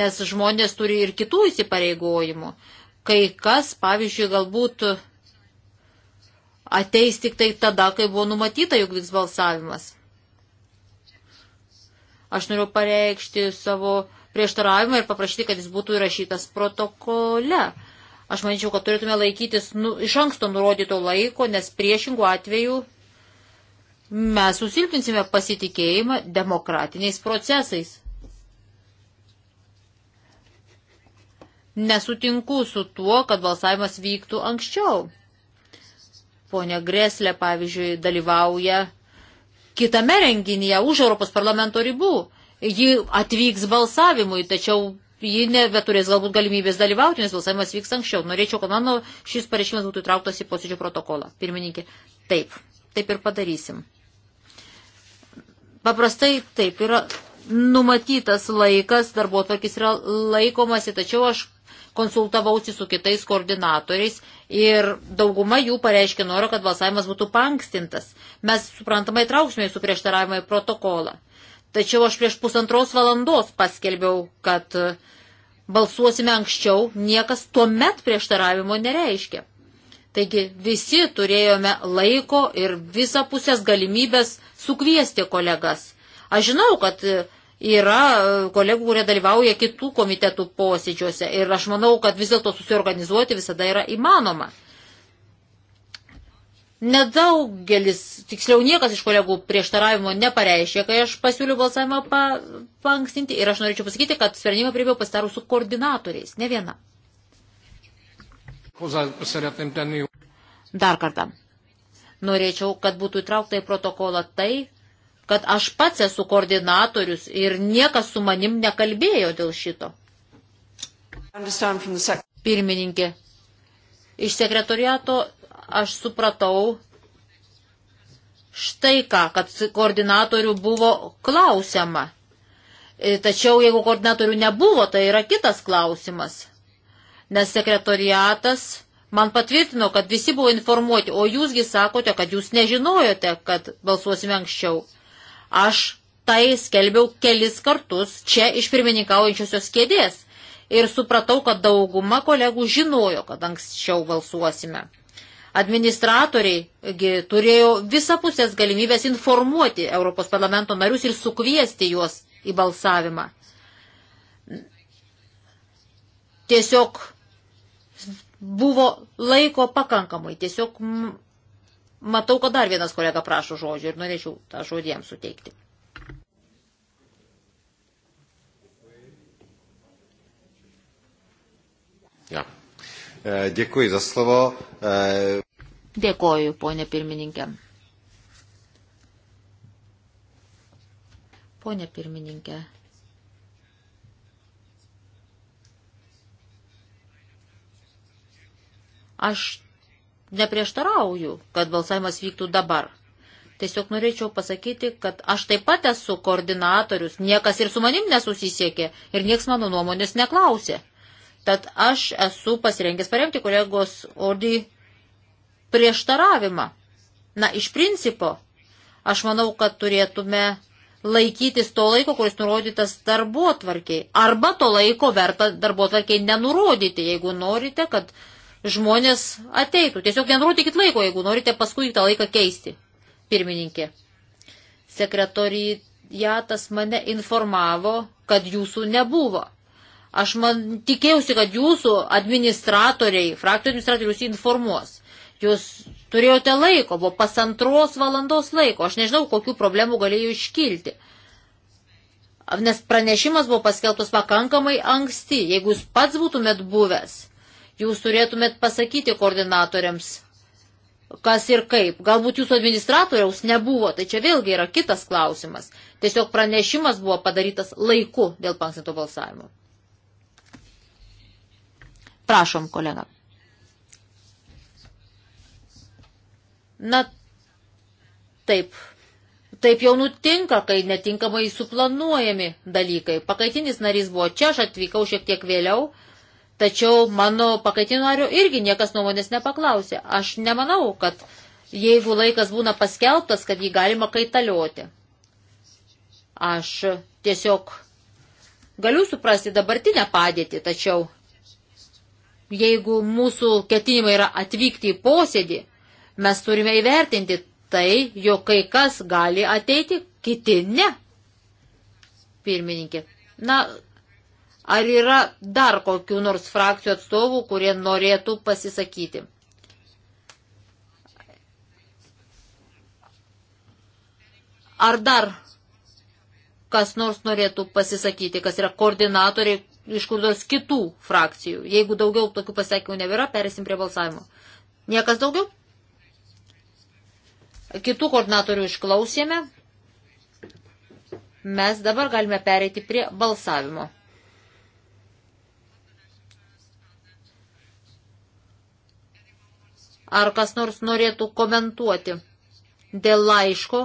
nes žmonės turi ir kitų įsipareigojimų. Kai kas, pavyzdžiui, galbūt ateis tik tai tada, kai buvo numatyta, jog vyks balsavimas. Aš noriu pareikšti savo prieštaravimą ir paprašyti, kad jis būtų įrašytas protokole. Aš manyčiau, kad turėtume laikytis nu, iš anksto nurodyto laiko, nes priešingų atveju mes susilpinsime pasitikėjimą demokratiniais procesais. Nesutinku su tuo, kad balsavimas vyktų anksčiau. Pone Greslė, pavyzdžiui, dalyvauja kitame renginyje už Europos parlamento ribų. Ji atvyks balsavimui, tačiau ji nebeturės galbūt galimybės dalyvauti, nes balsavimas vyks anksčiau. Norėčiau, kad mano šis pareiškimas būtų įtrauktas į posėdžio protokolą. Pirmininkė, taip, taip ir padarysim. Paprastai taip yra numatytas laikas, darbo tvarkis yra laikomasi, tačiau aš konsultavausi su kitais koordinatoriais ir dauguma jų pareiškė norą, kad balsavimas būtų pankstintas. Mes suprantamai trauksime jūsų prieštaravimą į protokolą. Tačiau aš prieš pusantros valandos paskelbiau, kad e, balsuosime anksčiau, niekas tuo met prieštaravimo nereiškia. Taigi visi turėjome laiko ir visapusės galimybės sukviesti kolegas. Aš žinau, kad e, yra e, kolegų, kurie dalyvauja kitų komitetų posėdžiuose ir aš manau, kad vis dėlto susiorganizuoti visada yra įmanoma. Nedaugelis, tiksliau niekas iš kolegų prieštaravimo nepareiškė, kai aš pasiūliau balsavimą pa, pankstinti ir aš norėčiau pasakyti, kad sprendimą priėmiau pasitarų su koordinatoriais, ne viena. Dar kartą. Norėčiau, kad būtų įtraukta į protokolą tai, kad aš pats esu koordinatorius ir niekas su manim nekalbėjo dėl šito. Pirmininkė, iš sekretoriato aš supratau štai ką, kad koordinatorių buvo klausiama. E, tačiau jeigu koordinatorių nebuvo, tai yra kitas klausimas. Nes sekretoriatas man patvirtino, kad visi buvo informuoti, o jūsgi sakote, kad jūs nežinojote, kad balsuosime anksčiau. Aš tai skelbiau kelis kartus čia iš pirmininkaujančiosios kėdės ir supratau, kad dauguma kolegų žinojo, kad anksčiau balsuosime. Administratoriai turėjo visapusės galimybės informuoti Europos parlamento narius ir sukviesti juos į balsavimą. Tiesiog buvo laiko pakankamai. Tiesiog matau, kad dar vienas kolega prašo žodžio ir norėčiau tą žodį jam suteikti. Ja. Eh, Dėkui za slovo. Eh, Dėkoju, ponė pirmininkė. Pone pirmininkė. Aš neprieštarauju, kad balsavimas vyktų dabar. Tiesiog norėčiau pasakyti, kad aš taip pat esu koordinatorius, niekas ir su manim nesusisiekė ir nieks mano nuomonės neklausė. Tad aš esu pasirengęs paremti kolegos Odi prieštaravimą. Na, iš principo, aš manau, kad turėtume laikytis to laiko, kuris nurodytas darbo tvarkiai. Arba to laiko verta darbo tvarkiai nenurodyti, jeigu norite, kad žmonės ateitų. Tiesiog nenurodykit laiko, jeigu norite paskui tą laiką keisti. Pirmininkė. Sekretorijatas mane informavo, kad jūsų nebuvo. Aš man tikėjausi, kad jūsų administratoriai, frakcijų administratoriai jūs informuos. Jūs turėjote laiko, buvo pasantros valandos laiko. Aš nežinau, kokių problemų galėjo iškilti. Nes pranešimas buvo paskelbtas pakankamai anksti. Jeigu jūs pats būtumėt buvęs, jūs turėtumėt pasakyti koordinatoriams, kas ir kaip. Galbūt jūsų administratoriaus nebuvo, tai čia vėlgi yra kitas klausimas. Tiesiog pranešimas buvo padarytas laiku dėl panksinto balsavimo. Prašom, kolega. Na, taip. Taip jau nutinka, kai netinkamai suplanuojami dalykai. Pakaitinis narys buvo čia, aš atvykau šiek tiek vėliau, tačiau mano pakaitinio nario irgi niekas nuomonės nepaklausė. Aš nemanau, kad jeigu laikas būna paskelbtas, kad jį galima kaitalioti. Aš tiesiog galiu suprasti dabartinę padėtį, tačiau jeigu mūsų ketinimai yra atvykti į posėdį, mes turime įvertinti tai, jog kai kas gali ateiti, kiti ne. Pirmininkė. Na, ar yra dar kokių nors frakcijų atstovų, kurie norėtų pasisakyti? Ar dar kas nors norėtų pasisakyti, kas yra koordinatoriai, išklaidos kitų frakcijų. Jeigu daugiau tokių pasakymų nebėra, perėsim prie balsavimo. Niekas daugiau? Kitų koordinatorių išklausėme. Mes dabar galime pereiti prie balsavimo. Ar kas nors norėtų komentuoti dėl laiško,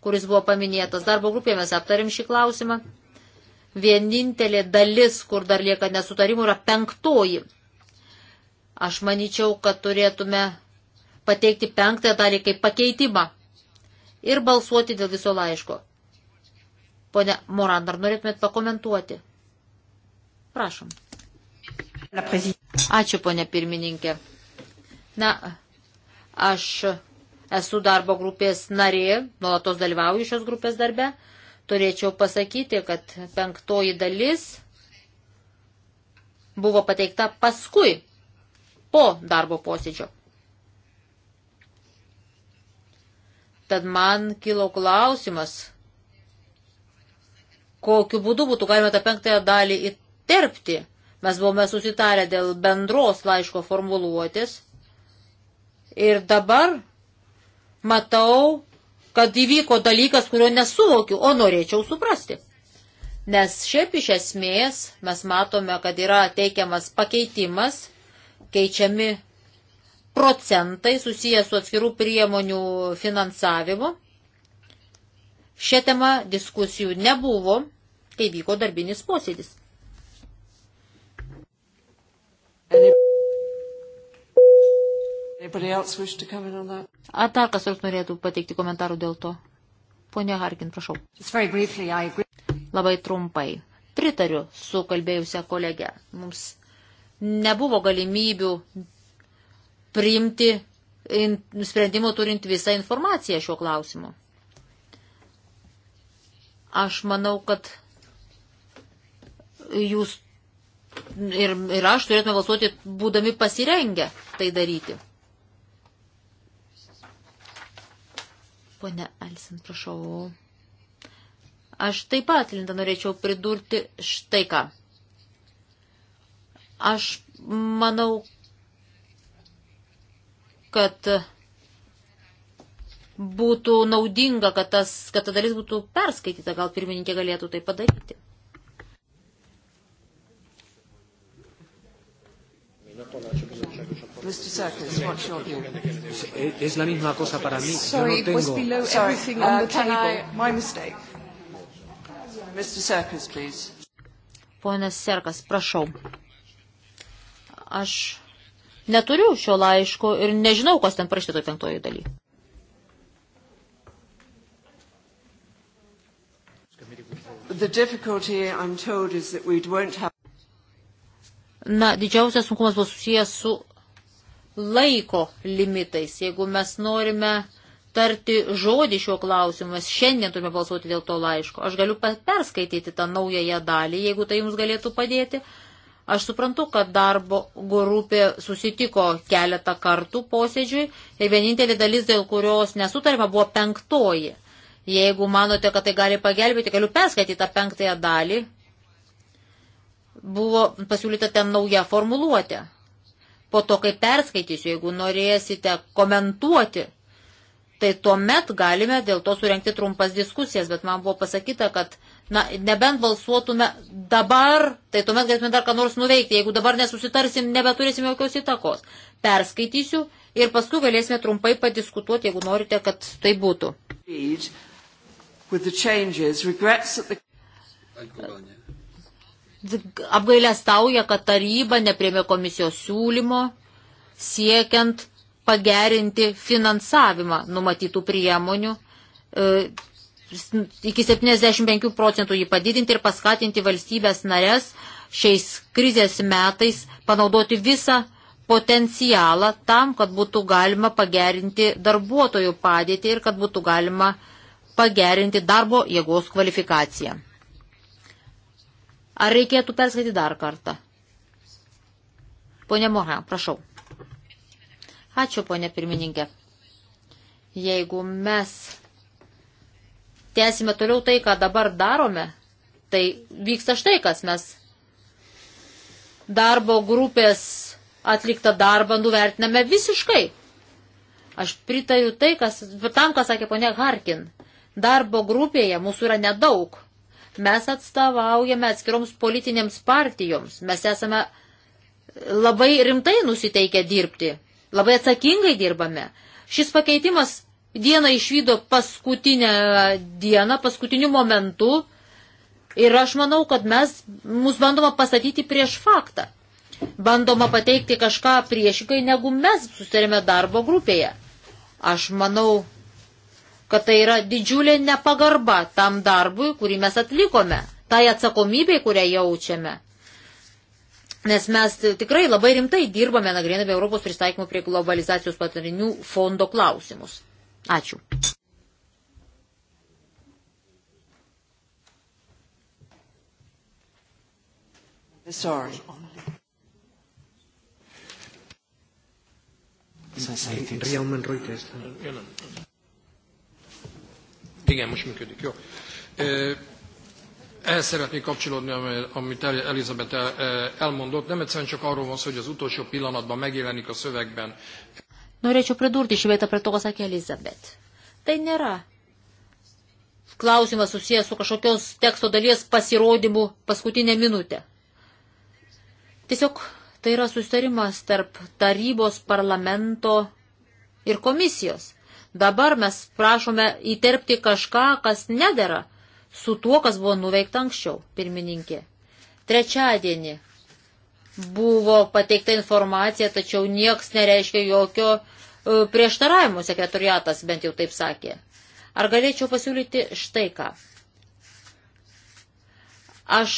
kuris buvo paminėtas. Darbo grupėje mes aptarim šį klausimą vienintelė dalis, kur dar lieka nesutarimų, yra penktoji. Aš manyčiau, kad turėtume pateikti penktąją dalį kaip pakeitimą ir balsuoti dėl viso laiško. Pone Moran, ar norėtumėt pakomentuoti? Prašom. Ačiū, ponė pirmininkė. Na, aš esu darbo grupės narė, nuolatos dalyvauju šios grupės darbe. Turėčiau pasakyti, kad penktoji dalis buvo pateikta paskui, po darbo posėdžio. Tad man kilo klausimas, kokiu būdu būtų galima tą penktąją dalį įterpti. Mes buvome susitarę dėl bendros laiško formuluotės. Ir dabar matau, kad įvyko dalykas, kurio nesuvokiu, o norėčiau suprasti. Nes šiaip iš esmės mes matome, kad yra teikiamas pakeitimas, keičiami procentai susijęs su atskirų priemonių finansavimu. Šią temą diskusijų nebuvo, kai vyko darbinis posėdis. Ar dar kas nors norėtų pateikti komentarų dėl to? Pone Harkin, prašau. Briefly, Labai trumpai. Pritariu su kalbėjusią kolegę. Mums nebuvo galimybių priimti sprendimų turint visą informaciją šiuo klausimu. Aš manau, kad jūs ir, ir aš turėtume balsuoti būdami pasirengę tai daryti. Pone Alsin, prašau. Aš taip pat, Linda, norėčiau pridurti štai ką. Aš manau, kad būtų naudinga, kad, tas, kad ta dalis būtų perskaityta, gal pirmininkė galėtų tai padaryti. Minutė, Mr. Serkis, what's your view? Es la misma cosa para mí. Sorry, Yo no tengo... it was below Sorry. everything uh, on the table. I... My mistake. Mr. Serkis, please. Ponas Serkas, prašau. Aš neturiu šio laiško ir nežinau, kas ten parašyta penktoji daly. The difficulty, I'm told, is that we won't have... Na, didžiausias sunkumas buvo susijęs su laiko limitais. Jeigu mes norime tarti žodį šiuo klausimu, mes šiandien turime balsuoti dėl to laiško. Aš galiu perskaityti tą naująją dalį, jeigu tai jums galėtų padėti. Aš suprantu, kad darbo grupė susitiko keletą kartų posėdžiui ir vienintelė dalis, dėl kurios nesutarima, buvo penktoji. Jeigu manote, kad tai gali pagelbėti, galiu perskaityti tą penktąją dalį. Buvo pasiūlyta ten nauja formuluotė po to, kai perskaitysiu, jeigu norėsite komentuoti, tai tuomet galime dėl to surenkti trumpas diskusijas, bet man buvo pasakyta, kad na, nebent balsuotume dabar, tai tuomet galėtume dar ką nors nuveikti, jeigu dabar nesusitarsim, nebeturėsim jokios įtakos. Perskaitysiu ir paskui galėsime trumpai padiskutuoti, jeigu norite, kad tai būtų. With the changes, regrets that the... Albanija apgailę stauja, kad taryba neprėmė komisijos siūlymo siekiant pagerinti finansavimą numatytų priemonių, e, iki 75 procentų jį padidinti ir paskatinti valstybės narės šiais krizės metais panaudoti visą potencialą tam, kad būtų galima pagerinti darbuotojų padėtį ir kad būtų galima pagerinti darbo jėgos kvalifikaciją. Ar reikėtų perskaityti dar kartą? Pone Moha, prašau. Ačiū, ponė pirmininkė. Jeigu mes tęsime toliau tai, ką dabar darome, tai vyksta štai kas mes darbo grupės atliktą darbą nuvertiname visiškai. Aš pritariu tai, kas, tam, ką sakė ponia Harkin. Darbo grupėje mūsų yra nedaug. Mes atstovaujame atskiroms politinėms partijoms. Mes esame labai rimtai nusiteikę dirbti. Labai atsakingai dirbame. Šis pakeitimas dieną išvydo paskutinę dieną, paskutiniu momentu. Ir aš manau, kad mes, mus bandoma pastatyti prieš faktą. Bandoma pateikti kažką priešingai, negu mes susitarėme darbo grupėje. Aš manau, kad tai yra didžiulė nepagarba tam darbui, kurį mes atlikome, tai atsakomybei, kurią jaučiame. Nes mes tikrai labai rimtai dirbame nagrinėdami Europos pristaikymų prie globalizacijos patarinių fondo klausimus. Ačiū. Sorry. Riaumen Reuters. Igen, most működik, jó. Ehhez szeretnék kapcsolódni, amit Elizabeth elmondott. Nem egyszerűen csak arról van szó, hogy az utolsó pillanatban megjelenik a szövegben. Norėčiau pridurti šį vietą prie to, ką sakė Elizabeth. Tai nėra klausimas susijęs su kažkokios teksto dalies pasirodymu paskutinę minutę. Tiesiog tai yra sustarimas tarp tarybos, parlamento ir komisijos. Dabar mes prašome įterpti kažką, kas nedėra su tuo, kas buvo nuveikta anksčiau, pirmininkė. Trečiadienį buvo pateikta informacija, tačiau nieks nereiškia jokio e, prieštaravimo, sekretoriatas bent jau taip sakė. Ar galėčiau pasiūlyti štai ką? Aš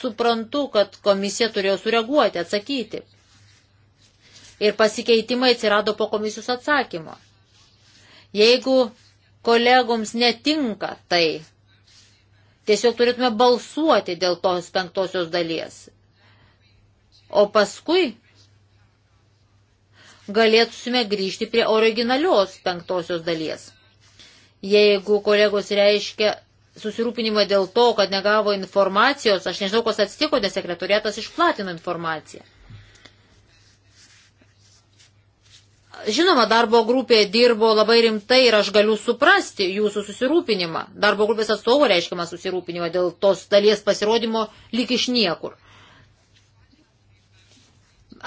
suprantu, kad komisija turėjo sureaguoti, atsakyti. Ir pasikeitimai atsirado po komisijos atsakymo. Jeigu kolegoms netinka tai, tiesiog turėtume balsuoti dėl tos penktosios dalies. O paskui galėtume grįžti prie originalios penktosios dalies. Jeigu kolegos reiškia susirūpinimą dėl to, kad negavo informacijos, aš nežinau, kas atsitiko, nes sekretoriatas išplatino informaciją. Žinoma, darbo grupė dirbo labai rimtai ir aš galiu suprasti jūsų susirūpinimą. Darbo grupės atstovo reiškiamą susirūpinimą dėl tos dalies pasirodymo lyg iš niekur.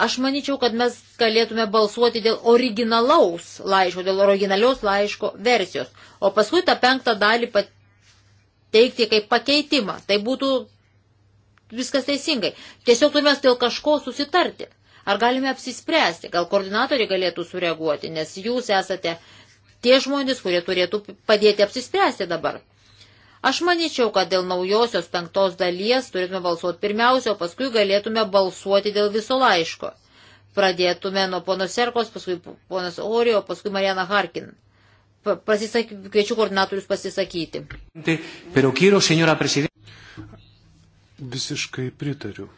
Aš manyčiau, kad mes galėtume balsuoti dėl originalaus laiško, dėl originalios laiško versijos, o paskui tą penktą dalį pateikti kaip pakeitimą. Tai būtų viskas teisingai. Tiesiog turime dėl kažko susitarti. Ar galime apsispręsti, gal koordinatoriai galėtų sureaguoti, nes jūs esate tie žmonės, kurie turėtų padėti apsispręsti dabar. Aš manyčiau, kad dėl naujosios penktos dalies turėtume balsuoti pirmiausia, o paskui galėtume balsuoti dėl viso laiško. Pradėtume nuo pono Serkos, paskui ponas Orio, paskui Mariana Harkin. Pasisak... Kviečiu koordinatorius pasisakyti. Pero quiero, Visiškai pritariu.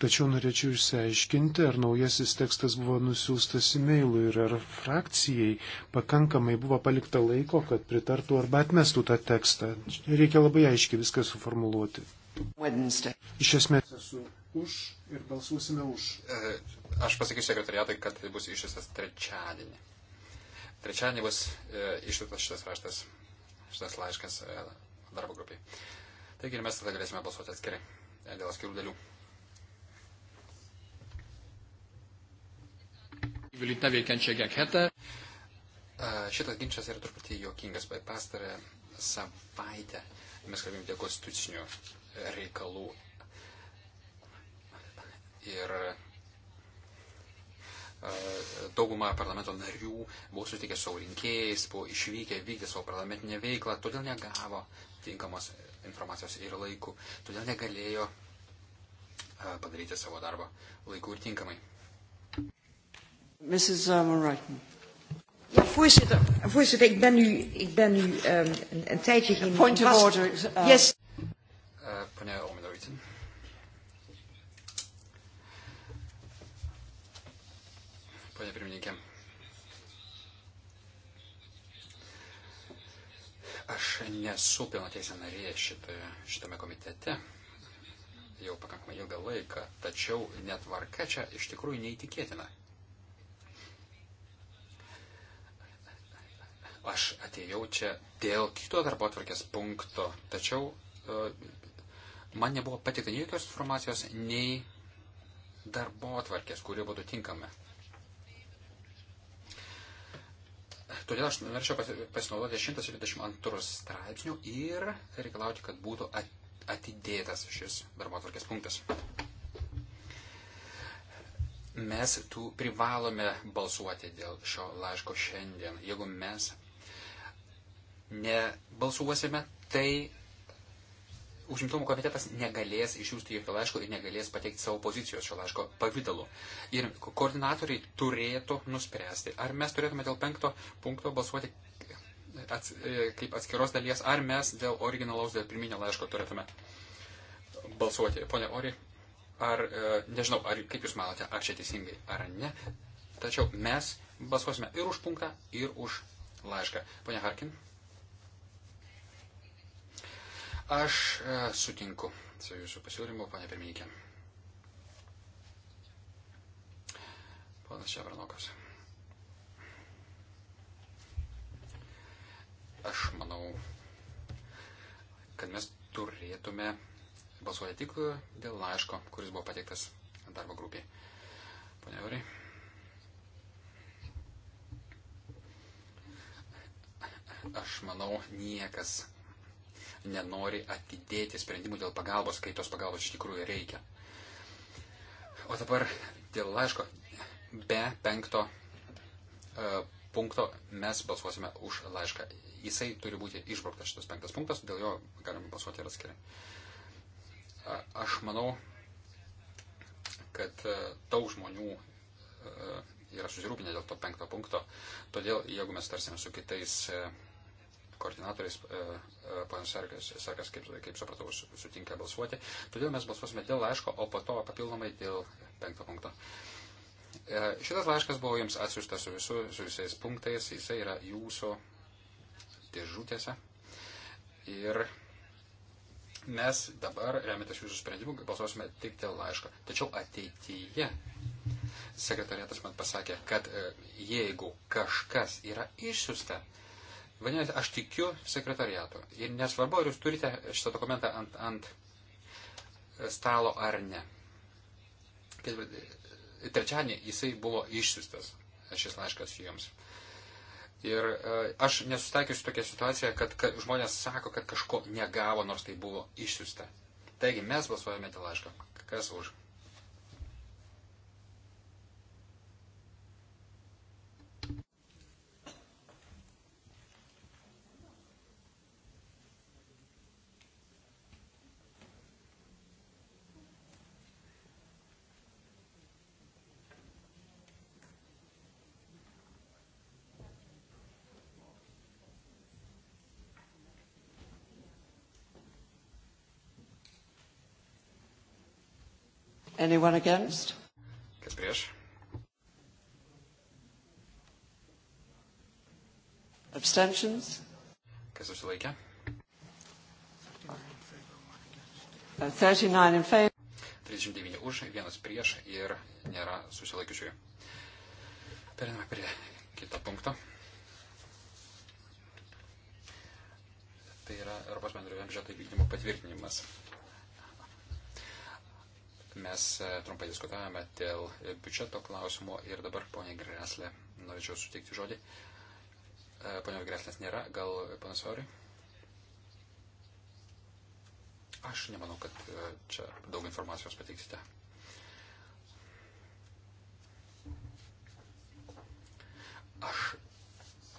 Tačiau norėčiau išsiaiškinti, ar naujasis tekstas buvo nusiųstas e-mailu ir ar frakcijai pakankamai buvo palikta laiko, kad pritartų arba atmestų tą tekstą. Reikia labai aiškiai viską suformuluoti. Wednesday. Iš esmės esu už ir balsuosime už. E, aš pasakysiu sekretariatui, kad tai bus išsiustas trečiadienį. Trečiadienį bus e, išsiustas šitas raštas, šitas laiškas e, darbo grupiai. Taigi ir mes tada galėsime balsuoti atskirai dėl atskirų dalių. jų tevékenységek hete. Šitas ginčas yra truputį juokingas, bet pastarę savaitę mes kalbėjome dėl konstitucinių reikalų. Ir dauguma parlamento narių buvo sutikę savo rinkėjais, buvo išvykę vykdyti savo parlamentinę veiklą, todėl negavo tinkamos informacijos ir laikų, todėl negalėjo padaryti savo darbą laikų ir tinkamai. Mrs. Moraiten. Ja, voorzitter, voorzitter ik ben nu, ik ben nu um, een, een tijdje geen... Eh, eh, Point of order. Uh, yes. Uh, meneer Omedoiten. Pone pirmininkė. Aš nesu pilnateisė narė šitoje, šitame komitete jau pakankamai ilgą laiką, tačiau netvarka čia iš tikrųjų neįtikėtina. Aš atėjau čia dėl kito darbo atvarkės punkto, tačiau e, man nebuvo patikta nei jokios informacijos, nei darbo atvarkės, kuri būtų tinkama. Todėl aš norėčiau pasinaudoti 172 straipsnių ir reikalauti, kad būtų atidėtas šis darbo atvarkės punktas. Mes tų privalome balsuoti dėl šio laiško šiandien. Jeigu mes nebalsuosime, tai užimtumo komitetas negalės išsiųsti jokio laiško ir negalės pateikti savo pozicijos šio laiško pavydalu. Ir koordinatoriai turėtų nuspręsti, ar mes turėtume dėl penkto punkto balsuoti ats, e, kaip atskiros dalies, ar mes dėl originalaus, dėl pirminio laiško turėtume balsuoti. Pone Ori, ar, e, nežinau, ar, kaip Jūs manote, ar čia teisingai, ar ne, tačiau mes balsuosime ir už punktą, ir už laišką. Pone Harkin. Aš e, sutinku su jūsų pasiūlymu, ponė pirmininkė. Ponas Ševranokas. Aš manau, kad mes turėtume balsuoti tik dėl laiško, kuris buvo pateiktas darbo grupiai. Pone Eurai. Aš manau, niekas nenori atidėti sprendimų dėl pagalbos, kai tos pagalbos iš tikrųjų reikia. O dabar dėl laiško be penkto e, punkto mes balsuosime už laišką. Jisai turi būti išbrauktas šitas penktas punktas, dėl jo galime balsuoti ir atskirai. Aš manau, kad e, daug žmonių e, yra susirūpinę dėl to penkto punkto, todėl jeigu mes tarsime su kitais e, koordinatoriais e, e, panas Sarkas, Sarkas kaip, kaip supratau, sutinka balsuoti. Todėl mes balsuosime dėl laiško, o po to papildomai dėl penkto punkto. E, šitas laiškas buvo jums atsiųstas su, visu, su visais punktais, jisai yra jūsų dėžutėse. Ir mes dabar, remiantis jūsų sprendimu, balsuosime tik dėl laiško. Tačiau ateityje sekretariatas man pasakė, kad jeigu kažkas yra išsiusta, Vadinasi, aš tikiu sekretariato. Ir nesvarbu, ar jūs turite šitą dokumentą ant, ant stalo ar ne. Trečiadienį jisai buvo išsiustas, šis laiškas jums. Ir e, aš nesusitaikiau su tokia situacija, kad, kad žmonės sako, kad kažko negavo, nors tai buvo išsiusta. Taigi mes balsuojame dėl laišką. Kas už? Anyone against? Kas prieš? Abstentions? Kas susilaikė? 39 uh, in favor. 39 už, vienas prieš ir nėra susilaikiusiųjų. Periname prie kito punkto. Tai yra Europos bendrojo biudžeto įvykdymo patvirtinimas mes e, trumpai diskutavome dėl biudžeto klausimo ir dabar ponia Greslė, norėčiau suteikti žodį. E, ponios Greslės nėra, gal e, panas Ori? Aš nemanau, kad čia daug informacijos pateiksite. Aš,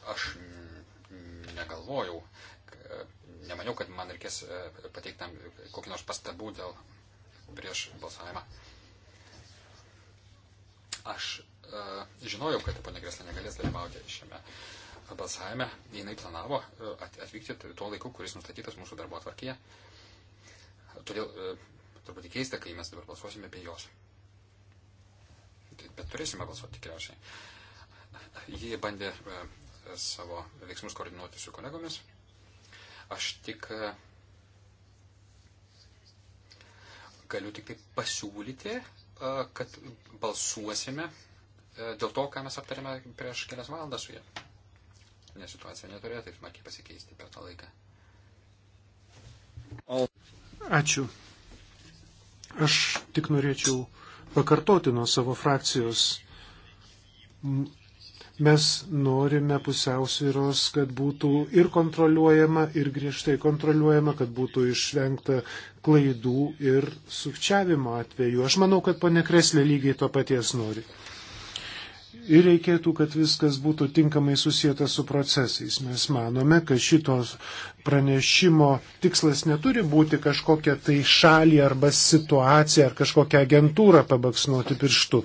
aš negalvojau, nemaniau, kad man reikės pateikti kokį nors pastabų dėl prieš balsavimą. Aš uh, žinojau, kad ponė Greslė negalės dalyvauti šiame balsavime. Jinai planavo e, atvykti tuo laiku, kuris nustatytas mūsų darbo atvarkėje. Todėl uh, truputį keista, kai mes dabar balsuosime apie jos. Bet turėsime balsuoti tikriausiai. Ji bandė uh, savo veiksmus koordinuoti su kolegomis. Aš tik uh, galiu tik tai pasiūlyti, kad balsuosime dėl to, ką mes aptarėme prieš kelias valandas su jie. Nes situacija neturėjo taip smarkiai pasikeisti per tą laiką. Ačiū. Aš tik norėčiau pakartoti nuo savo frakcijos Mes norime pusiausvyros, kad būtų ir kontroliuojama, ir griežtai kontroliuojama, kad būtų išvengta klaidų ir sukčiavimo atveju. Aš manau, kad ponė Kreslė lygiai to paties nori ir reikėtų, kad viskas būtų tinkamai susijęta su procesais. Mes manome, kad šitos pranešimo tikslas neturi būti kažkokia tai šalį arba situacija ar kažkokią agentūrą pabaksnuoti pirštu.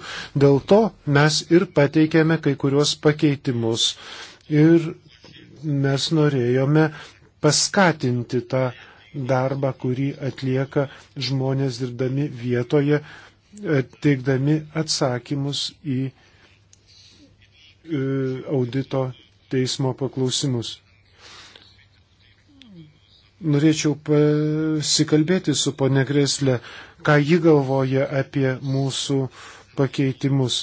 Dėl to mes ir pateikėme kai kurios pakeitimus. Ir mes norėjome paskatinti tą darbą, kurį atlieka žmonės dirbdami vietoje, teikdami atsakymus į audito teismo paklausimus. Norėčiau pasikalbėti su ponė Greslė, ką ji galvoja apie mūsų pakeitimus.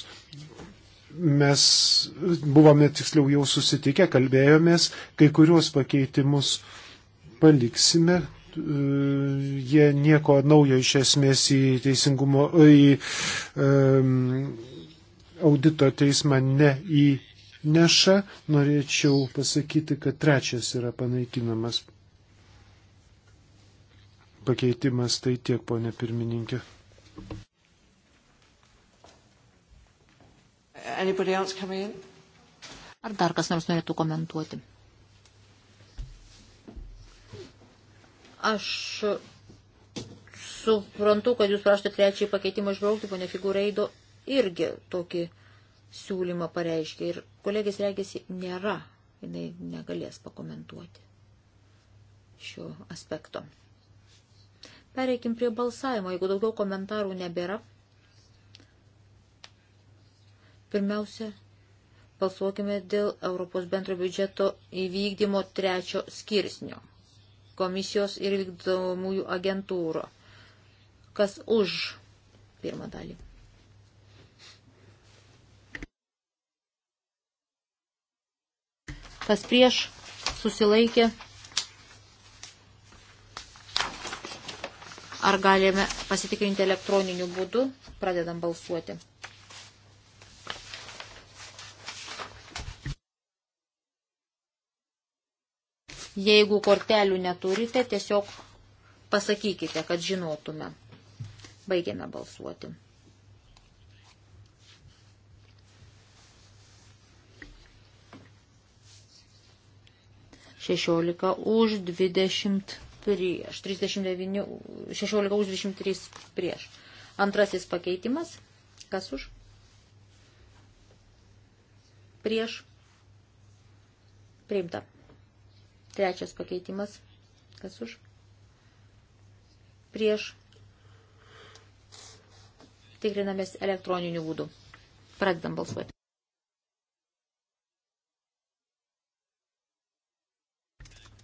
Mes buvome tiksliau jau susitikę, kalbėjomės, kai kuriuos pakeitimus paliksime, jie nieko naujo iš esmės į teisingumo, į um, audito teismą neįneša, norėčiau pasakyti, kad trečias yra panaikinamas pakeitimas. Tai tiek, ponė pirmininkė. Ar dar kas nors norėtų komentuoti? Aš suprantu, kad jūs prašote trečiąjį pakeitimą išbraukti, ponė Figūraido, irgi tokį siūlymą pareiškė ir kolegės regėsi nėra, jinai negalės pakomentuoti šio aspekto. Pereikim prie balsavimo, jeigu daugiau komentarų nebėra. Pirmiausia, balsuokime dėl Europos bendro biudžeto įvykdymo trečio skirsnio komisijos ir vykdomųjų agentūro. Kas už pirmą dalį? kas prieš susilaikė. Ar galime pasitikrinti elektroniniu būdu? Pradedam balsuoti. Jeigu kortelių neturite, tiesiog pasakykite, kad žinotume. Baigiame balsuoti. 16 už 20 prieš. 39, 16 už 23 prieš. Antrasis pakeitimas. Kas už? Prieš. Priimta. Trečias pakeitimas. Kas už? Prieš. Tikrinamės elektroniniu būdu. Pradedam balsuoti.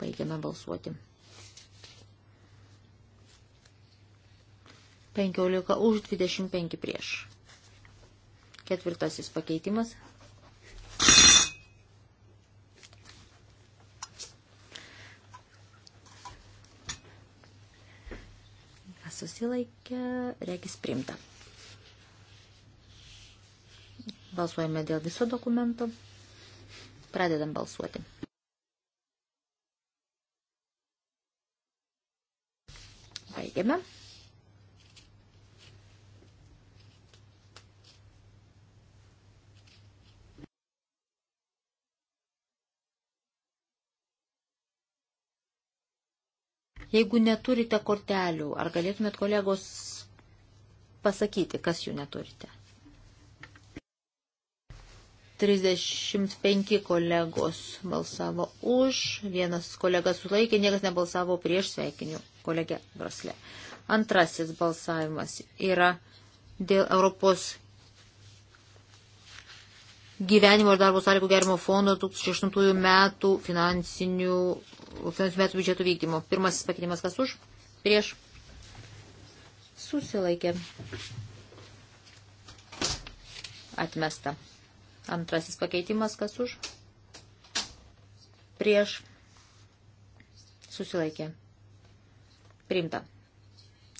Baigiame balsuoti. 15 už 25 prieš. Ketvirtasis pakeitimas. Susilaikė, regis primta. Balsuojame dėl viso dokumento. Pradedam balsuoti. Baigiame. Jeigu neturite kortelių, ar galėtumėt kolegos pasakyti, kas jų neturite? 35 kolegos balsavo už, vienas kolegas sulaikė, niekas nebalsavo prieš sveikiniu kolegė Broslė. Antrasis balsavimas yra dėl Europos gyvenimo ir darbo sąlygų gerimo fondo 2008 metų finansinių, finansinių metų biudžetų vykdymo. Pirmasis pakeitimas kas už? Prieš. Susilaikė. Atmesta. Antrasis pakeitimas kas už? Prieš. Susilaikė. Primta.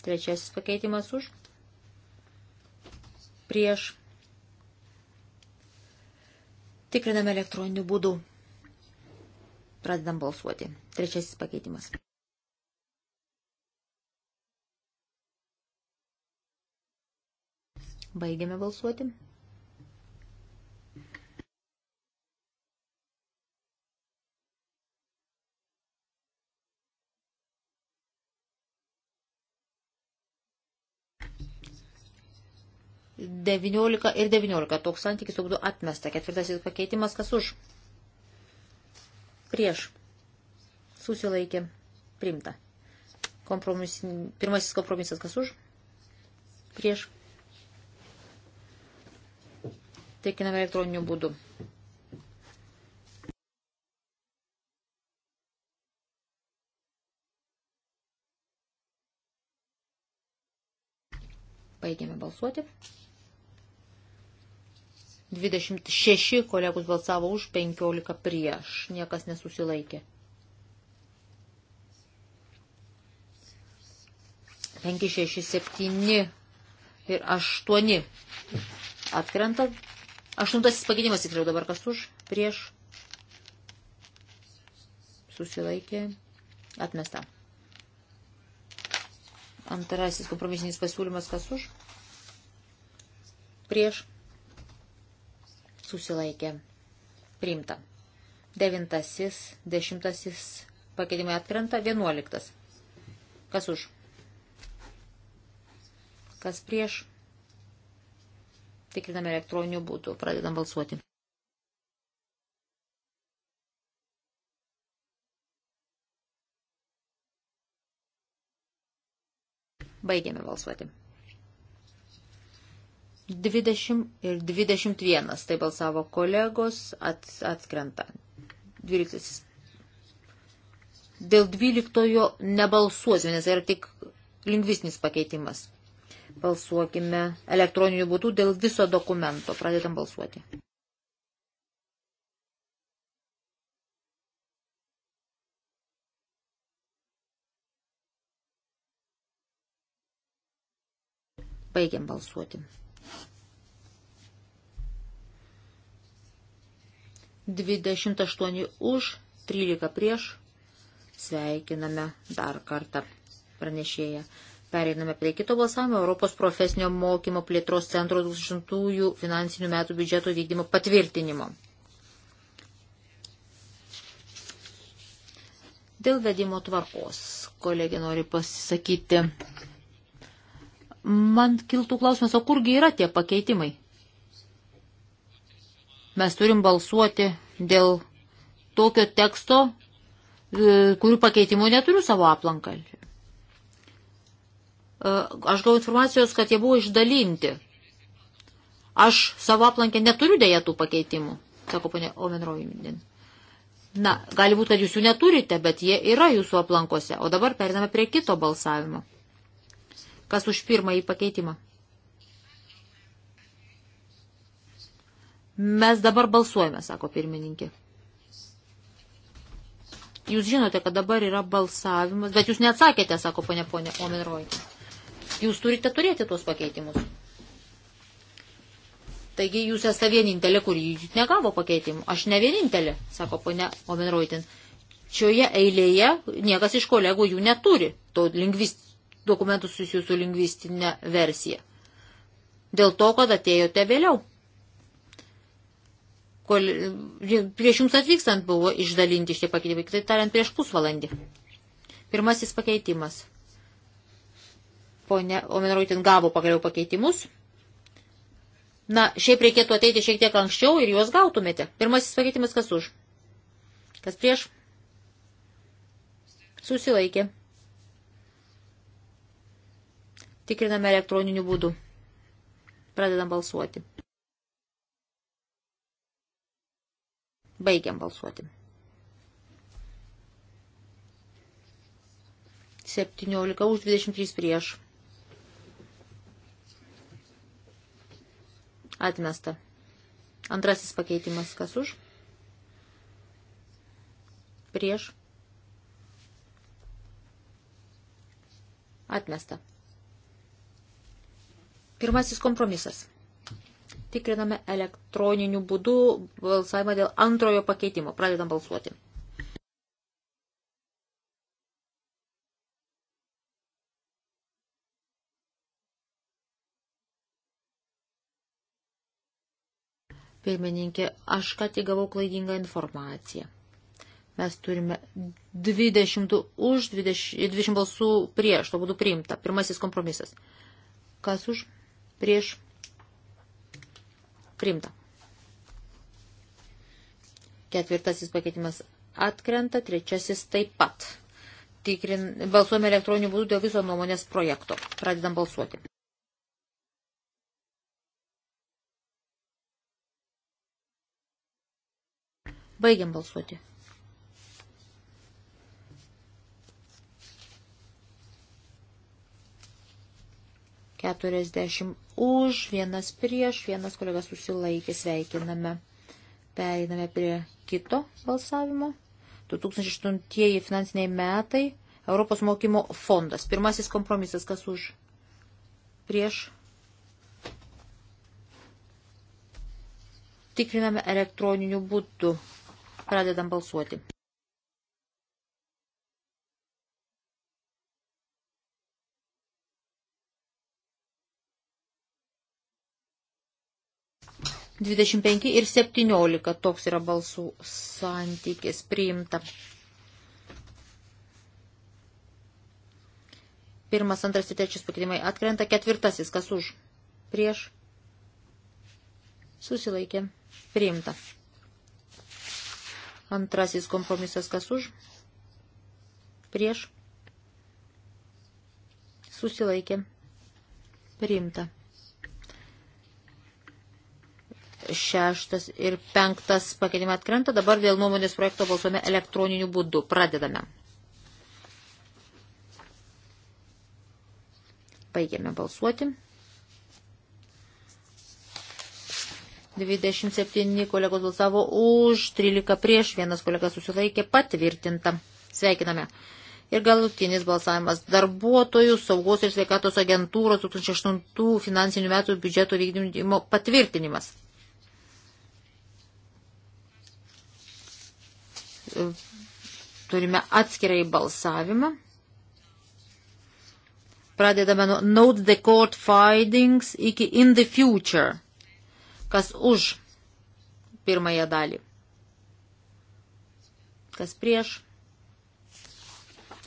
Trečiasis pakeitimas už. Prieš. Tikriname elektroniniu būdu. Pradedam balsuoti. Trečiasis pakeitimas. Baigiame balsuoti. 19 ir 19. Toks santykis ugdu atmesta. Ketvirtasis pakeitimas kas už? Prieš. Susilaikė. Primta. Kompromis, pirmasis kompromisas kas už? Prieš. Teikiname elektroniniu būdu. Baigėme balsuoti. 26 kolegus balsavo už, 15 prieš, niekas nesusilaikė. 5, 6, 7 ir 8 atkrenta. Aštuntasis pagėdimas tikriau dabar kas už, prieš, susilaikė, atmesta. Antarasis kompromisinis pasiūlymas kas už, prieš, prieš susilaikė priimta. Devintasis, dešimtasis pakeitimai atkrenta, vienuoliktas. Kas už? Kas prieš? Tikriname elektroniniu būdu, pradedam balsuoti. Baigėme balsuoti. 20 ir 21. Tai balsavo kolegos at, atkrenta. 12. Dėl 12 nebalsuosime, nes tai yra tik lingvistinis pakeitimas. Balsuokime elektroniniu būdu dėl viso dokumento. Pradedam balsuoti. Baigiam balsuoti. 28 už, 13 prieš. Sveikiname dar kartą pranešėją. Pereiname prie kito balsavimo Europos profesinio mokymo plėtros centro 2000 finansinių metų biudžeto vykdymo patvirtinimo. Dėl vedimo tvarkos, kolegė nori pasisakyti. Man kiltų klausimas, o kurgi yra tie pakeitimai? Mes turim balsuoti dėl tokio teksto, e, kurių pakeitimų neturiu savo aplankai. E, aš gavau informacijos, kad jie buvo išdalinti. Aš savo aplankę neturiu dėja tų pakeitimų, sako ponė Omenroimdin. Na, gali būti, kad jūs jų neturite, bet jie yra jūsų aplankose. O dabar periname prie kito balsavimo. Kas už pirmąjį pakeitimą? Mes dabar balsuojame, sako pirmininkė. Jūs žinote, kad dabar yra balsavimas, bet jūs neatsakėte, sako ponė ponė Omenroitė. Jūs turite turėti tuos pakeitimus. Taigi jūs esate vienintelė, kuri negavo pakeitimų. Aš ne vienintelė, sako ponė Omenroitin. Čioje eilėje niekas iš kolegų jų neturi, to lingvist, dokumentų susijusių lingvistinę versiją. Dėl to, kad atėjote vėliau kol, e, prieš jums atvykstant buvo išdalinti šitie pakeitimai, kitaip tariant, prieš pusvalandį. Pirmasis pakeitimas. Pone Omenrautin gavo pagaliau pakeitimus. Na, šiaip reikėtų ateiti šiek tiek anksčiau ir juos gautumėte. Pirmasis pakeitimas kas už? Kas prieš? Susilaikė. Tikriname elektroniniu būdu. Pradedam balsuoti. Baigiam balsuoti. 17 už 23 prieš. Atmesta. Antrasis pakeitimas kas už? Prieš. Atmesta. Pirmasis kompromisas tikriname elektroniniu būdu balsavimą dėl antrojo pakeitimo. Pradedam balsuoti. Pirmininkė, aš ką tik gavau klaidingą informaciją. Mes turime 20 už, 20, 20 balsų prieš, to būtų priimta. Pirmasis kompromisas. Kas už? Prieš Primta. Ketvirtasis pakeitimas atkrenta, trečiasis taip pat. Tikrin, balsuojame elektroniniu būdu dėl viso nuomonės projekto. Pradedam balsuoti. Baigiam balsuoti. 40 už, vienas prieš, vienas kolega susilaikė, sveikiname. Pereiname prie kito balsavimo. 2008 finansiniai metai, Europos mokymo fondas. Pirmasis kompromisas, kas už, prieš. Tikriname elektroniniu būdu. Pradedam balsuoti. 25 ir 17 toks yra balsų santykis priimta. Pirmas, antras ir trečias pakeitimai atkrenta. Ketvirtasis, kas už? Prieš. Susilaikė. Priimta. Antrasis kompromisas, kas už? Prieš. Susilaikė. Priimta. šeštas ir penktas pakeitimai atkrenta. Dabar dėl nuomonės projekto balsuome elektroniniu būdu. Pradedame. Baigiame balsuoti. 27 kolegos balsavo už, 13 prieš, vienas kolega susilaikė patvirtinta. Sveikiname. Ir galutinis balsavimas darbuotojų saugos ir sveikatos agentūros 2008 finansinių metų biudžeto vykdymo patvirtinimas. Turime atskirai balsavimą. Pradedame nuo Note the Court Findings iki In the Future. Kas už pirmąją dalį. Kas prieš.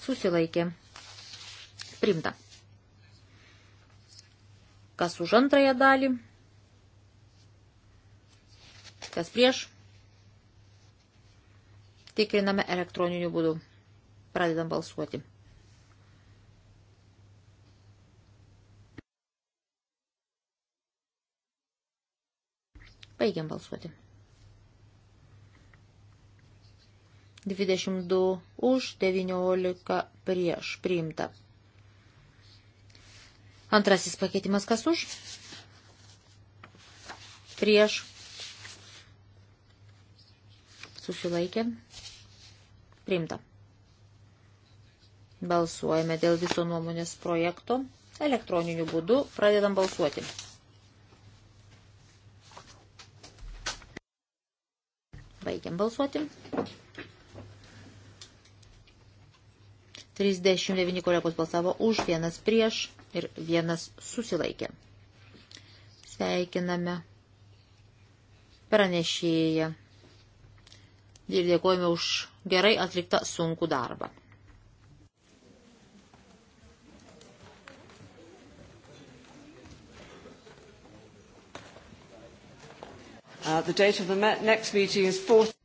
Susilaikė. Primta. Kas už antrąją dalį. Kas prieš tikriname elektroniniu būdu. Pradedam balsuoti. Baigiam balsuoti. 22 už, 19 prieš priimta. Antrasis pakeitimas kas už? Prieš. Susilaikė. Priimta. Balsuojame dėl viso nuomonės projekto. Elektroniniu būdu pradedam balsuoti. Baigiam balsuoti. 39 kolegos balsavo už, vienas prieš ir vienas susilaikė. Sveikiname pranešėją ir dėkojame už gerai atliktą sunkų darbą. Uh, the date of the next meeting is 4th.